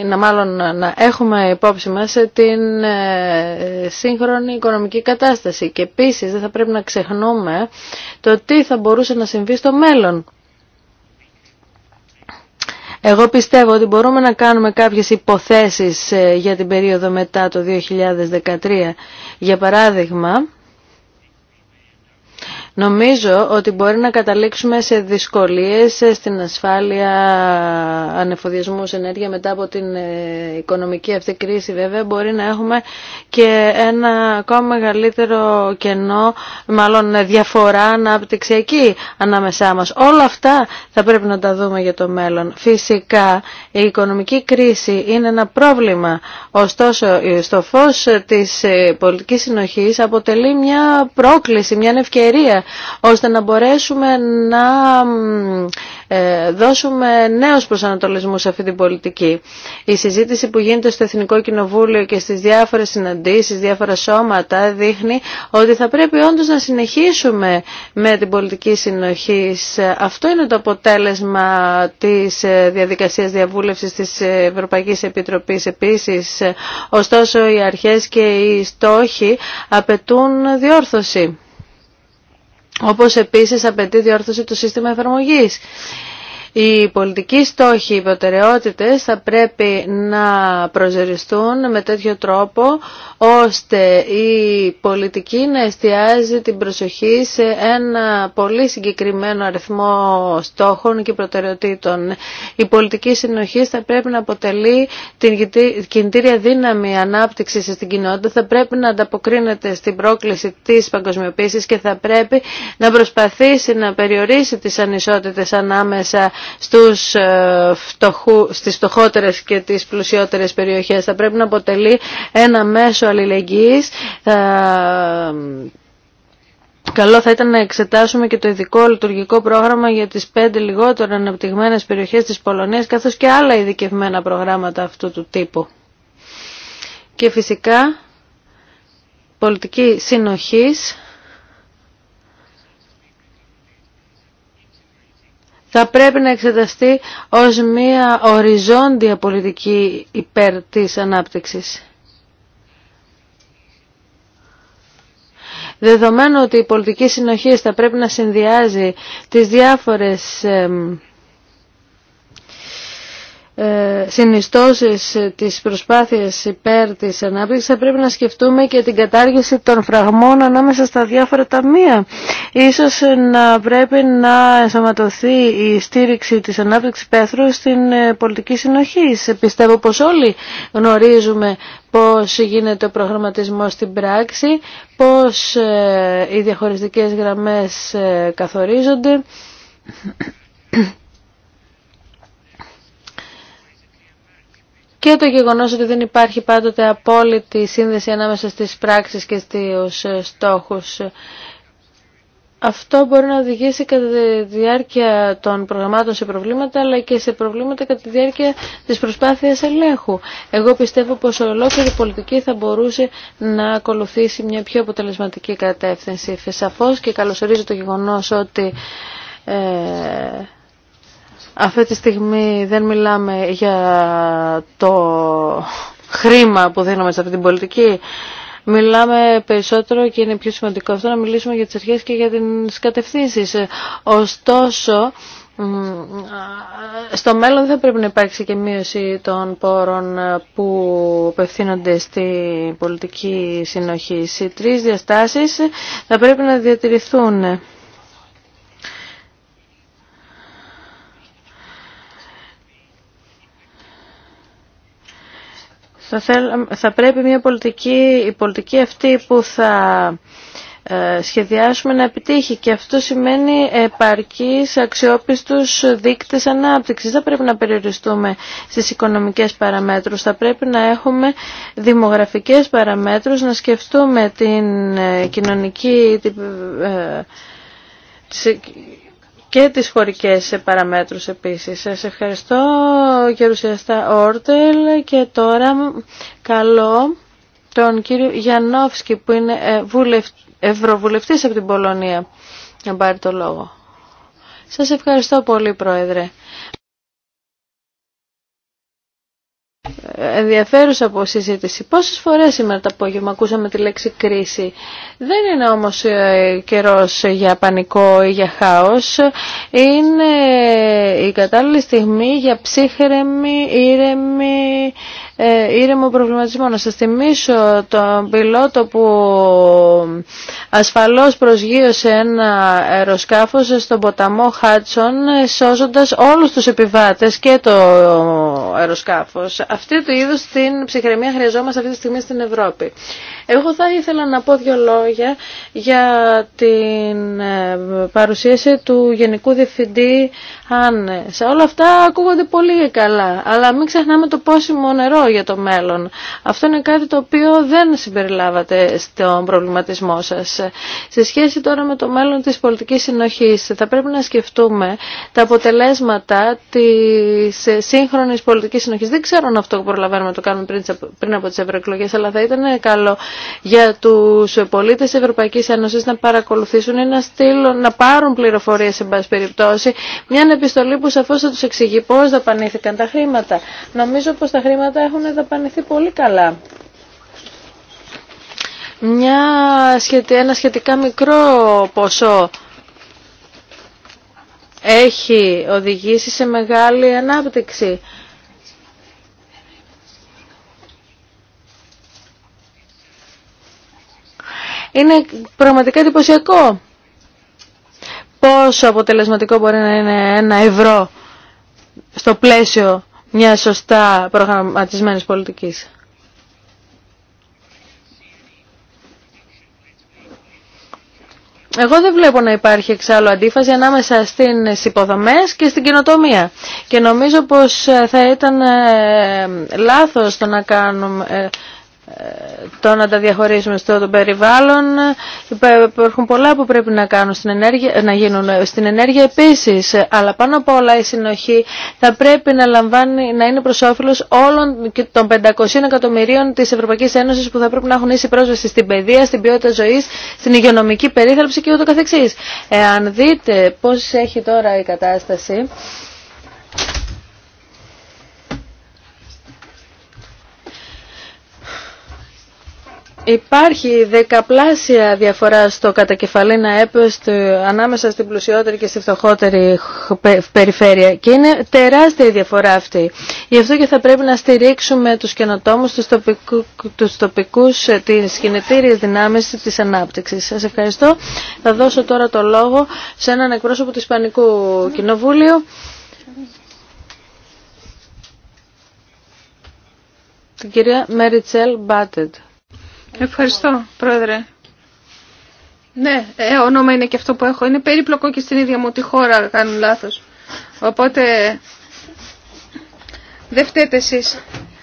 να μάλλον να έχουμε υπόψη μας την ε, σύγχρονη οικονομική κατάσταση και επίσης δεν θα πρέπει να ξεχνούμε το τι θα μπορούσε να συμβεί στο μέλλον. Εγώ πιστεύω ότι μπορούμε να κάνουμε κάποιες υποθέσεις ε, για την περίοδο μετά το 2013. Για παράδειγμα, Νομίζω ότι μπορεί να καταλήξουμε σε δυσκολίες στην ασφάλεια ανεφοδιασμού ενέργεια μετά από την ε, οικονομική αυτή κρίση βέβαια μπορεί να έχουμε και ένα ακόμα μεγαλύτερο κενό, μάλλον διαφορά αναπτυξιακή ανάμεσά μας. Όλα αυτά θα πρέπει να τα δούμε για το μέλλον. Φυσικά η οικονομική κρίση είναι ένα πρόβλημα, ωστόσο ε, στο φως της ε, πολιτικής συνοχής αποτελεί μια πρόκληση, μια ευκαιρία ώστε να μπορέσουμε να ε, δώσουμε νέους προσανατολισμούς σε αυτή την πολιτική. Η συζήτηση που γίνεται στο Εθνικό Κοινοβούλιο και στις διάφορες συναντήσεις, διάφορα σώματα δείχνει ότι θα πρέπει όντως να συνεχίσουμε με την πολιτική συνοχή. Αυτό είναι το αποτέλεσμα της ε, διαδικασίας διαβούλευσης της Ευρωπαϊκής Επιτροπής. Επίσης, ωστόσο οι αρχές και οι στόχοι απαιτούν διόρθωση όπως επίσης απαιτεί διόρθωση του σύστημα εφαρμογής. Οι πολιτικοί στόχοι, οι προτεραιότητες θα πρέπει να προσδιοριστούν με τέτοιο τρόπο ώστε η πολιτική να εστιάζει την προσοχή σε ένα πολύ συγκεκριμένο αριθμό στόχων και προτεραιοτήτων. Η πολιτική συνοχή θα πρέπει να αποτελεί την κινητήρια δύναμη ανάπτυξη στην κοινότητα, θα πρέπει να ανταποκρίνεται στην πρόκληση της παγκοσμιοποίησης και θα πρέπει να προσπαθήσει να περιορίσει τις ανισότητες ανάμεσα στους ε, φτωχού, στις φτωχότερες και τις πλουσιότερες περιοχές. Θα πρέπει να αποτελεί ένα μέσο αλληλεγγύης ε, Καλό θα ήταν να εξετάσουμε και το ειδικό λειτουργικό πρόγραμμα για τις πέντε λιγότερο αναπτυγμένες περιοχές της Πολωνίας, καθώς και άλλα ειδικευμένα προγράμματα αυτού του τύπου. Και φυσικά, πολιτική συνοχής θα πρέπει να εξεταστεί ως μια οριζόντια πολιτική υπέρ της ανάπτυξης. Δεδομένου ότι η πολιτική συνοχή θα πρέπει να συνδυάζει τις διάφορες ε, συνιστώσεις ε, της προσπάθειας υπέρ της ανάπτυξης θα πρέπει να σκεφτούμε και την κατάργηση των φραγμών ανάμεσα στα διάφορα ταμεία. Ίσως ε, να πρέπει να ενσωματωθεί η στήριξη της ανάπτυξης πέθρου στην πολιτική συνοχή. Πιστεύω πως όλοι γνωρίζουμε πώς γίνεται ο προγραμματισμός στην πράξη, πώς οι διαχωριστικές γραμμές καθορίζονται. και το γεγονός ότι δεν υπάρχει πάντοτε απόλυτη σύνδεση ανάμεσα στις πράξεις και στους ε, στόχους. Αυτό μπορεί να οδηγήσει κατά τη διάρκεια των προγραμμάτων σε προβλήματα, αλλά και σε προβλήματα κατά τη διάρκεια της προσπάθειας ελέγχου. Εγώ πιστεύω πως ολόκληρη η πολιτική θα μπορούσε να ακολουθήσει μια πιο αποτελεσματική κατεύθυνση. Σαφώς και καλωσορίζω το γεγονός ότι... Ε, αυτή τη στιγμή δεν μιλάμε για το χρήμα που δίνουμε σε αυτή την πολιτική. Μιλάμε περισσότερο και είναι πιο σημαντικό αυτό να μιλήσουμε για τις αρχές και για τις κατευθύνσεις. Ωστόσο, στο μέλλον δεν πρέπει να υπάρξει και μείωση των πόρων που απευθύνονται στη πολιτική συνοχή. Οι τρεις διαστάσεις θα πρέπει να διατηρηθούν. Θα, πρέπει μια πολιτική, η πολιτική αυτή που θα ε, σχεδιάσουμε να επιτύχει και αυτό σημαίνει επαρκείς αξιόπιστους δείκτες ανάπτυξης. Δεν πρέπει να περιοριστούμε στις οικονομικές παραμέτρους. Θα πρέπει να έχουμε δημογραφικές παραμέτρους, να σκεφτούμε την ε, κοινωνική, την, ε, και τις χωρικές παραμέτρους επίσης. Σας ευχαριστώ γερουσιαστά Όρτελ και τώρα καλό τον κύριο Γιανόφσκι που είναι ε, ευρωβουλευτής από την Πολωνία να πάρει το λόγο. Σας ευχαριστώ πολύ Πρόεδρε. ενδιαφέρουσα από συζήτηση. Πόσες φορές σήμερα το απόγευμα ακούσαμε τη λέξη κρίση. Δεν είναι όμως ε, καιρός για πανικό ή για χάος. Είναι η κατάλληλη στιγμή για ψύχρεμη, ήρεμη ε, ήρεμο προβληματισμό. Να σας θυμίσω τον πιλότο που ασφαλώς προσγείωσε ένα αεροσκάφος στον ποταμό Χάτσον σώζοντας όλους τους επιβάτες και το αεροσκάφος. Αυτή του είδους την ψυχραιμία χρειαζόμαστε αυτή τη στιγμή στην Ευρώπη. Εγώ θα ήθελα να πω δύο λόγια για την ε, παρουσίαση του Γενικού Διευθυντή ναι. σε όλα αυτά ακούγονται πολύ καλά, αλλά μην ξεχνάμε το πόσιμο νερό για το μέλλον. Αυτό είναι κάτι το οποίο δεν συμπεριλάβατε στον προβληματισμό σας. Σε σχέση τώρα με το μέλλον της πολιτικής συνοχής, θα πρέπει να σκεφτούμε τα αποτελέσματα της σύγχρονης πολιτικής συνοχής. Δεν ξέρω αν αυτό προλαβαίνουμε να το κάνουμε πριν από τις ευρωεκλογέ, αλλά θα ήταν καλό για τους πολίτες της Ευρωπαϊκής Ένωσης να παρακολουθήσουν ή να, στείλουν, να πάρουν πληροφορίες, σε πάση περιπτώσει, μια επιστολή που σαφώ θα τους εξηγεί πώ δαπανήθηκαν τα χρήματα. Νομίζω πως τα χρήματα έχουν δαπανηθεί πολύ καλά. Μια, ένα σχετικά μικρό ποσό έχει οδηγήσει σε μεγάλη ανάπτυξη. Είναι πραγματικά εντυπωσιακό πόσο αποτελεσματικό μπορεί να είναι ένα ευρώ στο πλαίσιο μια σωστά προγραμματισμένης πολιτικής. Εγώ δεν βλέπω να υπάρχει εξάλλου αντίφαση ανάμεσα στις υποδομές και στην κοινοτομία. Και νομίζω πως θα ήταν ε, λάθος το να κάνουμε ε, το να τα διαχωρίσουμε στο περιβάλλον. Υπάρχουν πολλά που πρέπει να, κάνουν στην ενέργεια, να γίνουν στην ενέργεια επίσης, αλλά πάνω απ' όλα η συνοχή θα πρέπει να, λαμβάνει, να είναι προ όφελος όλων των 500 εκατομμυρίων της Ευρωπαϊκής Ένωσης που θα πρέπει να έχουν ίση πρόσβαση στην παιδεία, στην ποιότητα ζωής, στην υγειονομική περίθαλψη και ούτω καθεξής. Εάν δείτε πώς έχει τώρα η κατάσταση, υπάρχει δεκαπλάσια διαφορά στο κατακεφαλήνα έπος ανάμεσα στην πλουσιότερη και στη φτωχότερη περιφέρεια και είναι τεράστια η διαφορά αυτή. Γι' αυτό και θα πρέπει να στηρίξουμε τους καινοτόμους, τους, τοπικού, τους τοπικούς, ε, τις κινητήριες δυνάμεις της ανάπτυξης. Σας ευχαριστώ. Θα δώσω τώρα το λόγο σε έναν εκπρόσωπο του Ισπανικού Κοινοβούλιο. Την κυρία Μέριτσελ Μπάτετ. Ευχαριστώ, Πρόεδρε. Ναι, ε, όνομα είναι και αυτό που έχω. Είναι περίπλοκο και στην ίδια μου τη χώρα κάνουν λάθος. Οπότε δεν φταίτε εσείς.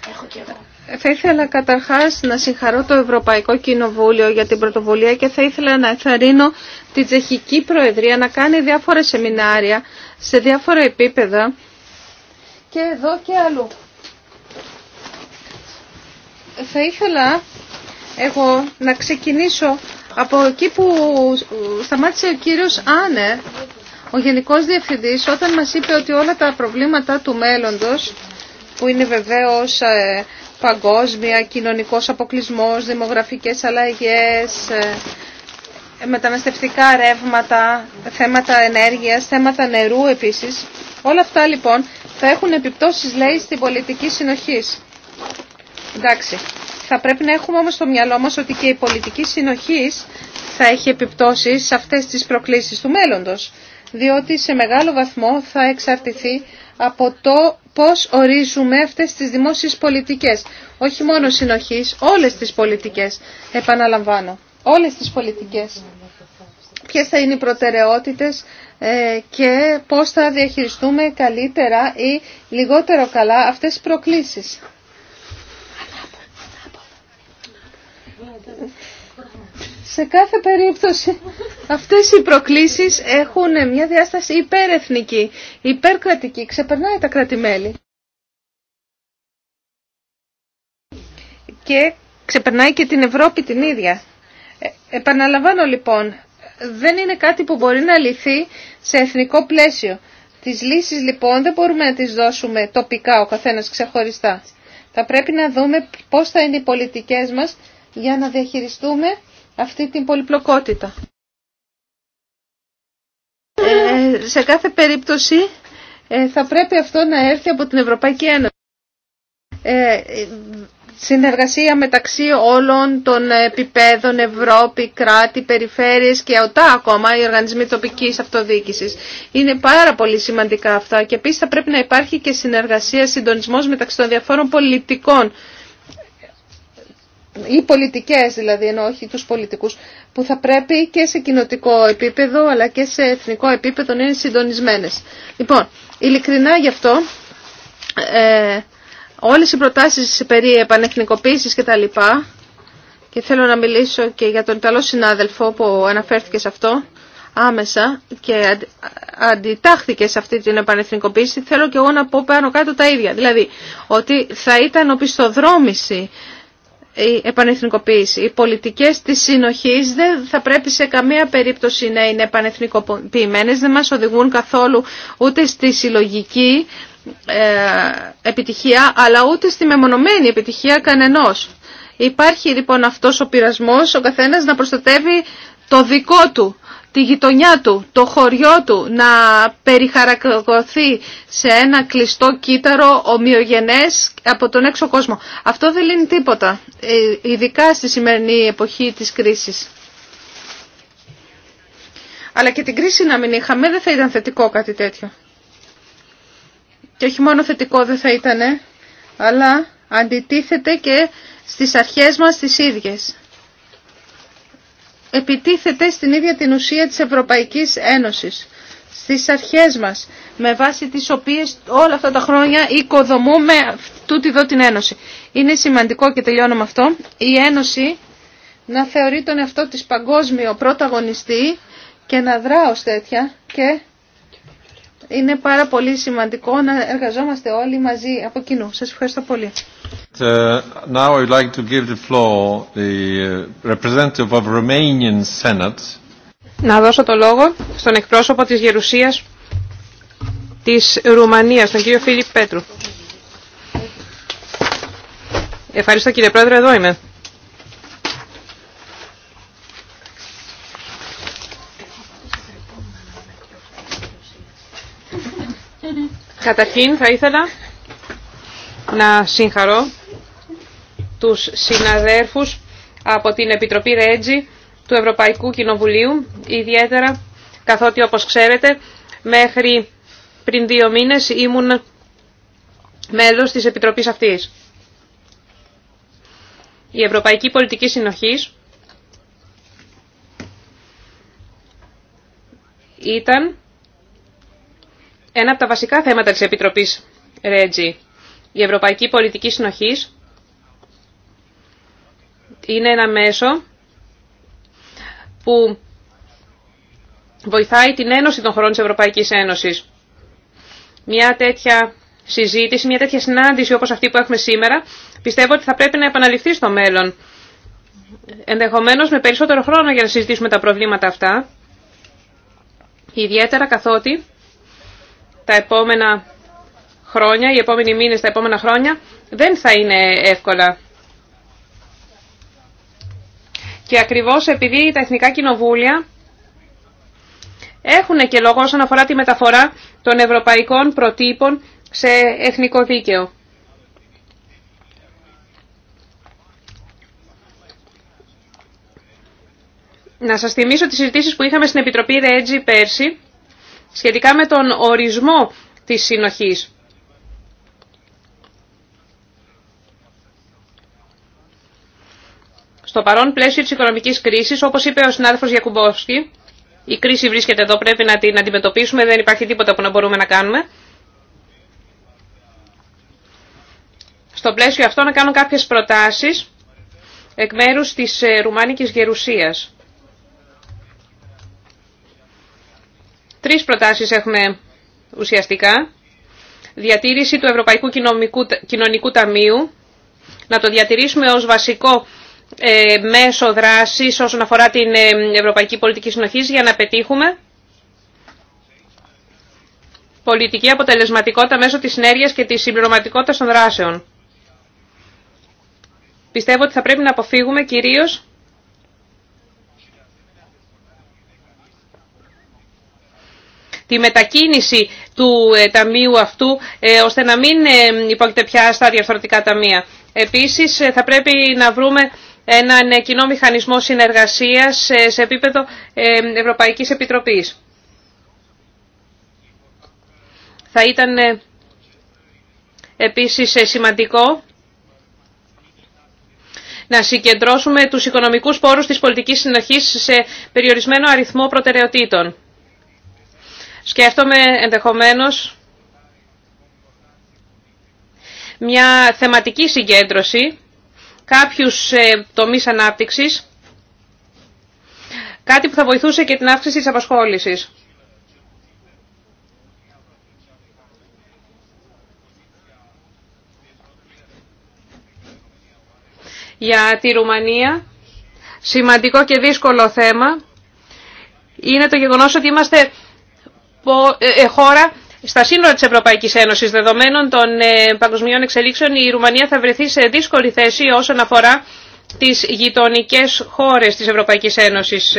Έχω εγώ. Θα ήθελα καταρχάς να συγχαρώ το Ευρωπαϊκό Κοινοβούλιο για την πρωτοβουλία και θα ήθελα να εθαρρύνω την Τσεχική Προεδρία να κάνει διάφορα σεμινάρια σε διάφορα επίπεδα και εδώ και αλλού. Θα ήθελα εγώ να ξεκινήσω από εκεί που σταμάτησε ο κύριος Άνερ, ο Γενικός Διευθυντής, όταν μας είπε ότι όλα τα προβλήματα του μέλλοντος, που είναι βεβαίως ε, παγκόσμια, κοινωνικός αποκλεισμός, δημογραφικές αλλαγές, ε, μεταναστευτικά ρεύματα, θέματα ενέργειας, θέματα νερού επίσης. Όλα αυτά λοιπόν θα έχουν επιπτώσεις λέει στην πολιτική συνοχής. Εντάξει. Θα πρέπει να έχουμε όμως στο μυαλό μας ότι και η πολιτική συνοχής θα έχει επιπτώσεις σε αυτές τις προκλήσεις του μέλλοντος, διότι σε μεγάλο βαθμό θα εξαρτηθεί από το πώς ορίζουμε αυτές τις δημόσιες πολιτικές. Όχι μόνο συνοχής, όλες τις πολιτικές, επαναλαμβάνω, όλες τις πολιτικές. Ποιε θα είναι οι προτεραιότητες ε, και πώς θα διαχειριστούμε καλύτερα ή λιγότερο καλά αυτές τις προκλήσεις. σε κάθε περίπτωση αυτές οι προκλήσεις έχουν μια διάσταση υπερεθνική, υπερκρατική, ξεπερνάει τα κρατημέλη. Και ξεπερνάει και την Ευρώπη την ίδια. Ε, επαναλαμβάνω λοιπόν, δεν είναι κάτι που μπορεί να λυθεί σε εθνικό πλαίσιο. Τις λύσεις λοιπόν δεν μπορούμε να τις δώσουμε τοπικά ο καθένας ξεχωριστά. Θα πρέπει να δούμε πώς θα είναι οι πολιτικές μας για να διαχειριστούμε αυτή την πολυπλοκότητα. Ε, σε κάθε περίπτωση ε, θα πρέπει αυτό να έρθει από την Ευρωπαϊκή Ένωση. Ε, συνεργασία μεταξύ όλων των επιπέδων Ευρώπη, κράτη, περιφέρειες και οτά ακόμα οι οργανισμοί τοπικής αυτοδιοίκησης. Είναι πάρα πολύ σημαντικά αυτά και επίσης θα πρέπει να υπάρχει και συνεργασία, συντονισμός μεταξύ των διαφόρων πολιτικών οι πολιτικές δηλαδή, ενώ όχι τους πολιτικούς, που θα πρέπει και σε κοινοτικό επίπεδο αλλά και σε εθνικό επίπεδο να είναι συντονισμένες. Λοιπόν, ειλικρινά γι' αυτό ε, όλες οι προτάσεις περί επανεθνικοποίησης και τα λοιπά, και θέλω να μιλήσω και για τον Ιταλό συνάδελφο που αναφέρθηκε σε αυτό, άμεσα και αντιτάχθηκε σε αυτή την επανεθνικοποίηση, θέλω και εγώ να πω πάνω κάτω τα ίδια. Δηλαδή, ότι θα ήταν οπισθοδρόμηση η επανεθνικοποίηση. Οι πολιτικές της συνοχής δεν θα πρέπει σε καμία περίπτωση να είναι επανεθνικοποιημένες, δεν μας οδηγούν καθόλου ούτε στη συλλογική ε, επιτυχία, αλλά ούτε στη μεμονωμένη επιτυχία κανενός. Υπάρχει λοιπόν αυτός ο πειρασμός, ο καθένας να προστατεύει το δικό του τη γειτονιά του, το χωριό του να περιχαρακωθεί σε ένα κλειστό κύτταρο ομοιογενές από τον έξω κόσμο. Αυτό δεν λύνει τίποτα, ε, ειδικά στη σημερινή εποχή της κρίσης. Αλλά και την κρίση να μην είχαμε δεν θα ήταν θετικό κάτι τέτοιο. Και όχι μόνο θετικό δεν θα ήταν, αλλά αντιτίθεται και στις αρχές μας τις ίδιες επιτίθεται στην ίδια την ουσία της Ευρωπαϊκής Ένωσης, στις αρχές μας, με βάση τις οποίες όλα αυτά τα χρόνια οικοδομούμε τούτη εδώ την Ένωση. Είναι σημαντικό και τελειώνω με αυτό, η Ένωση να θεωρεί τον εαυτό της παγκόσμιο πρωταγωνιστή και να δράω ως τέτοια και είναι πάρα πολύ σημαντικό να εργαζόμαστε όλοι μαζί από κοινού. Σας ευχαριστώ πολύ. Uh, now I would like to give the floor the uh, representative of Romanian Senate. Να δώσω το λόγο στον εκπρόσωπο της Γερουσίας της Ρουμανίας, τον κύριο Φίλιπ Πέτρου. Ευχαριστώ κύριε Πρόεδρε, εδώ είμαι. Καταρχήν θα ήθελα να συγχαρώ τους συναδέρφους από την Επιτροπή Ρέτζι του Ευρωπαϊκού Κοινοβουλίου, ιδιαίτερα καθότι όπως ξέρετε μέχρι πριν δύο μήνες ήμουν μέλος της Επιτροπής αυτής. Η Ευρωπαϊκή Πολιτική Συνοχής ήταν ένα από τα βασικά θέματα της Επιτροπής Ρέτζι, Η Ευρωπαϊκή Πολιτική Συνοχής είναι ένα μέσο που βοηθάει την Ένωση των χωρών της Ευρωπαϊκής Ένωσης. Μια τέτοια συζήτηση, μια τέτοια συνάντηση όπως αυτή που έχουμε σήμερα, πιστεύω ότι θα πρέπει να επαναληφθεί στο μέλλον. Ενδεχομένως με περισσότερο χρόνο για να συζητήσουμε τα προβλήματα αυτά, ιδιαίτερα καθότι τα επόμενα χρόνια, οι επόμενοι μήνες, τα επόμενα χρόνια δεν θα είναι εύκολα. Και ακριβώς επειδή τα εθνικά κοινοβούλια έχουν και λόγο όσον αφορά τη μεταφορά των ευρωπαϊκών προτύπων σε εθνικό δίκαιο. Να σας θυμίσω τις συζητήσεις που είχαμε στην Επιτροπή Ρέτζι πέρσι σχετικά με τον ορισμό της συνοχής. Στο παρόν πλαίσιο της οικονομικής κρίσης, όπως είπε ο συνάδελφος Γιακουμπόσκι, η κρίση βρίσκεται εδώ, πρέπει να την αντιμετωπίσουμε, δεν υπάρχει τίποτα που να μπορούμε να κάνουμε. Στο πλαίσιο αυτό να κάνω κάποιες προτάσεις εκ μέρους της ε, Ρουμάνικης Γερουσίας. Τρεις προτάσεις έχουμε ουσιαστικά. Διατήρηση του Ευρωπαϊκού Κοινωνικού Ταμείου, να το διατηρήσουμε ως βασικό ε, μέσο δράσης όσον αφορά την ε, Ευρωπαϊκή Πολιτική Συνοχής για να πετύχουμε πολιτική αποτελεσματικότητα μέσω της συνέργειας και της συμπληρωματικότητας των δράσεων. Πιστεύω ότι θα πρέπει να αποφύγουμε κυρίως τη μετακίνηση του ε, ταμείου αυτού ε, ώστε να μην ε, υπόκειται πια στα διαφορετικά ταμεία. Επίσης θα πρέπει να βρούμε έναν κοινό μηχανισμό συνεργασίας σε επίπεδο Ευρωπαϊκής Επιτροπής. Θα ήταν επίσης σημαντικό να συγκεντρώσουμε τους οικονομικούς πόρους της πολιτικής συνοχής σε περιορισμένο αριθμό προτεραιοτήτων. Σκέφτομαι ενδεχομένως μια θεματική συγκέντρωση, κάποιους ε, τομείς ανάπτυξης, κάτι που θα βοηθούσε και την αύξηση της απασχόλησης. Για τη Ρουμανία, σημαντικό και δύσκολο θέμα, είναι το γεγονός ότι είμαστε ε, ε, χώρα στα σύνορα της Ευρωπαϊκής Ένωσης. Δεδομένων των ε, παγκοσμίων εξελίξεων η Ρουμανία θα βρεθεί σε δύσκολη θέση όσον αφορά τις γειτονικές χώρες της Ευρωπαϊκής Ένωσης,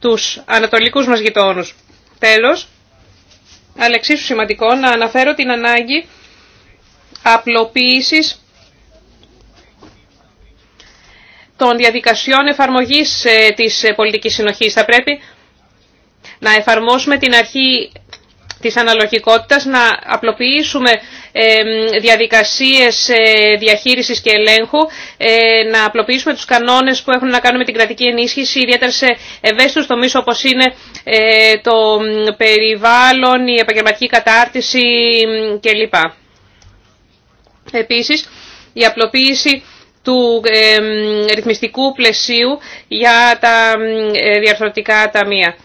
τους ανατολικούς μας γειτόνους. Τέλος, αλλά εξίσου σημαντικό να αναφέρω την ανάγκη απλοποίησης των διαδικασιών εφαρμογής της πολιτικής συνοχής. Θα πρέπει να εφαρμόσουμε την αρχή της αναλογικότητας, να απλοποιήσουμε διαδικασίες ε, διαχείρισης και ελέγχου, ε, να απλοποιήσουμε τους κανόνες που έχουν να κάνουν με την κρατική ενίσχυση, ιδιαίτερα σε ευαίσθητους τομείς όπως είναι ε, το περιβάλλον, η επαγγελματική κατάρτιση κλπ. Επίσης, η απλοποίηση του ρυθμιστικού πλαισίου για τα διαρθρωτικά ταμεία.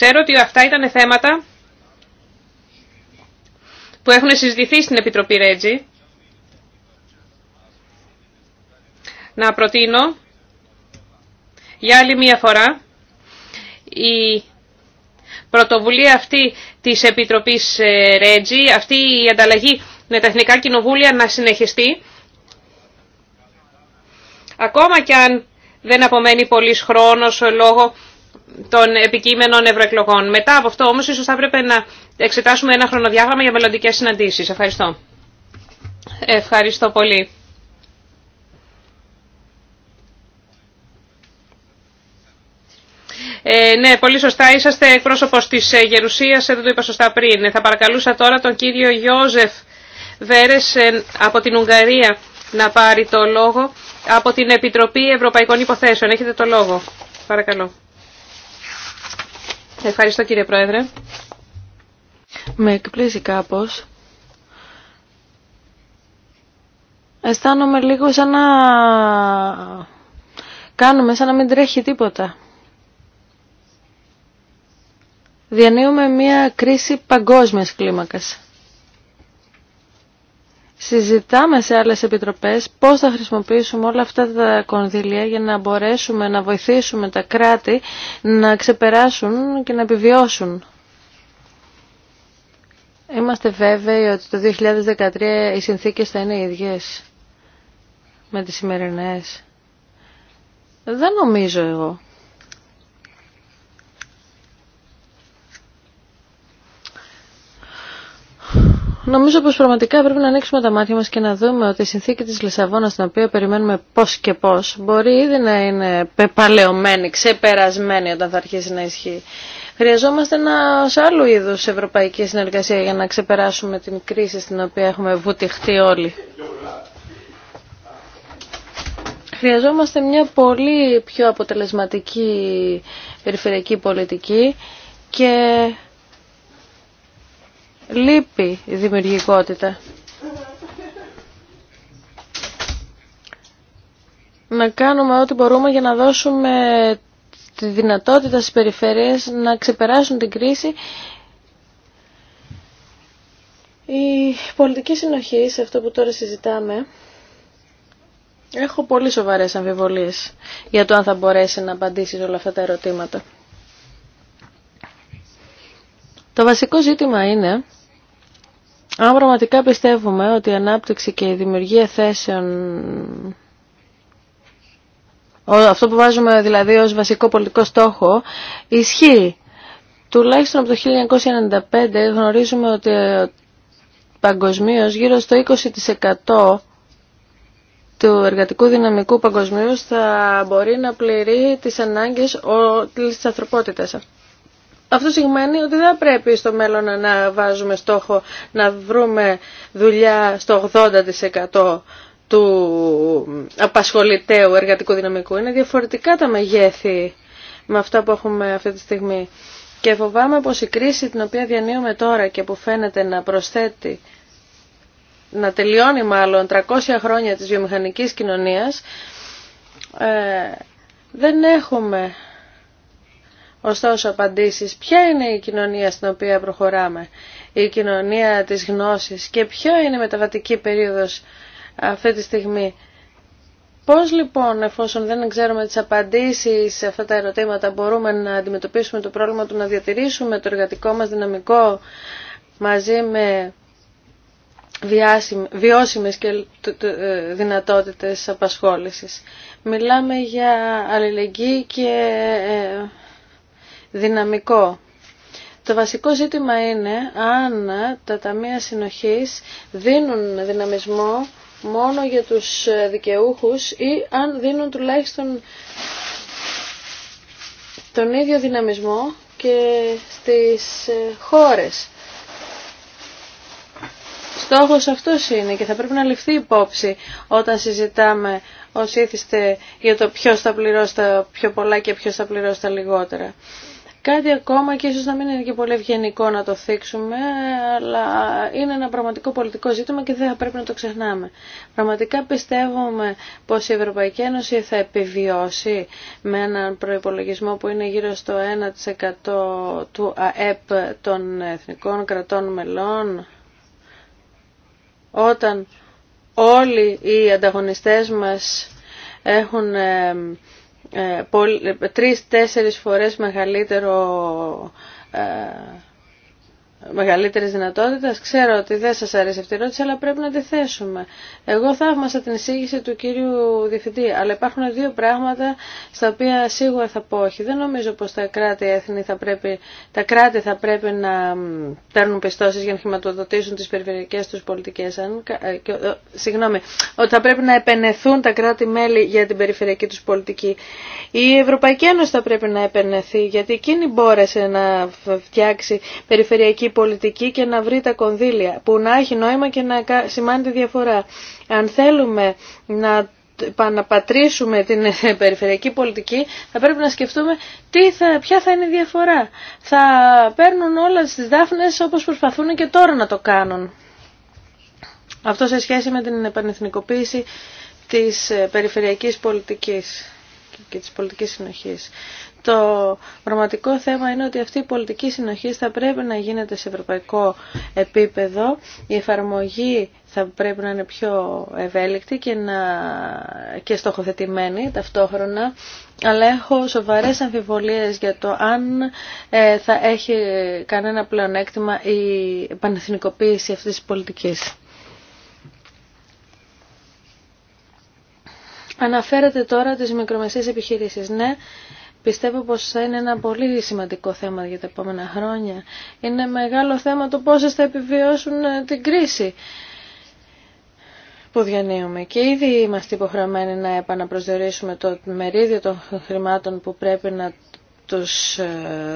Ξέρω ότι αυτά ήταν θέματα που έχουν συζητηθεί στην Επιτροπή Ρέτζη. Να προτείνω για άλλη μία φορά η πρωτοβουλία αυτή της Επιτροπής ε, Ρέτζη, αυτή η ανταλλαγή με τα Εθνικά Κοινοβούλια να συνεχιστεί. Ακόμα κι αν δεν απομένει πολύς χρόνος λόγω των επικείμενων ευρωεκλογών. Μετά από αυτό όμως ίσως θα έπρεπε να εξετάσουμε ένα χρονοδιάγραμμα για μελλοντικές συναντήσεις. Ευχαριστώ. Ευχαριστώ πολύ. Ε, ναι, πολύ σωστά. Είσαστε εκπρόσωπος της ε, Γερουσίας, ε, δεν το είπα σωστά πριν. Ε, θα παρακαλούσα τώρα τον κύριο Γιώζεφ Βέρες από την Ουγγαρία να πάρει το λόγο από την Επιτροπή Ευρωπαϊκών Υποθέσεων. Έχετε το λόγο. Παρακαλώ. Ευχαριστώ κύριε Πρόεδρε. Με εκπλήσει κάπως. Αισθάνομαι λίγο σαν να κάνουμε, σαν να μην τρέχει τίποτα. Διανύουμε μια κρίση παγκόσμιας κλίμακας συζητάμε σε άλλες επιτροπές πώς θα χρησιμοποιήσουμε όλα αυτά τα κονδύλια για να μπορέσουμε να βοηθήσουμε τα κράτη να ξεπεράσουν και να επιβιώσουν. Είμαστε βέβαιοι ότι το 2013 οι συνθήκες θα είναι οι ίδιες με τις σημερινές. Δεν νομίζω εγώ. Νομίζω πως πραγματικά πρέπει να ανοίξουμε τα μάτια μας και να δούμε ότι η συνθήκη της Λισαβόνας, την οποία περιμένουμε πώς και πώς, μπορεί ήδη να είναι πεπαλαιωμένη, ξεπερασμένη όταν θα αρχίσει να ισχύει. Χρειαζόμαστε ένα άλλου είδους ευρωπαϊκή συνεργασία για να ξεπεράσουμε την κρίση στην οποία έχουμε βουτυχτεί όλοι. Χρειαζόμαστε μια πολύ πιο αποτελεσματική περιφερειακή πολιτική και λείπει η δημιουργικότητα. Να κάνουμε ό,τι μπορούμε για να δώσουμε τη δυνατότητα στις περιφέρειες να ξεπεράσουν την κρίση. Η πολιτική συνοχή σε αυτό που τώρα συζητάμε έχω πολύ σοβαρές αμφιβολίες για το αν θα μπορέσει να απαντήσει όλα αυτά τα ερωτήματα. Το βασικό ζήτημα είναι αν πραγματικά πιστεύουμε ότι η ανάπτυξη και η δημιουργία θέσεων αυτό που βάζουμε δηλαδή ως βασικό πολιτικό στόχο ισχύει. Τουλάχιστον από το 1995 γνωρίζουμε ότι ε, παγκοσμίω γύρω στο 20% του εργατικού δυναμικού παγκοσμίου θα μπορεί να πληρεί τις ανάγκες της ανθρωπότητας. Αυτό σημαίνει ότι δεν πρέπει στο μέλλον να βάζουμε στόχο να βρούμε δουλειά στο 80% του απασχολητέου εργατικού δυναμικού. Είναι διαφορετικά τα μεγέθη με αυτά που έχουμε αυτή τη στιγμή. Και φοβάμαι πως η κρίση την οποία διανύουμε τώρα και που φαίνεται να προσθέτει, να τελειώνει μάλλον 300 χρόνια της βιομηχανικής κοινωνίας, ε, δεν έχουμε Ωστόσο, απαντήσεις, ποια είναι η κοινωνία στην οποία προχωράμε, η κοινωνία της γνώσης και ποιο είναι η μεταβατική περίοδος αυτή τη στιγμή. Πώς λοιπόν, εφόσον δεν ξέρουμε τις απαντήσεις σε αυτά τα ερωτήματα, μπορούμε να αντιμετωπίσουμε το πρόβλημα του να διατηρήσουμε το εργατικό μας δυναμικό μαζί με βιώσιμες και ε, δυνατότητες απασχόλησης. Μιλάμε για αλληλεγγύη και ε, δυναμικό. Το βασικό ζήτημα είναι αν τα ταμεία συνοχής δίνουν δυναμισμό μόνο για τους δικαιούχους ή αν δίνουν τουλάχιστον τον ίδιο δυναμισμό και στις χώρες. Στόχος αυτό είναι και θα πρέπει να ληφθεί υπόψη όταν συζητάμε ως ήθιστε για το ποιος θα πληρώσει τα πιο πολλά και ποιος θα πληρώσει τα λιγότερα. Κάτι ακόμα και ίσως να μην είναι και πολύ ευγενικό να το θίξουμε, αλλά είναι ένα πραγματικό πολιτικό ζήτημα και δεν θα πρέπει να το ξεχνάμε. Πραγματικά πιστεύουμε πως η Ευρωπαϊκή Ένωση θα επιβιώσει με έναν προϋπολογισμό που είναι γύρω στο 1% του ΑΕΠ των εθνικών κρατών μελών, όταν όλοι οι ανταγωνιστές μας έχουν ε, ε, ε, τρεις-τέσσερις φορές μεγαλύτερο ε, μεγαλύτερης δυνατότητας. Ξέρω ότι δεν σας αρέσει αυτή η ερώτηση, αλλά πρέπει να τη θέσουμε. Εγώ θαύμασα την εισήγηση του κύριου Διευθυντή, αλλά υπάρχουν δύο πράγματα στα οποία σίγουρα θα πω όχι. Δεν νομίζω πως τα κράτη, έθνη θα πρέπει, τα κράτη θα πρέπει να παίρνουν πιστώσεις για να χρηματοδοτήσουν τις περιφερειακές τους πολιτικές. Ε, ε, συγγνώμη, ότι θα πρέπει να επενεθούν τα κράτη-μέλη για την περιφερειακή τους πολιτική. Η Ευρωπαϊκή Ένωση θα πρέπει να επενεθεί, γιατί εκείνη μπόρεσε να φτιάξει περιφερειακή πολιτική και να βρει τα κονδύλια που να έχει νόημα και να σημάνει τη διαφορά. Αν θέλουμε να παναπατρίσουμε την *laughs* περιφερειακή πολιτική, θα πρέπει να σκεφτούμε τι θα, ποια θα είναι η διαφορά. Θα παίρνουν όλα στις δάφνες όπως προσπαθούν και τώρα να το κάνουν. Αυτό σε σχέση με την επανεθνικοποίηση της ε, περιφερειακής πολιτικής και της πολιτικής συνοχής. Το πραγματικό θέμα είναι ότι αυτή η πολιτική συνοχή θα πρέπει να γίνεται σε ευρωπαϊκό επίπεδο. Η εφαρμογή θα πρέπει να είναι πιο ευέλικτη και, να... και στοχοθετημένη ταυτόχρονα. Αλλά έχω σοβαρές αμφιβολίες για το αν ε, θα έχει κανένα πλεονέκτημα η πανεθνικοποίηση αυτής της πολιτικής. Αναφέρεται τώρα τις μικρομεσαίες επιχειρήσεις. Ναι, Πιστεύω πως θα είναι ένα πολύ σημαντικό θέμα για τα επόμενα χρόνια. Είναι μεγάλο θέμα το πόσες θα επιβιώσουν ε, την κρίση που διανύουμε. Και ήδη είμαστε υποχρεωμένοι να επαναπροσδιορίσουμε το μερίδιο των χρημάτων που πρέπει να τους ε,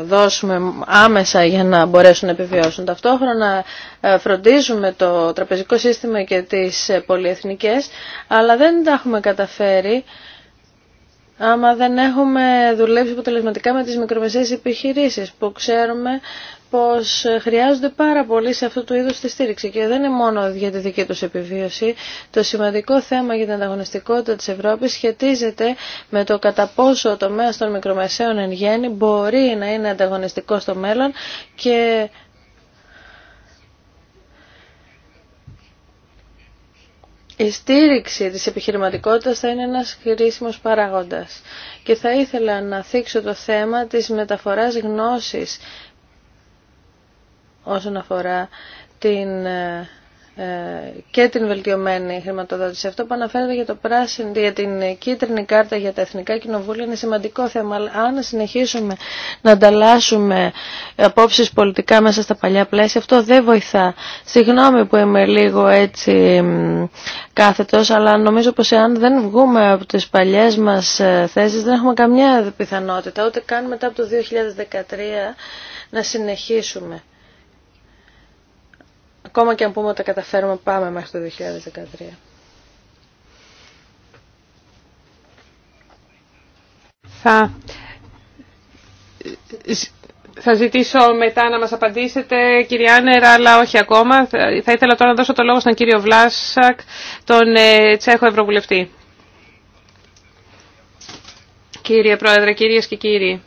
δώσουμε άμεσα για να μπορέσουν να επιβιώσουν. Ταυτόχρονα ε, φροντίζουμε το τραπεζικό σύστημα και τις πολυεθνικές, αλλά δεν τα έχουμε καταφέρει άμα δεν έχουμε δουλέψει αποτελεσματικά με τις μικρομεσαίες επιχειρήσεις που ξέρουμε πως χρειάζονται πάρα πολύ σε αυτού του είδους τη στήριξη και δεν είναι μόνο για τη δική τους επιβίωση. Το σημαντικό θέμα για την ανταγωνιστικότητα της Ευρώπης σχετίζεται με το κατά πόσο ο τομέας των μικρομεσαίων εν γέννη μπορεί να είναι ανταγωνιστικό στο μέλλον και η στήριξη της επιχειρηματικότητας θα είναι ένας χρήσιμος παράγοντας και θα ήθελα να θίξω το θέμα της μεταφοράς γνώσης όσον αφορά την ε, ε, και την βελτιωμένη χρηματοδότηση. Αυτό που αναφέρεται για, το πράσινο, για την κίτρινη κάρτα για τα εθνικά κοινοβούλια είναι σημαντικό θέμα. Αλλά αν συνεχίσουμε να ανταλλάσσουμε απόψεις πολιτικά μέσα στα παλιά πλαίσια, αυτό δεν βοηθά. Συγγνώμη που είμαι λίγο έτσι κάθετος, αλλά νομίζω πως εάν δεν βγούμε από τις παλιές μας ε, θέσεις, δεν έχουμε καμιά πιθανότητα, ούτε καν μετά από το 2013, να συνεχίσουμε. Ακόμα και αν πούμε ότι τα καταφέρουμε πάμε μέχρι το 2013. Θα θα ζητήσω μετά να μας απαντήσετε, κύριε Άνερα, αλλά όχι ακόμα. Θα ήθελα τώρα να δώσω το λόγο στον κύριο Βλάσακ, τον ε, Τσέχο Ευρωβουλευτή. Κύριε Πρόεδρε, κυρίες και κύριοι.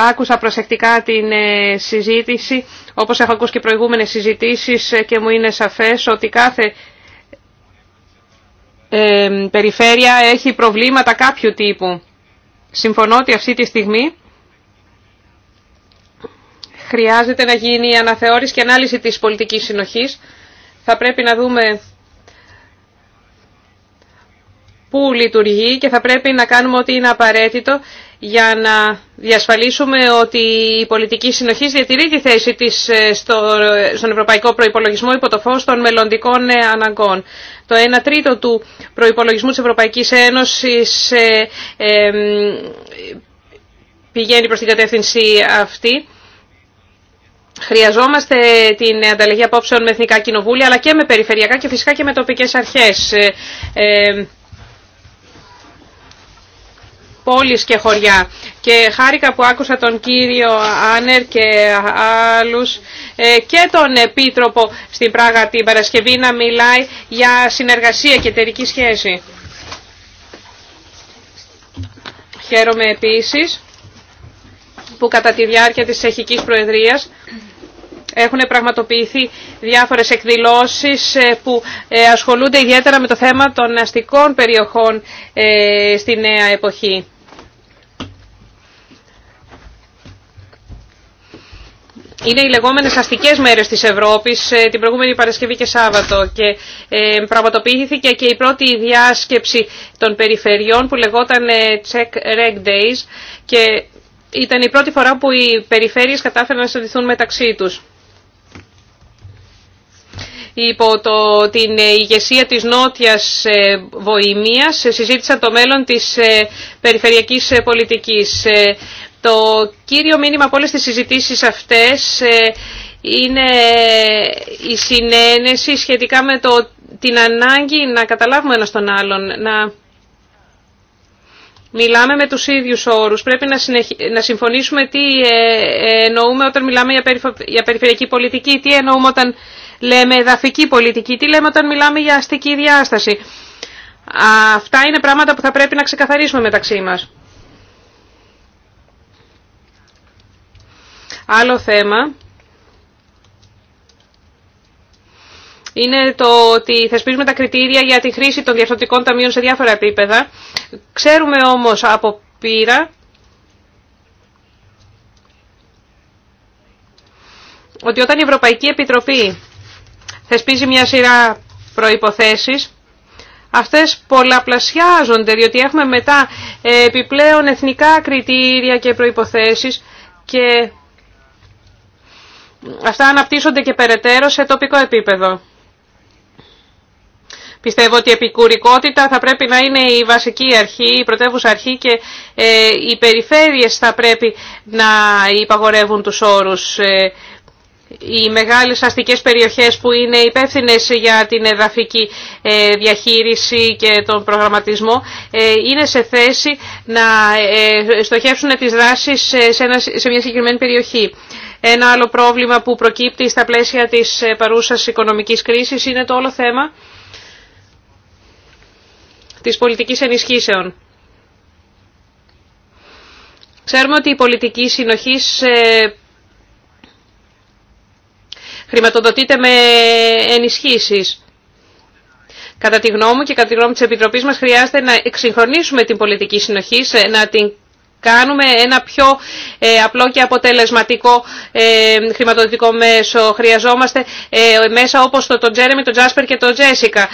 Άκουσα προσεκτικά την ε, συζήτηση, όπως έχω ακούσει και προηγούμενες συζητήσεις ε, και μου είναι σαφές ότι κάθε ε, περιφέρεια έχει προβλήματα κάποιου τύπου. Συμφωνώ ότι αυτή τη στιγμή χρειάζεται να γίνει η αναθεώρηση και ανάλυση της πολιτικής συνοχής. Θα πρέπει να δούμε που λειτουργεί και θα πρέπει να κάνουμε ό,τι είναι απαραίτητο για να διασφαλίσουμε ότι η πολιτική συνοχή διατηρεί τη θέση της ε, στον ευρωπαϊκό προϋπολογισμό υπό το φως των μελλοντικών ε, αναγκών. Το 1 τρίτο του προϋπολογισμού της Ευρωπαϊκής Ένωσης ε, ε, πηγαίνει προς την κατεύθυνση αυτή. Χρειαζόμαστε την ανταλλαγή απόψεων με εθνικά κοινοβούλια αλλά και με περιφερειακά και φυσικά και με τοπικές αρχές. Ε, πόλεις και χωριά. Και χάρηκα που άκουσα τον κύριο Άνερ και άλλους ε, και τον Επίτροπο στην Πράγα την Παρασκευή να μιλάει για συνεργασία και εταιρική σχέση. Χαίρομαι επίσης που κατά τη διάρκεια της εχικής Προεδρίας έχουν πραγματοποιηθεί διάφορες εκδηλώσεις ε, που ε, ασχολούνται ιδιαίτερα με το θέμα των αστικών περιοχών στη νέα εποχή. είναι οι λεγόμενες αστικές μέρες της Ευρώπης ε, την προηγούμενη Παρασκευή και Σάββατο και ε, πραγματοποιήθηκε και η πρώτη διάσκεψη των περιφερειών που λεγόταν ε, Czech Reg Days και ήταν η πρώτη φορά που οι περιφέρειες κατάφεραν να συνδυθούν μεταξύ τους. Υπό το, την ηγεσία της Νότιας Βοημίας συζήτησαν το μέλλον της περιφερειακής πολιτικής. Το κύριο μήνυμα από όλες τις συζητήσεις αυτές ε, είναι η συνένεση σχετικά με το, την ανάγκη να καταλάβουμε ένα τον άλλον, να μιλάμε με τους ίδιους όρους. Πρέπει να, να συμφωνήσουμε τι ε, εννοούμε όταν μιλάμε για, για περιφερειακή πολιτική, τι εννοούμε όταν λέμε εδαφική πολιτική, τι λέμε όταν μιλάμε για αστική διάσταση. Αυτά είναι πράγματα που θα πρέπει να ξεκαθαρίσουμε μεταξύ μας. Άλλο θέμα είναι το ότι θεσπίζουμε τα κριτήρια για τη χρήση των διαφθορτικών ταμείων σε διάφορα επίπεδα. Ξέρουμε όμως από πείρα ότι όταν η Ευρωπαϊκή Επιτροπή θεσπίζει μια σειρά προϋποθέσεις, αυτές πολλαπλασιάζονται, διότι έχουμε μετά επιπλέον εθνικά κριτήρια και προϋποθέσεις και αυτά αναπτύσσονται και περαιτέρω σε τοπικό επίπεδο. Πιστεύω ότι η επικουρικότητα θα πρέπει να είναι η βασική αρχή, η πρωτεύουσα αρχή και ε, οι περιφέρειες θα πρέπει να υπαγορεύουν τους όρους. Ε, οι μεγάλες αστικές περιοχές που είναι υπεύθυνε για την εδαφική ε, διαχείριση και τον προγραμματισμό είναι σε θέση να στοχεύσουν τις δράσεις σε μια συγκεκριμένη περιοχή. Ένα άλλο πρόβλημα που προκύπτει στα πλαίσια της ε, παρούσας οικονομικής κρίσης είναι το όλο θέμα της πολιτικής ενισχύσεων. Ξέρουμε ότι η πολιτική συνοχής ε, χρηματοδοτείται με ενισχύσεις. Κατά τη γνώμη μου και κατά τη γνώμη της Επιτροπής μας χρειάζεται να εξυγχρονίσουμε την πολιτική συνοχή, να την κάνουμε ένα πιο ε, απλό και αποτελεσματικό ε, χρηματοδοτικό μέσο. Χρειαζόμαστε ε, μέσα όπως το Τζέρεμι, το Jasper και το Τζέσικα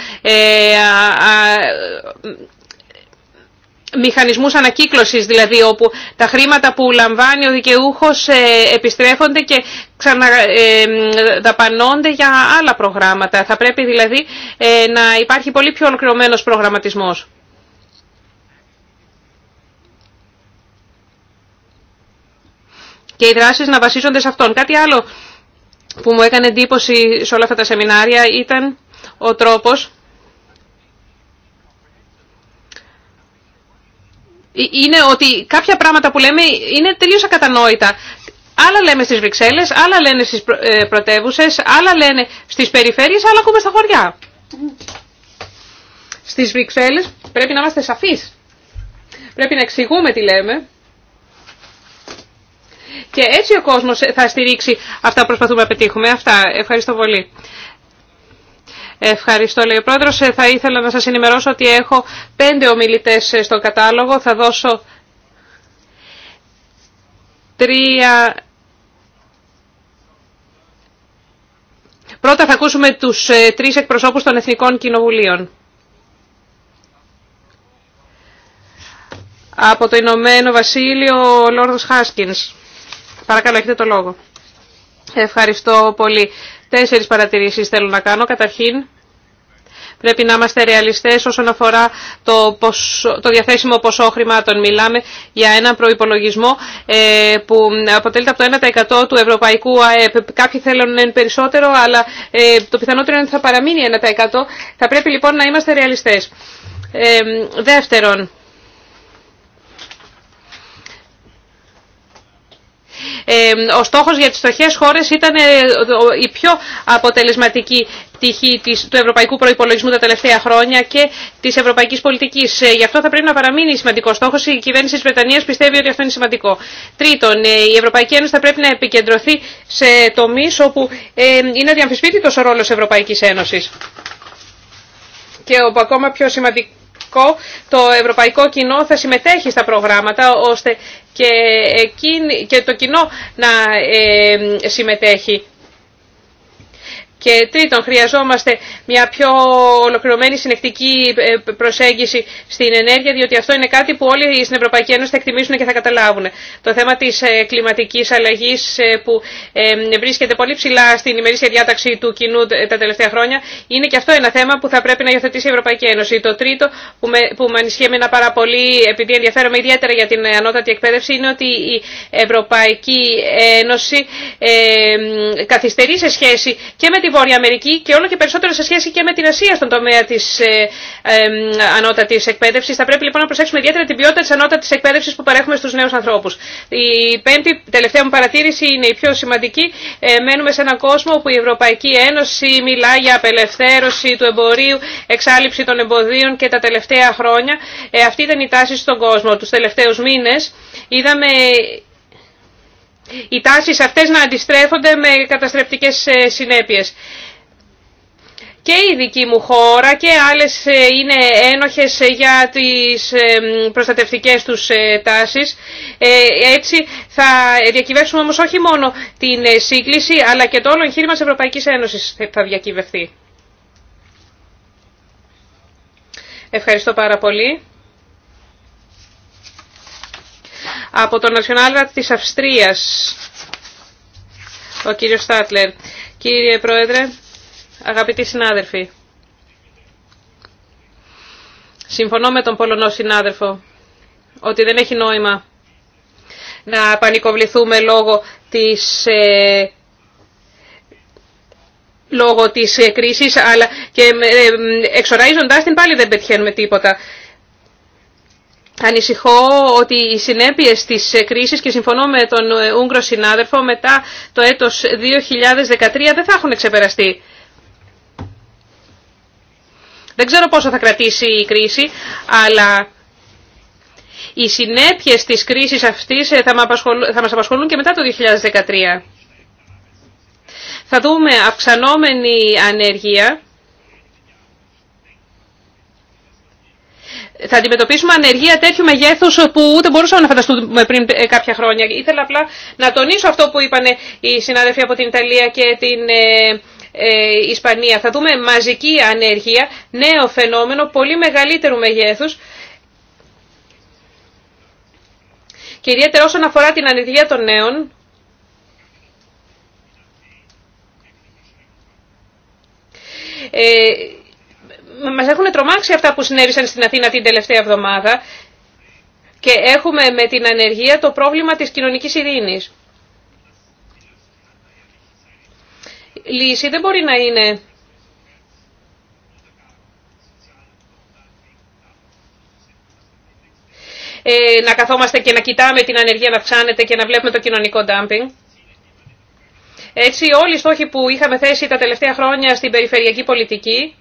μηχανισμούς ανακύκλωσης, δηλαδή όπου τα χρήματα που λαμβάνει ο δικαιούχος επιστρέφονται και ξαναδαπανώνται για άλλα προγράμματα. Θα πρέπει δηλαδή να υπάρχει πολύ πιο ολοκληρωμένος προγραμματισμός. και οι δράσεις να βασίζονται σε αυτόν. Κάτι άλλο που μου έκανε εντύπωση σε όλα αυτά τα σεμινάρια ήταν ο τρόπος είναι ότι κάποια πράγματα που λέμε είναι τελείως ακατανόητα. Άλλα λέμε στις Βρυξέλλες, άλλα λένε στις ε, πρωτεύουσε, άλλα λένε στις περιφέρειες, άλλα ακούμε στα χωριά. Στις Βρυξέλλες πρέπει να είμαστε σαφείς. Πρέπει να εξηγούμε τι λέμε. Και έτσι ο κόσμος θα στηρίξει αυτά που προσπαθούμε να πετύχουμε. Αυτά. Ευχαριστώ πολύ. Ευχαριστώ, λέει ο πρόεδρο. Ε, θα ήθελα να σας ενημερώσω ότι έχω πέντε ομιλητές ε, στον κατάλογο. Θα δώσω τρία... Πρώτα θα ακούσουμε τους ε, τρει εκπροσώπους των Εθνικών Κοινοβουλίων. Από το Ηνωμένο Βασίλειο, ο Λόρδος Χάσκινς. Παρακαλώ, έχετε το λόγο. Ευχαριστώ πολύ. Τέσσερις παρατηρήσεις θέλω να κάνω. Καταρχήν, πρέπει να είμαστε ρεαλιστές όσον αφορά το, το διαθέσιμο ποσό χρημάτων. Μιλάμε για ένα προϋπολογισμό ε, που αποτελείται από το 1% του ευρωπαϊκού ΑΕΠ. Κάποιοι θέλουν να είναι περισσότερο, αλλά ε, το πιθανότερο είναι ότι θα παραμείνει 1%. Θα πρέπει λοιπόν να είμαστε ρεαλιστές. Ε, δεύτερον, Ο στόχος για τις στοχές χώρες ήταν ε, η πιο αποτελεσματική πτυχή του ευρωπαϊκού προϋπολογισμού τα τελευταία χρόνια και τη ευρωπαϊκή πολιτική. Ε, γι' αυτό θα πρέπει να παραμείνει σημαντικό στόχος. Η κυβέρνηση της Βρετανίας πιστεύει ότι αυτό είναι σημαντικό. Τρίτον, ε, η Ευρωπαϊκή Ένωση θα πρέπει να επικεντρωθεί σε τομεί όπου είναι διαμφισβήτητος ο ρόλο Ευρωπαϊκής Ένωσης. Και ο ακόμα πιο σημαντικό το ευρωπαϊκό κοινό θα συμμετέχει στα προγράμματα ώστε και, εκείνη, και το κοινό να ε, συμμετέχει. Και τρίτον, χρειαζόμαστε μια πιο ολοκληρωμένη συνεκτική ε, προσέγγιση στην ενέργεια, διότι αυτό είναι κάτι που όλοι στην Ευρωπαϊκή Ένωση θα εκτιμήσουν και θα καταλάβουν. Το θέμα τη ε, κλιματική αλλαγή ε, που βρίσκεται πολύ ψηλά στην ημερήσια διάταξη του κοινού τα τελευταία χρόνια, είναι και αυτό ένα θέμα που θα πρέπει να υιοθετήσει η Ευρωπαϊκή Ένωση. Το τρίτο που με, που με ανισχύει εμένα πάρα πολύ, επειδή ενδιαφέρομαι ιδιαίτερα για την ανώτατη εκπαίδευση, είναι ότι η Ευρωπαϊκή Ένωση καθυστερεί σε σχέση τη Βόρεια Αμερική και όλο και περισσότερο σε σχέση και με την Ασία στον τομέα τη ε, ανώτατη εκπαίδευση. Θα πρέπει λοιπόν να προσέξουμε ιδιαίτερα την ποιότητα τη ανώτατη εκπαίδευση που παρέχουμε στου νέου ανθρώπου. Η πέμπτη τελευταία μου παρατήρηση είναι η πιο σημαντική. Ε, μένουμε σε έναν κόσμο όπου η Ευρωπαϊκή Ένωση μιλά για απελευθέρωση του εμπορίου, εξάλληψη των εμποδίων και τα τελευταία χρόνια. Ε, αυτή ήταν η τάση στον κόσμο. Του τελευταίου μήνε είδαμε οι τάσεις αυτές να αντιστρέφονται με καταστρεπτικές ε, συνέπειες. Και η δική μου χώρα και άλλες ε, είναι ένοχες ε, για τις προστατευτικές τους τάσεις. Έτσι θα διακυβεύσουμε όμως όχι μόνο την σύγκληση αλλά και το όλο εγχείρημα της Ευρωπαϊκής Ένωσης θα διακυβευτεί. Ευχαριστώ πάρα πολύ. από τον Nationalrat της Αυστρίας, ο κύριος Στάτλερ. Κύριε Πρόεδρε, αγαπητοί συνάδελφοι, συμφωνώ με τον Πολωνό συνάδελφο ότι δεν έχει νόημα να πανικοβληθούμε λόγω της ε, λόγω της ε, κρίσης, αλλά και ε, ε, εξοραίζοντάς την πάλι δεν πετυχαίνουμε τίποτα ανησυχώ ότι οι συνέπειες της ε, κρίσης και συμφωνώ με τον ε, Ούγγρο συνάδελφο μετά το έτος 2013 δεν θα έχουν ξεπεραστεί. Δεν ξέρω πόσο θα κρατήσει η κρίση, αλλά οι συνέπειες της κρίσης αυτής ε, θα μας απασχολούν και μετά το 2013. Θα δούμε αυξανόμενη ανεργία θα αντιμετωπίσουμε ανεργία τέτοιου μεγέθους που ούτε μπορούσαμε να φανταστούμε πριν ε, κάποια χρόνια. Ήθελα απλά να τονίσω αυτό που είπαν οι συνάδελφοι από την Ιταλία και την ε, ε, Ισπανία. Θα δούμε μαζική ανεργία, νέο φαινόμενο πολύ μεγαλύτερου μεγέθους και ιδιαίτερα όσον αφορά την ανεργία των νέων μας έχουν τρομάξει αυτά που συνέβησαν στην Αθήνα την τελευταία εβδομάδα και έχουμε με την ανεργία το πρόβλημα της κοινωνικής ειρήνης. Λύση δεν μπορεί να είναι ε, να καθόμαστε και να κοιτάμε την ανεργία να αυξάνεται και να βλέπουμε το κοινωνικό ντάμπινγκ. Έτσι όλοι οι στόχοι που είχαμε θέσει τα τελευταία χρόνια στην περιφερειακή πολιτική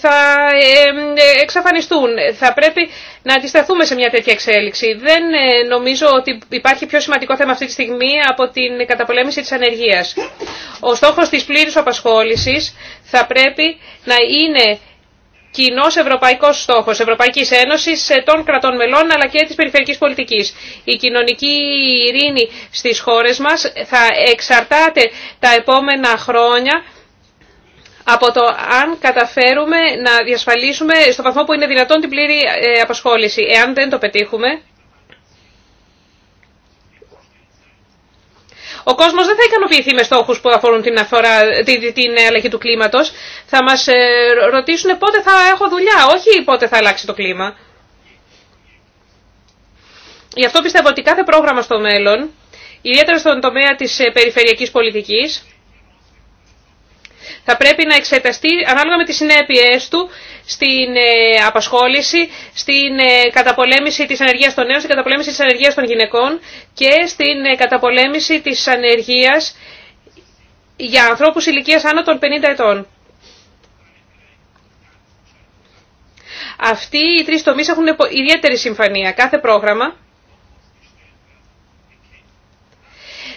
θα ε, εξαφανιστούν. Θα πρέπει να αντισταθούμε σε μια τέτοια εξέλιξη. Δεν ε, νομίζω ότι υπάρχει πιο σημαντικό θέμα αυτή τη στιγμή από την καταπολέμηση της ανεργίας. Ο στόχος της πλήρους απασχόλησης θα πρέπει να είναι κοινό ευρωπαϊκό στόχο Ευρωπαϊκή Ένωση ε, των κρατών μελών αλλά και τη περιφερειακή πολιτική. Η κοινωνική ειρήνη στι χώρε μα θα εξαρτάται τα επόμενα χρόνια από το αν καταφέρουμε να διασφαλίσουμε στο βαθμό που είναι δυνατόν την πλήρη ε, απασχόληση. Εάν δεν το πετύχουμε, ο κόσμο δεν θα ικανοποιηθεί με στόχου που αφορούν την, αφορά, την αλλαγή του κλίματο. Θα μας ε, ρωτήσουν πότε θα έχω δουλειά, όχι πότε θα αλλάξει το κλίμα. Γι' αυτό πιστεύω ότι κάθε πρόγραμμα στο μέλλον, ιδιαίτερα στον τομέα τη ε, περιφερειακή πολιτική θα πρέπει να εξεταστεί ανάλογα με τις συνέπειες του στην ε, απασχόληση, στην ε, καταπολέμηση της ανεργίας των νέων, στην καταπολέμηση της ανεργίας των γυναικών και στην ε, καταπολέμηση της ανεργίας για ανθρώπους ηλικίας άνω των 50 ετών. Αυτοί οι τρεις τομείς έχουν ιδιαίτερη συμφωνία. Κάθε πρόγραμμα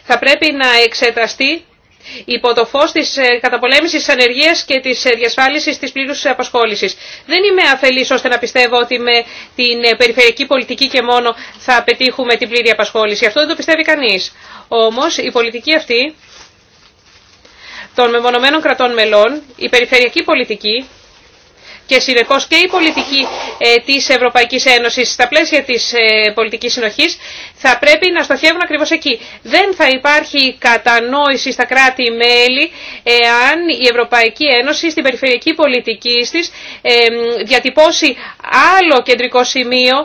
θα πρέπει να εξεταστεί υπό το φως της ε, καταπολέμησης της ανεργίας και της ε, διασφάλισης της πλήρους απασχόλησης. Δεν είμαι αφελής ώστε να πιστεύω ότι με την ε, περιφερειακή πολιτική και μόνο θα πετύχουμε την πλήρη απασχόληση. Αυτό δεν το πιστεύει κανείς. Όμως η πολιτική αυτή των μεμονωμένων κρατών μελών, η περιφερειακή πολιτική, και συνεχώς και η πολιτική ε, της Ευρωπαϊκής Ένωσης στα πλαίσια της ε, πολιτικής συνοχής θα πρέπει να στοχεύουν ακριβώς εκεί. Δεν θα υπάρχει κατανόηση στα κράτη-μέλη εάν η Ευρωπαϊκή Ένωση στην περιφερειακή πολιτική της ε, διατυπώσει άλλο κεντρικό σημείο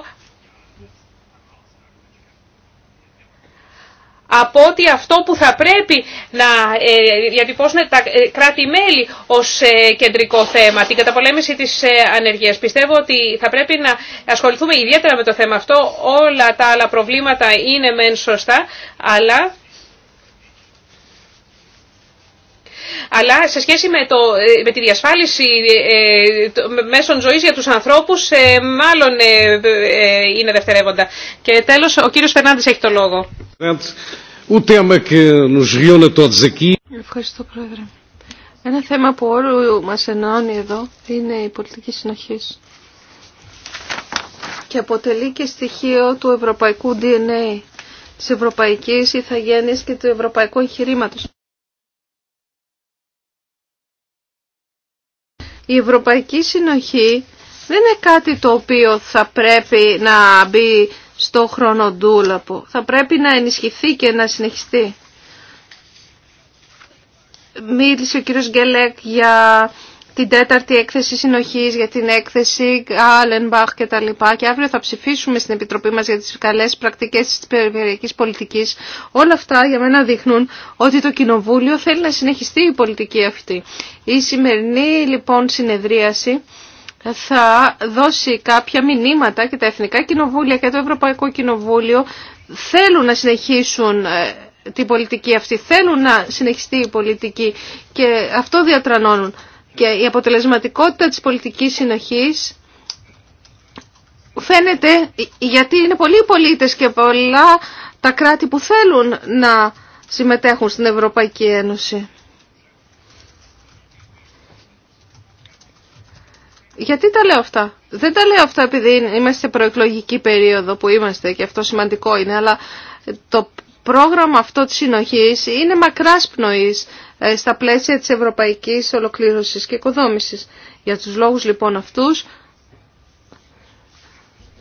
από ότι αυτό που θα πρέπει να ε, διατυπώσουν τα ε, κράτη-μέλη ως ε, κεντρικό θέμα, την καταπολέμηση της ανεργίας. Πιστεύω ότι θα πρέπει να ασχοληθούμε ιδιαίτερα με το θέμα αυτό. Όλα τα άλλα προβλήματα είναι μεν σωστά, αλλά αλλά σε σχέση με, το, ε, με τη διασφάλιση ε, ε, μέσων ζωής για τους ανθρώπους μάλλον είναι δευτερεύοντα. Και τέλος ο κύριος Φερνάντης έχει το λόγο. Ευχαριστώ πρόεδρε. Ένα θέμα που όλου μας ενώνει εδώ είναι η πολιτική συνοχή και αποτελεί και στοιχείο του ευρωπαϊκού DNA, της ευρωπαϊκής ηθαγένειας και του ευρωπαϊκού εγχειρήματος. η Ευρωπαϊκή Συνοχή δεν είναι κάτι το οποίο θα πρέπει να μπει στο χρονοτούλαπο. Θα πρέπει να ενισχυθεί και να συνεχιστεί. Μίλησε ο κύριος Γκελέκ για την τέταρτη έκθεση συνοχής, για την έκθεση Άλενμπαχ και τα λοιπά και αύριο θα ψηφίσουμε στην Επιτροπή μας για τις καλές πρακτικές της περιφερειακής πολιτικής. Όλα αυτά για μένα δείχνουν ότι το Κοινοβούλιο θέλει να συνεχιστεί η πολιτική αυτή. Η σημερινή λοιπόν συνεδρίαση θα δώσει κάποια μηνύματα και τα Εθνικά Κοινοβούλια και το Ευρωπαϊκό Κοινοβούλιο θέλουν να συνεχίσουν ε, την πολιτική αυτή, θέλουν να συνεχιστεί η πολιτική και αυτό διατρανώνουν και η αποτελεσματικότητα της πολιτικής συνοχής φαίνεται γιατί είναι πολλοί οι πολίτες και πολλά τα κράτη που θέλουν να συμμετέχουν στην Ευρωπαϊκή Ένωση. Γιατί τα λέω αυτά. Δεν τα λέω αυτά επειδή είμαστε προεκλογική περίοδο που είμαστε και αυτό σημαντικό είναι, αλλά το πρόγραμμα αυτό της συνοχής είναι μακράς πνοής ε, στα πλαίσια της ευρωπαϊκής ολοκλήρωσης και οικοδόμησης. Για τους λόγους λοιπόν αυτούς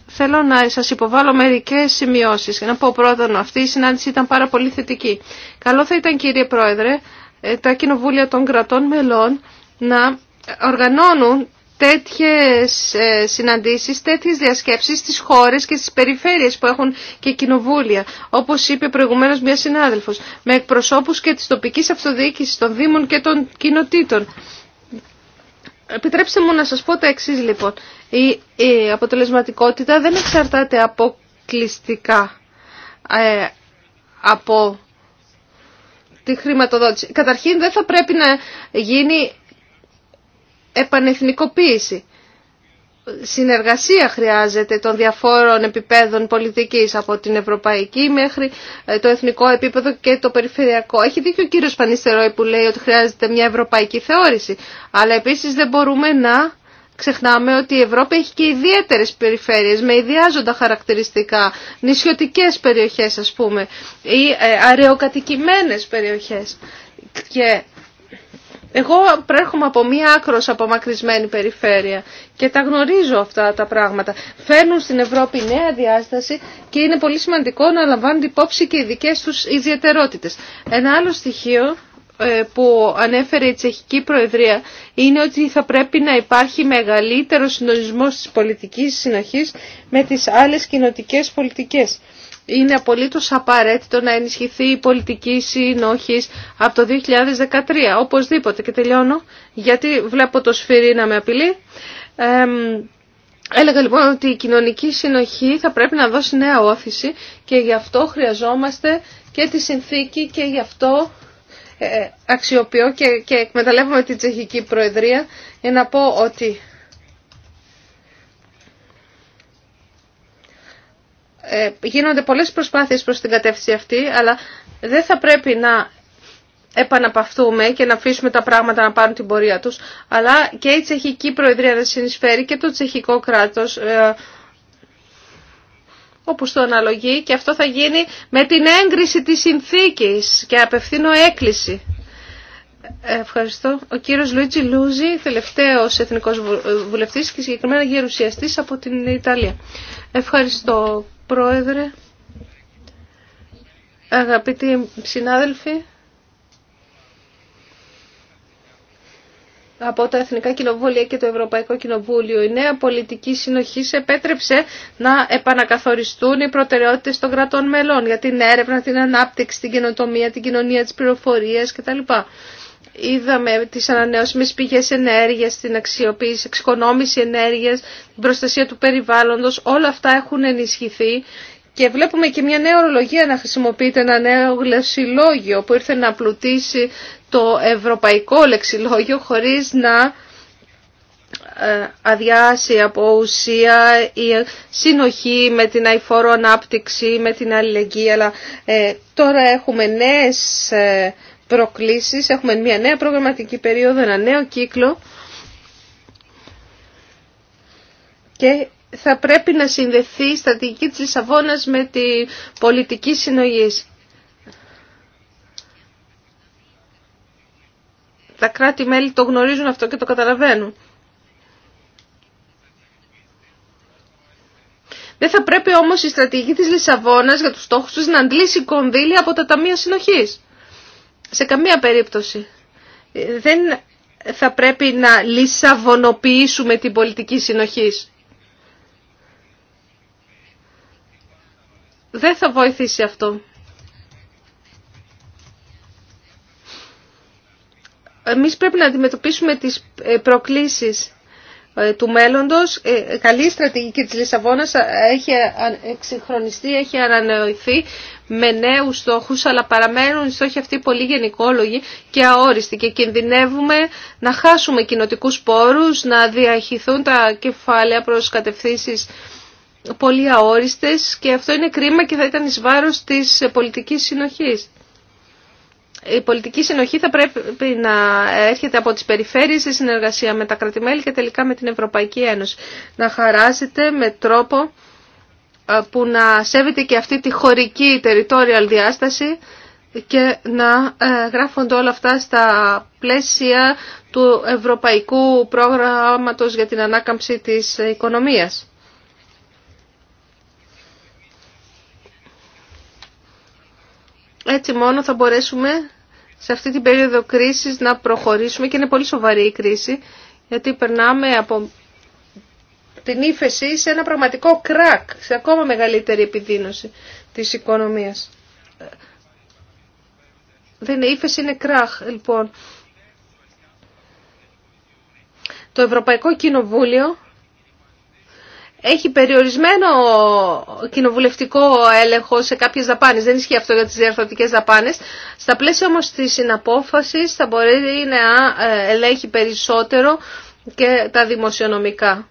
θέλω να σας υποβάλω μερικές σημειώσεις. Και να πω πρώτον, αυτή η συνάντηση ήταν πάρα πολύ θετική. Καλό θα ήταν κύριε Πρόεδρε ε, τα κοινοβούλια των κρατών μελών να οργανώνουν τέτοιες ε, συναντήσεις, τέτοιες διασκέψεις στις χώρες και στις περιφέρειες που έχουν και κοινοβούλια. Όπως είπε προηγουμένως μια συνάδελφος, με εκπροσώπους και της τοπικής αυτοδιοίκησης, των δήμων και των κοινοτήτων. Επιτρέψτε μου να σας πω τα εξής λοιπόν. Η, αποτελεσματικότητα δεν εξαρτάται αποκλειστικά ε, από τη χρηματοδότηση. Καταρχήν δεν θα πρέπει να γίνει επανεθνικοποίηση. Συνεργασία χρειάζεται των διαφόρων επιπέδων πολιτικής από την ευρωπαϊκή μέχρι ε, το εθνικό επίπεδο και το περιφερειακό. Έχει δίκιο ο κύριος Πανιστερόη που λέει ότι χρειάζεται μια ευρωπαϊκή θεώρηση. Αλλά επίσης δεν μπορούμε να ξεχνάμε ότι η Ευρώπη έχει και ιδιαίτερες περιφέρειες με ιδιάζοντα χαρακτηριστικά, νησιωτικές περιοχές ας πούμε ή ε, αραιοκατοικημένες περιοχές. Και εγώ προέρχομαι από μία άκρος απομακρυσμένη περιφέρεια και τα γνωρίζω αυτά τα πράγματα. Φέρνουν στην Ευρώπη νέα διάσταση και είναι πολύ σημαντικό να λαμβάνουν υπόψη και οι δικές τους ιδιαιτερότητες. Ένα άλλο στοιχείο ε, που ανέφερε η Τσεχική Προεδρία είναι ότι θα πρέπει να υπάρχει μεγαλύτερο συντονισμό της πολιτικής συνοχής με τις άλλες κοινοτικές πολιτικές είναι απολύτως απαραίτητο να ενισχυθεί η πολιτική συνόχη από το 2013, οπωσδήποτε. Και τελειώνω, γιατί βλέπω το σφυρί να με απειλεί. έλεγα λοιπόν ότι η κοινωνική συνοχή θα πρέπει να δώσει νέα όθηση και γι' αυτό χρειαζόμαστε και τη συνθήκη και γι' αυτό ε, αξιοποιώ και, και εκμεταλλεύομαι την τσεχική προεδρία για να πω ότι Ε, γίνονται πολλές προσπάθειες προς την κατεύθυνση αυτή, αλλά δεν θα πρέπει να επαναπαυτούμε και να αφήσουμε τα πράγματα να πάρουν την πορεία τους, αλλά και η Τσεχική Προεδρία να συνεισφέρει και το Τσεχικό κράτος ε, όπως το αναλογεί και αυτό θα γίνει με την έγκριση της συνθήκης και απευθύνω έκκληση. Ε, ευχαριστώ. Ο κύριος Λούιτσι Λούζι, τελευταίος εθνικός βουλευτής και συγκεκριμένα γερουσιαστής από την Ιταλία. Ευχαριστώ Πρόεδρε, αγαπητοί συνάδελφοι, από τα Εθνικά Κοινοβούλια και το Ευρωπαϊκό Κοινοβούλιο. Η νέα πολιτική συνοχή επέτρεψε να επανακαθοριστούν οι προτεραιότητες των κρατών μελών για την έρευνα, την ανάπτυξη, την καινοτομία, την κοινωνία της πληροφορία κτλ. Είδαμε τις ανανεώσιμες πηγές ενέργειας, την αξιοποίηση, εξοικονόμηση ενέργειας, την προστασία του περιβάλλοντος. Όλα αυτά έχουν ενισχυθεί και βλέπουμε και μια νέα ορολογία να χρησιμοποιείται, ένα νέο λεξιλόγιο που ήρθε να πλουτίσει το ευρωπαϊκό λεξιλόγιο χωρίς να ε, αδειάσει από ουσία η συνοχή με την αηφόρο ανάπτυξη, με την αλληλεγγύη. Αλλά ε, τώρα έχουμε νέες ε, προκλήσεις. Έχουμε μια νέα προγραμματική περίοδο, ένα νέο κύκλο και θα πρέπει να συνδεθεί η στρατηγική της Λισαβόνας με τη πολιτική συνογής. Τα κράτη-μέλη το γνωρίζουν αυτό και το καταλαβαίνουν. Δεν θα πρέπει όμως η στρατηγική της Λισαβόνας για τους στόχους τους να αντλήσει κονδύλια από τα ταμεία συνοχής σε καμία περίπτωση. Δεν θα πρέπει να λισαβονοποιήσουμε την πολιτική συνοχής. Δεν θα βοηθήσει αυτό. Εμείς πρέπει να αντιμετωπίσουμε τις ε, προκλήσεις ε, του μέλλοντος. Ε, καλή στρατηγική της Λισαβόνας έχει εξυγχρονιστεί, έχει ανανεωθεί με νέους στόχους, αλλά παραμένουν οι στόχοι αυτοί πολύ γενικόλογοι και αόριστοι και κινδυνεύουμε να χάσουμε κοινοτικούς πόρους, να διαχυθούν τα κεφάλαια προς κατευθύνσεις πολύ αόριστες και αυτό είναι κρίμα και θα ήταν εις βάρος της πολιτικής συνοχής. Η πολιτική συνοχή θα πρέπει να έρχεται από τις περιφέρειες σε συνεργασία με τα κρατημέλη και τελικά με την Ευρωπαϊκή Ένωση. Να χαράσετε με τρόπο ε, που να σέβεται και αυτή τη χωρική territorial διάσταση και να ε, γράφονται όλα αυτά στα πλαίσια του Ευρωπαϊκού Πρόγραμματος για την Ανάκαμψη της Οικονομίας. Έτσι μόνο θα μπορέσουμε σε αυτή την περίοδο κρίσης να προχωρήσουμε και είναι πολύ σοβαρή η κρίση γιατί περνάμε από την ύφεση σε ένα πραγματικό κράκ, σε ακόμα μεγαλύτερη επιδείνωση της οικονομίας. Δεν είναι ύφεση, είναι κράκ, λοιπόν. Το Ευρωπαϊκό Κοινοβούλιο έχει περιορισμένο κοινοβουλευτικό έλεγχο σε κάποιες δαπάνες. Δεν ισχύει αυτό για τις διαρθρωτικές δαπάνες. Στα πλαίσια όμως της συναπόφασης θα μπορεί να ε, ελέγχει περισσότερο και τα δημοσιονομικά.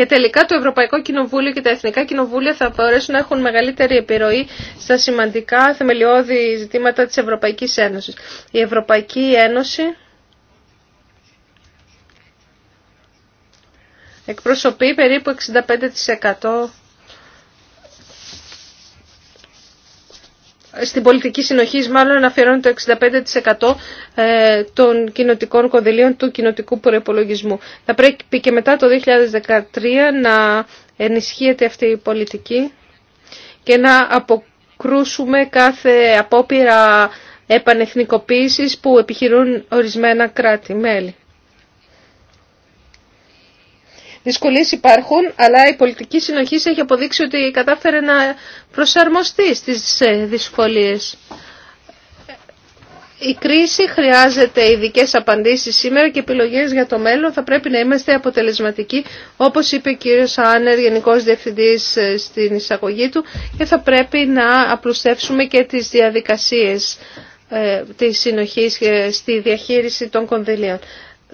Και τελικά το Ευρωπαϊκό Κοινοβούλιο και τα Εθνικά Κοινοβούλια θα μπορέσουν να έχουν μεγαλύτερη επιρροή στα σημαντικά θεμελιώδη ζητήματα της Ευρωπαϊκής Ένωσης. Η Ευρωπαϊκή Ένωση εκπροσωπεί περίπου 65% στην πολιτική συνοχή μάλλον αφιερώνει το 65% ε, των κοινοτικών κονδυλίων του κοινοτικού προπολογισμού. Θα πρέπει και μετά το 2013 να ενισχύεται αυτή η πολιτική και να αποκρούσουμε κάθε απόπειρα επανεθνικοποίησης που επιχειρούν ορισμένα κράτη-μέλη. Δυσκολίε υπάρχουν, αλλά η πολιτική συνοχή έχει αποδείξει ότι κατάφερε να προσαρμοστεί στις ε, δυσκολίες. Η κρίση χρειάζεται ειδικέ απαντήσεις σήμερα και επιλογές για το μέλλον. Θα πρέπει να είμαστε αποτελεσματικοί, όπως είπε ο κύριος Άνερ, Γενικός Διευθυντή ε, στην εισαγωγή του, και θα πρέπει να απλουστεύσουμε και τις διαδικασίες ε, της συνοχής στη διαχείριση των κονδυλίων.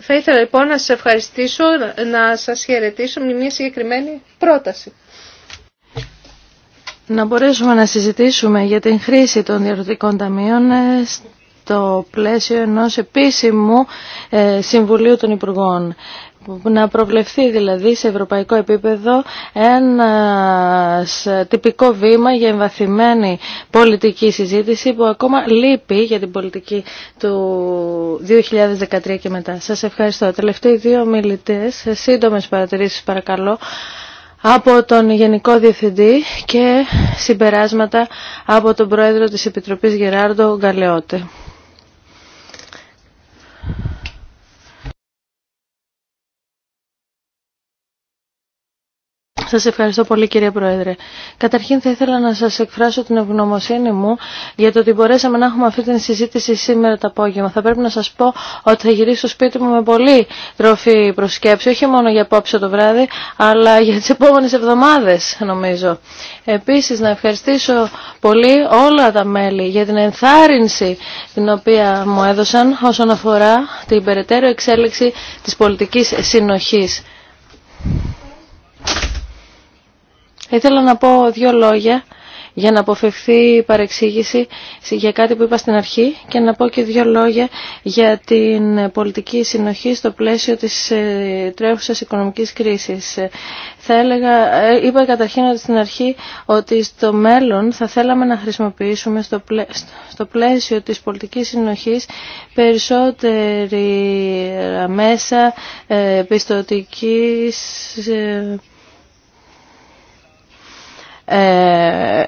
Θα ήθελα λοιπόν να σας ευχαριστήσω, να σας χαιρετήσω με μια συγκεκριμένη πρόταση. Να μπορέσουμε να συζητήσουμε για την χρήση των διαρροτικών ταμείων ε, στο πλαίσιο ενός επίσημου ε, Συμβουλίου των Υπουργών να προβλεφθεί δηλαδή σε ευρωπαϊκό επίπεδο ένα ε, τυπικό βήμα για εμβαθυμένη πολιτική συζήτηση που ακόμα λείπει για την πολιτική του 2013 και μετά. Σας ευχαριστώ. Τελευταίοι δύο μιλητές, σύντομες παρατηρήσεις παρακαλώ από τον Γενικό Διευθυντή και συμπεράσματα από τον Πρόεδρο της Επιτροπής Γεράρντο Γκαλεότε. Σας ευχαριστώ πολύ κύριε Πρόεδρε. Καταρχήν θα ήθελα να σας εκφράσω την ευγνωμοσύνη μου για το ότι μπορέσαμε να έχουμε αυτή την συζήτηση σήμερα το απόγευμα. Θα πρέπει να σας πω ότι θα γυρίσω στο σπίτι μου με πολύ τροφή προσκέψη, όχι μόνο για απόψε το βράδυ, αλλά *laughs* για τις επόμενες εβδομάδες νομίζω. Επίσης να ευχαριστήσω πολύ όλα τα μέλη για την ενθάρρυνση την οποία μου έδωσαν όσον αφορά την περαιτέρω εξέλιξη της πολιτικής συνοχής. Θα ήθελα να πω δύο λόγια για να αποφευθεί η παρεξήγηση για κάτι που είπα στην αρχή και να πω και δύο λόγια για την πολιτική συνοχή στο πλαίσιο της ε, τρέχουσας οικονομικής κρίσης. Θα έλεγα, ε, είπα καταρχήν ότι στην αρχή ότι στο μέλλον θα θέλαμε να χρησιμοποιήσουμε στο, πλαίσιο, στο πλαίσιο της πολιτικής συνοχής περισσότερη ε, μέσα πιστοτικής ε,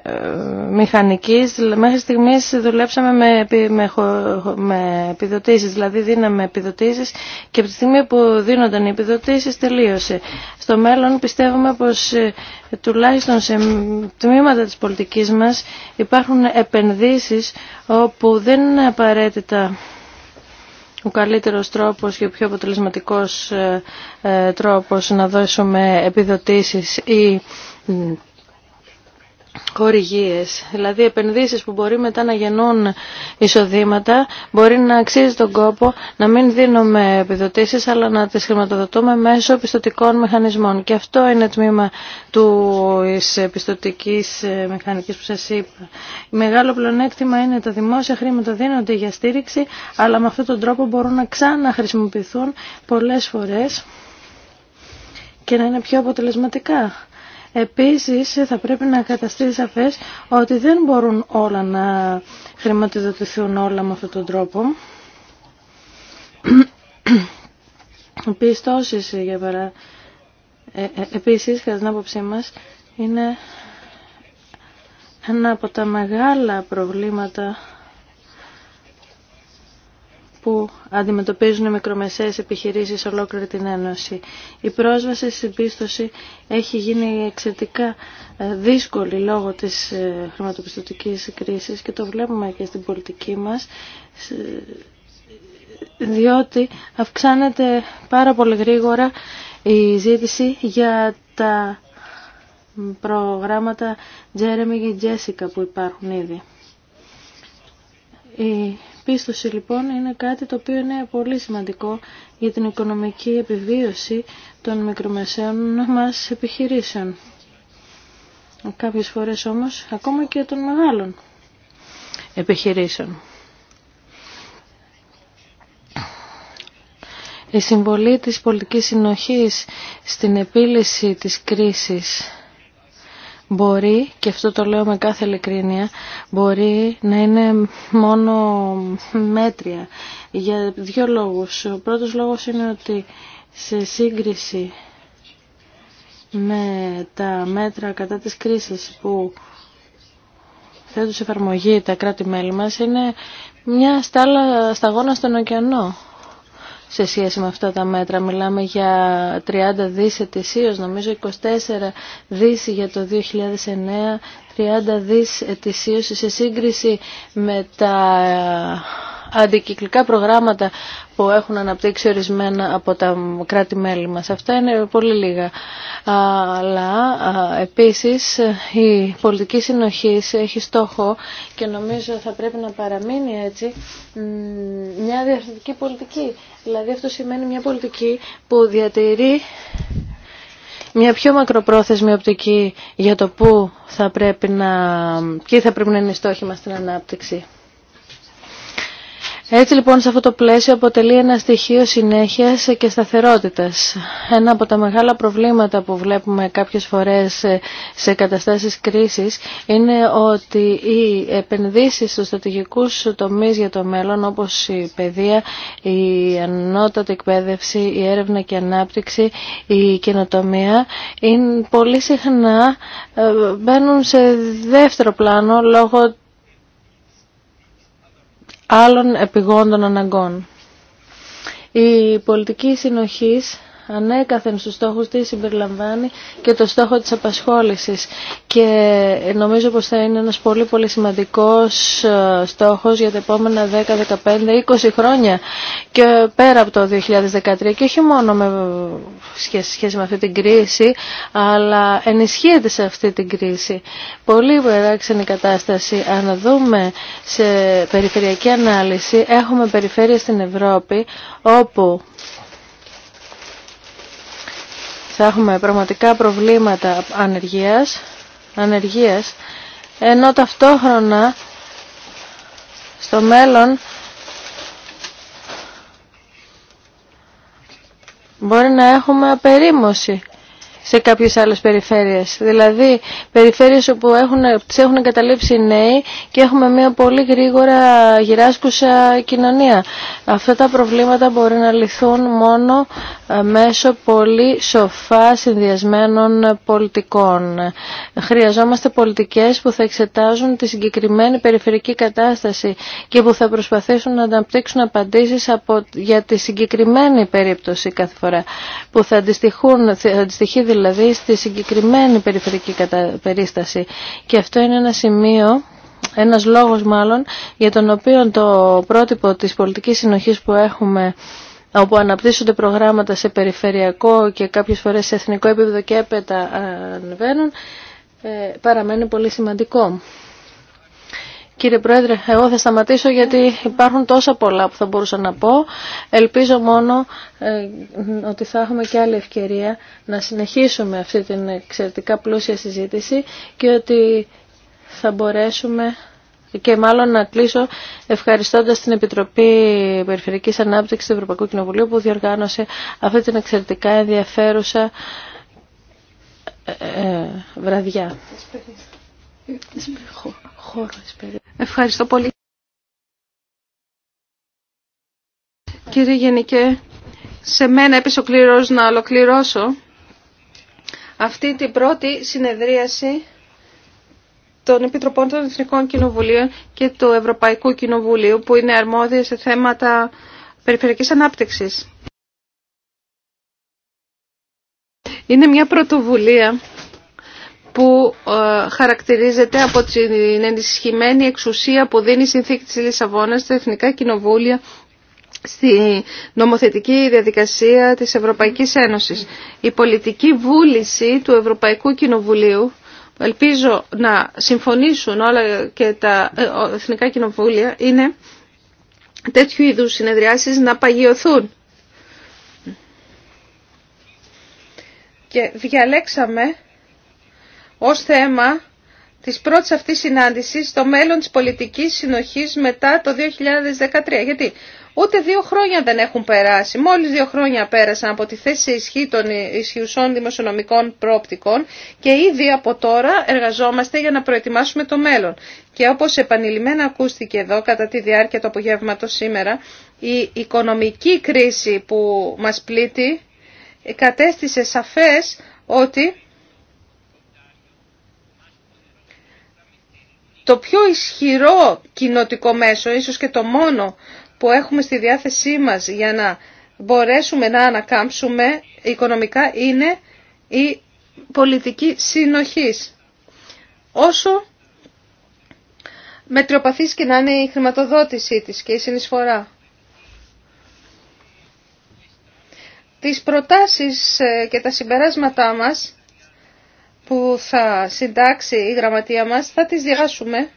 μηχανικής. Μέχρι στιγμής δουλέψαμε με, με, επιδοτήσεις, δηλαδή δίναμε επιδοτήσεις και από τη στιγμή που δίνονταν οι επιδοτήσεις τελείωσε. Στο μέλλον πιστεύουμε πως ε, τουλάχιστον σε τμήματα της πολιτικής μας υπάρχουν επενδύσεις όπου δεν είναι απαραίτητα ο καλύτερος τρόπος και ο πιο αποτελεσματικός ε, τρόπος να δώσουμε επιδοτήσεις ή χορηγίες, δηλαδή επενδύσεις που μπορεί μετά να γεννούν εισοδήματα, μπορεί να αξίζει τον κόπο να μην δίνουμε επιδοτήσεις αλλά να τις χρηματοδοτούμε μέσω πιστοτικών μηχανισμών. Και αυτό είναι το τμήμα του πιστοτικής ε, μηχανικής που σας είπα. Η μεγάλο πλονέκτημα είναι τα δημόσια χρήματα δίνονται για στήριξη αλλά με αυτόν τον τρόπο μπορούν να ξαναχρησιμοποιηθούν πολλές φορές και να είναι πιο αποτελεσματικά. Επίσης θα πρέπει να καταστεί σαφές ότι δεν μπορούν όλα να χρηματοδοτηθούν όλα με αυτόν τον τρόπο. Πιστώσεις για παρά... Ε, ε, επίσης, κατά την άποψή μας, είναι ένα από τα μεγάλα προβλήματα που αντιμετωπίζουν οι μικρομεσαίες επιχειρήσεις σε ολόκληρη την Ένωση. Η πρόσβαση στην πίστοση έχει γίνει εξαιρετικά ε, δύσκολη λόγω της ε, χρηματοπιστωτικής κρίσης και το βλέπουμε και στην πολιτική μας διότι αυξάνεται πάρα πολύ γρήγορα η ζήτηση για τα προγράμματα Jeremy και Jessica που υπάρχουν ήδη πίστοση λοιπόν είναι κάτι το οποίο είναι πολύ σημαντικό για την οικονομική επιβίωση των μικρομεσαίων μας επιχειρήσεων. Κάποιες φορές όμως ακόμα και των μεγάλων επιχειρήσεων. Η συμβολή της πολιτικής συνοχής στην επίλυση της κρίσης μπορεί, και αυτό το λέω με κάθε ειλικρίνεια, μπορεί να είναι μόνο μέτρια για δύο λόγους. Ο πρώτος λόγος είναι ότι σε σύγκριση με τα μέτρα κατά της κρίσης που θέτουν σε εφαρμογή τα κράτη-μέλη μας είναι μια στάλα σταγόνα στον ωκεανό σε σχέση με αυτά τα μέτρα. Μιλάμε για 30 δις ετησίως, νομίζω 24 δις για το 2009, 30 δις ετησίως σε σύγκριση με τα αντικυκλικά προγράμματα που έχουν αναπτύξει ορισμένα από τα κράτη-μέλη μας. Αυτά είναι πολύ λίγα. Αλλά επίσης η πολιτική συνοχή έχει στόχο και νομίζω θα πρέπει να παραμείνει έτσι μια διαφορετική πολιτική. Δηλαδή αυτό σημαίνει μια πολιτική που διατηρεί μια πιο μακροπρόθεσμη οπτική για το πού θα πρέπει να, θα πρέπει να είναι η στόχη μας στην ανάπτυξη. Έτσι λοιπόν σε αυτό το πλαίσιο αποτελεί ένα στοιχείο συνέχειας και σταθερότητας. Ένα από τα μεγάλα προβλήματα που βλέπουμε κάποιες φορές σε καταστάσεις κρίσης είναι ότι οι επενδύσεις στους στρατηγικούς τομείς για το μέλλον όπως η παιδεία, η ανώτατη εκπαίδευση, η έρευνα και ανάπτυξη, η καινοτομία είναι πολύ συχνά ε, μπαίνουν σε δεύτερο πλάνο λόγω άλλων επιγόντων αναγκών. Η πολιτική συνοχής ανέκαθεν στους στόχους της συμπεριλαμβάνει και το στόχο της απασχόλησης και νομίζω πως θα είναι ένας πολύ πολύ σημαντικός ε, στόχος για τα επόμενα 10, 15, 20 χρόνια και πέρα από το 2013 και όχι μόνο με σχέση με αυτή την κρίση αλλά ενισχύεται σε αυτή την κρίση. Πολύ η κατάσταση. Αν δούμε σε περιφερειακή ανάλυση έχουμε περιφέρειες στην Ευρώπη όπου θα έχουμε πραγματικά προβλήματα ανεργίας, ανεργίας ενώ ταυτόχρονα στο μέλλον μπορεί να έχουμε απερίμωση σε κάποιες άλλες περιφέρειες. Δηλαδή, περιφέρειες όπου έχουν, τις έχουν καταλήψει οι νέοι και έχουμε μια πολύ γρήγορα γυράσκουσα κοινωνία. Αυτά τα προβλήματα μπορεί να λυθούν μόνο ε, μέσω πολύ σοφά συνδυασμένων πολιτικών. Χρειαζόμαστε πολιτικές που θα εξετάζουν τη συγκεκριμένη περιφερική κατάσταση και που θα προσπαθήσουν να αναπτύξουν απαντήσεις από, για τη συγκεκριμένη περίπτωση κάθε φορά, που θα αντιστοιχούν, θα αντιστοιχεί δηλαδή στη συγκεκριμένη περιφερική περίσταση. Και αυτό είναι ένα σημείο ένας λόγος μάλλον για τον οποίο το πρότυπο της πολιτικής συνοχής που έχουμε όπου αναπτύσσονται προγράμματα σε περιφερειακό και κάποιες φορές σε εθνικό επίπεδο και έπειτα ανεβαίνουν ε, παραμένει πολύ σημαντικό. Κύριε Πρόεδρε, εγώ θα σταματήσω γιατί υπάρχουν τόσα πολλά που θα μπορούσα να πω. Ελπίζω μόνο ε, ότι θα έχουμε και άλλη ευκαιρία να συνεχίσουμε αυτή την εξαιρετικά πλούσια συζήτηση και ότι θα μπορέσουμε και μάλλον να κλείσω ευχαριστώντας την Επιτροπή Περιφερειακής Ανάπτυξης του Ευρωπαϊκού Κοινοβουλίου που διοργάνωσε αυτή την εξαιρετικά ενδιαφέρουσα ε, ε, βραδιά. Ευχαριστώ πολύ. Κύριε Γενικέ, σε μένα έπεσε ο κλήρος να ολοκληρώσω αυτή την πρώτη συνεδρίαση των Επιτροπών των Εθνικών Κοινοβουλίων και του Ευρωπαϊκού Κοινοβουλίου που είναι αρμόδια σε θέματα περιφερειακής ανάπτυξης. Είναι μια πρωτοβουλία που ε, χαρακτηρίζεται από την ενισχυμένη εξουσία που δίνει η συνθήκη της Λισαβόνας στα Εθνικά Κοινοβούλια στη νομοθετική διαδικασία της Ευρωπαϊκής Ένωσης. Η πολιτική βούληση του Ευρωπαϊκού Κοινοβουλίου ελπίζω να συμφωνήσουν όλα και τα ε, εθνικά κοινοβούλια είναι τέτοιου είδους συνεδριάσεις να παγιωθούν. Και διαλέξαμε ως θέμα της πρώτης αυτής συνάντησης στο μέλλον της πολιτικής συνοχής μετά το 2013. Γιατί ούτε δύο χρόνια δεν έχουν περάσει. Μόλις δύο χρόνια πέρασαν από τη θέση ισχύ των ισχυουσών δημοσιονομικών πρόπτικων και ήδη από τώρα εργαζόμαστε για να προετοιμάσουμε το μέλλον. Και όπως επανειλημμένα ακούστηκε εδώ κατά τη διάρκεια του απογεύματος σήμερα, η οικονομική κρίση που μας πλήττει κατέστησε σαφές ότι το πιο ισχυρό κοινοτικό μέσο, ίσως και το μόνο που έχουμε στη διάθεσή μας για να μπορέσουμε να ανακάμψουμε οικονομικά είναι η πολιτική συνοχής. Όσο μετριοπαθής και να είναι η χρηματοδότησή της και η συνεισφορά. Τις προτάσεις ε, και τα συμπεράσματά μας που θα συντάξει η γραμματεία μας θα τις διάσουμε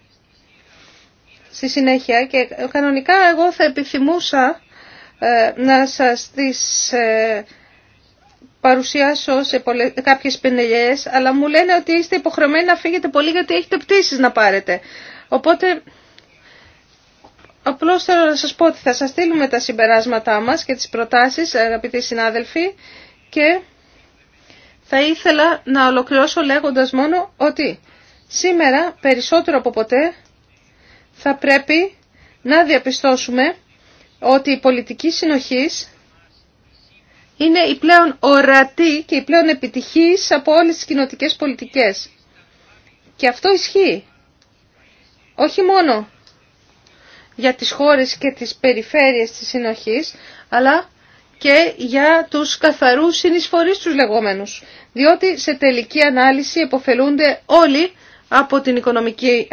στη συνέχεια και κανονικά εγώ θα επιθυμούσα ε, να σας τις ε, παρουσιάσω σε πολλές, κάποιες πενελιές, αλλά μου λένε ότι είστε υποχρεωμένοι να φύγετε πολύ γιατί έχετε πτήσεις να πάρετε. Οπότε, απλώς θέλω να σας πω ότι θα σας στείλουμε τα συμπεράσματά μας και τις προτάσεις, αγαπητοί συνάδελφοι, και θα ήθελα να ολοκληρώσω λέγοντας μόνο ότι σήμερα περισσότερο από ποτέ θα πρέπει να διαπιστώσουμε ότι η πολιτική συνοχής είναι η πλέον ορατή και η πλέον επιτυχής από όλες τις κοινοτικές πολιτικές. Και αυτό ισχύει. Όχι μόνο για τις χώρες και τις περιφέρειες της συνοχής, αλλά και για τους καθαρούς συνεισφορείς τους λεγόμενους. Διότι σε τελική ανάλυση επωφελούνται όλοι από την οικονομική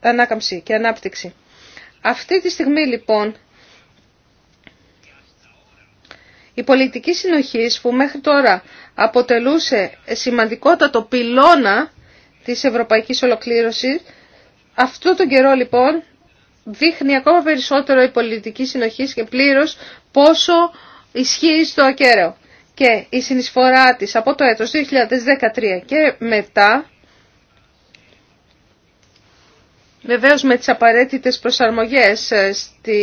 ανάκαμψη και ανάπτυξη. Αυτή τη στιγμή λοιπόν η πολιτική συνοχής που μέχρι τώρα αποτελούσε σημαντικότατο πυλώνα της ευρωπαϊκής ολοκλήρωσης, αυτό τον καιρό λοιπόν δείχνει ακόμα περισσότερο η πολιτική συνοχή και πλήρως πόσο ισχύει στο ακέραιο και η συνεισφορά της από το έτος 2013 και μετά βεβαίως με τις απαραίτητες προσαρμογές ε, στη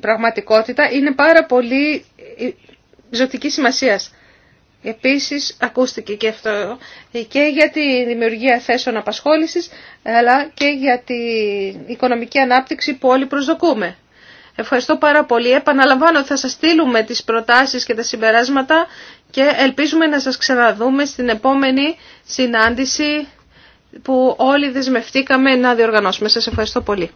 πραγματικότητα είναι πάρα πολύ ε, ζωτική σημασίας. Επίσης ακούστηκε και αυτό και για τη δημιουργία θέσεων απασχόλησης αλλά και για την οικονομική ανάπτυξη που όλοι προσδοκούμε. Ευχαριστώ πάρα πολύ. Επαναλαμβάνω ότι θα σας στείλουμε τις προτάσεις και τα συμπεράσματα και ελπίζουμε να σας ξαναδούμε στην επόμενη συνάντηση που όλοι δεσμευτήκαμε να διοργανώσουμε. Σας ευχαριστώ πολύ.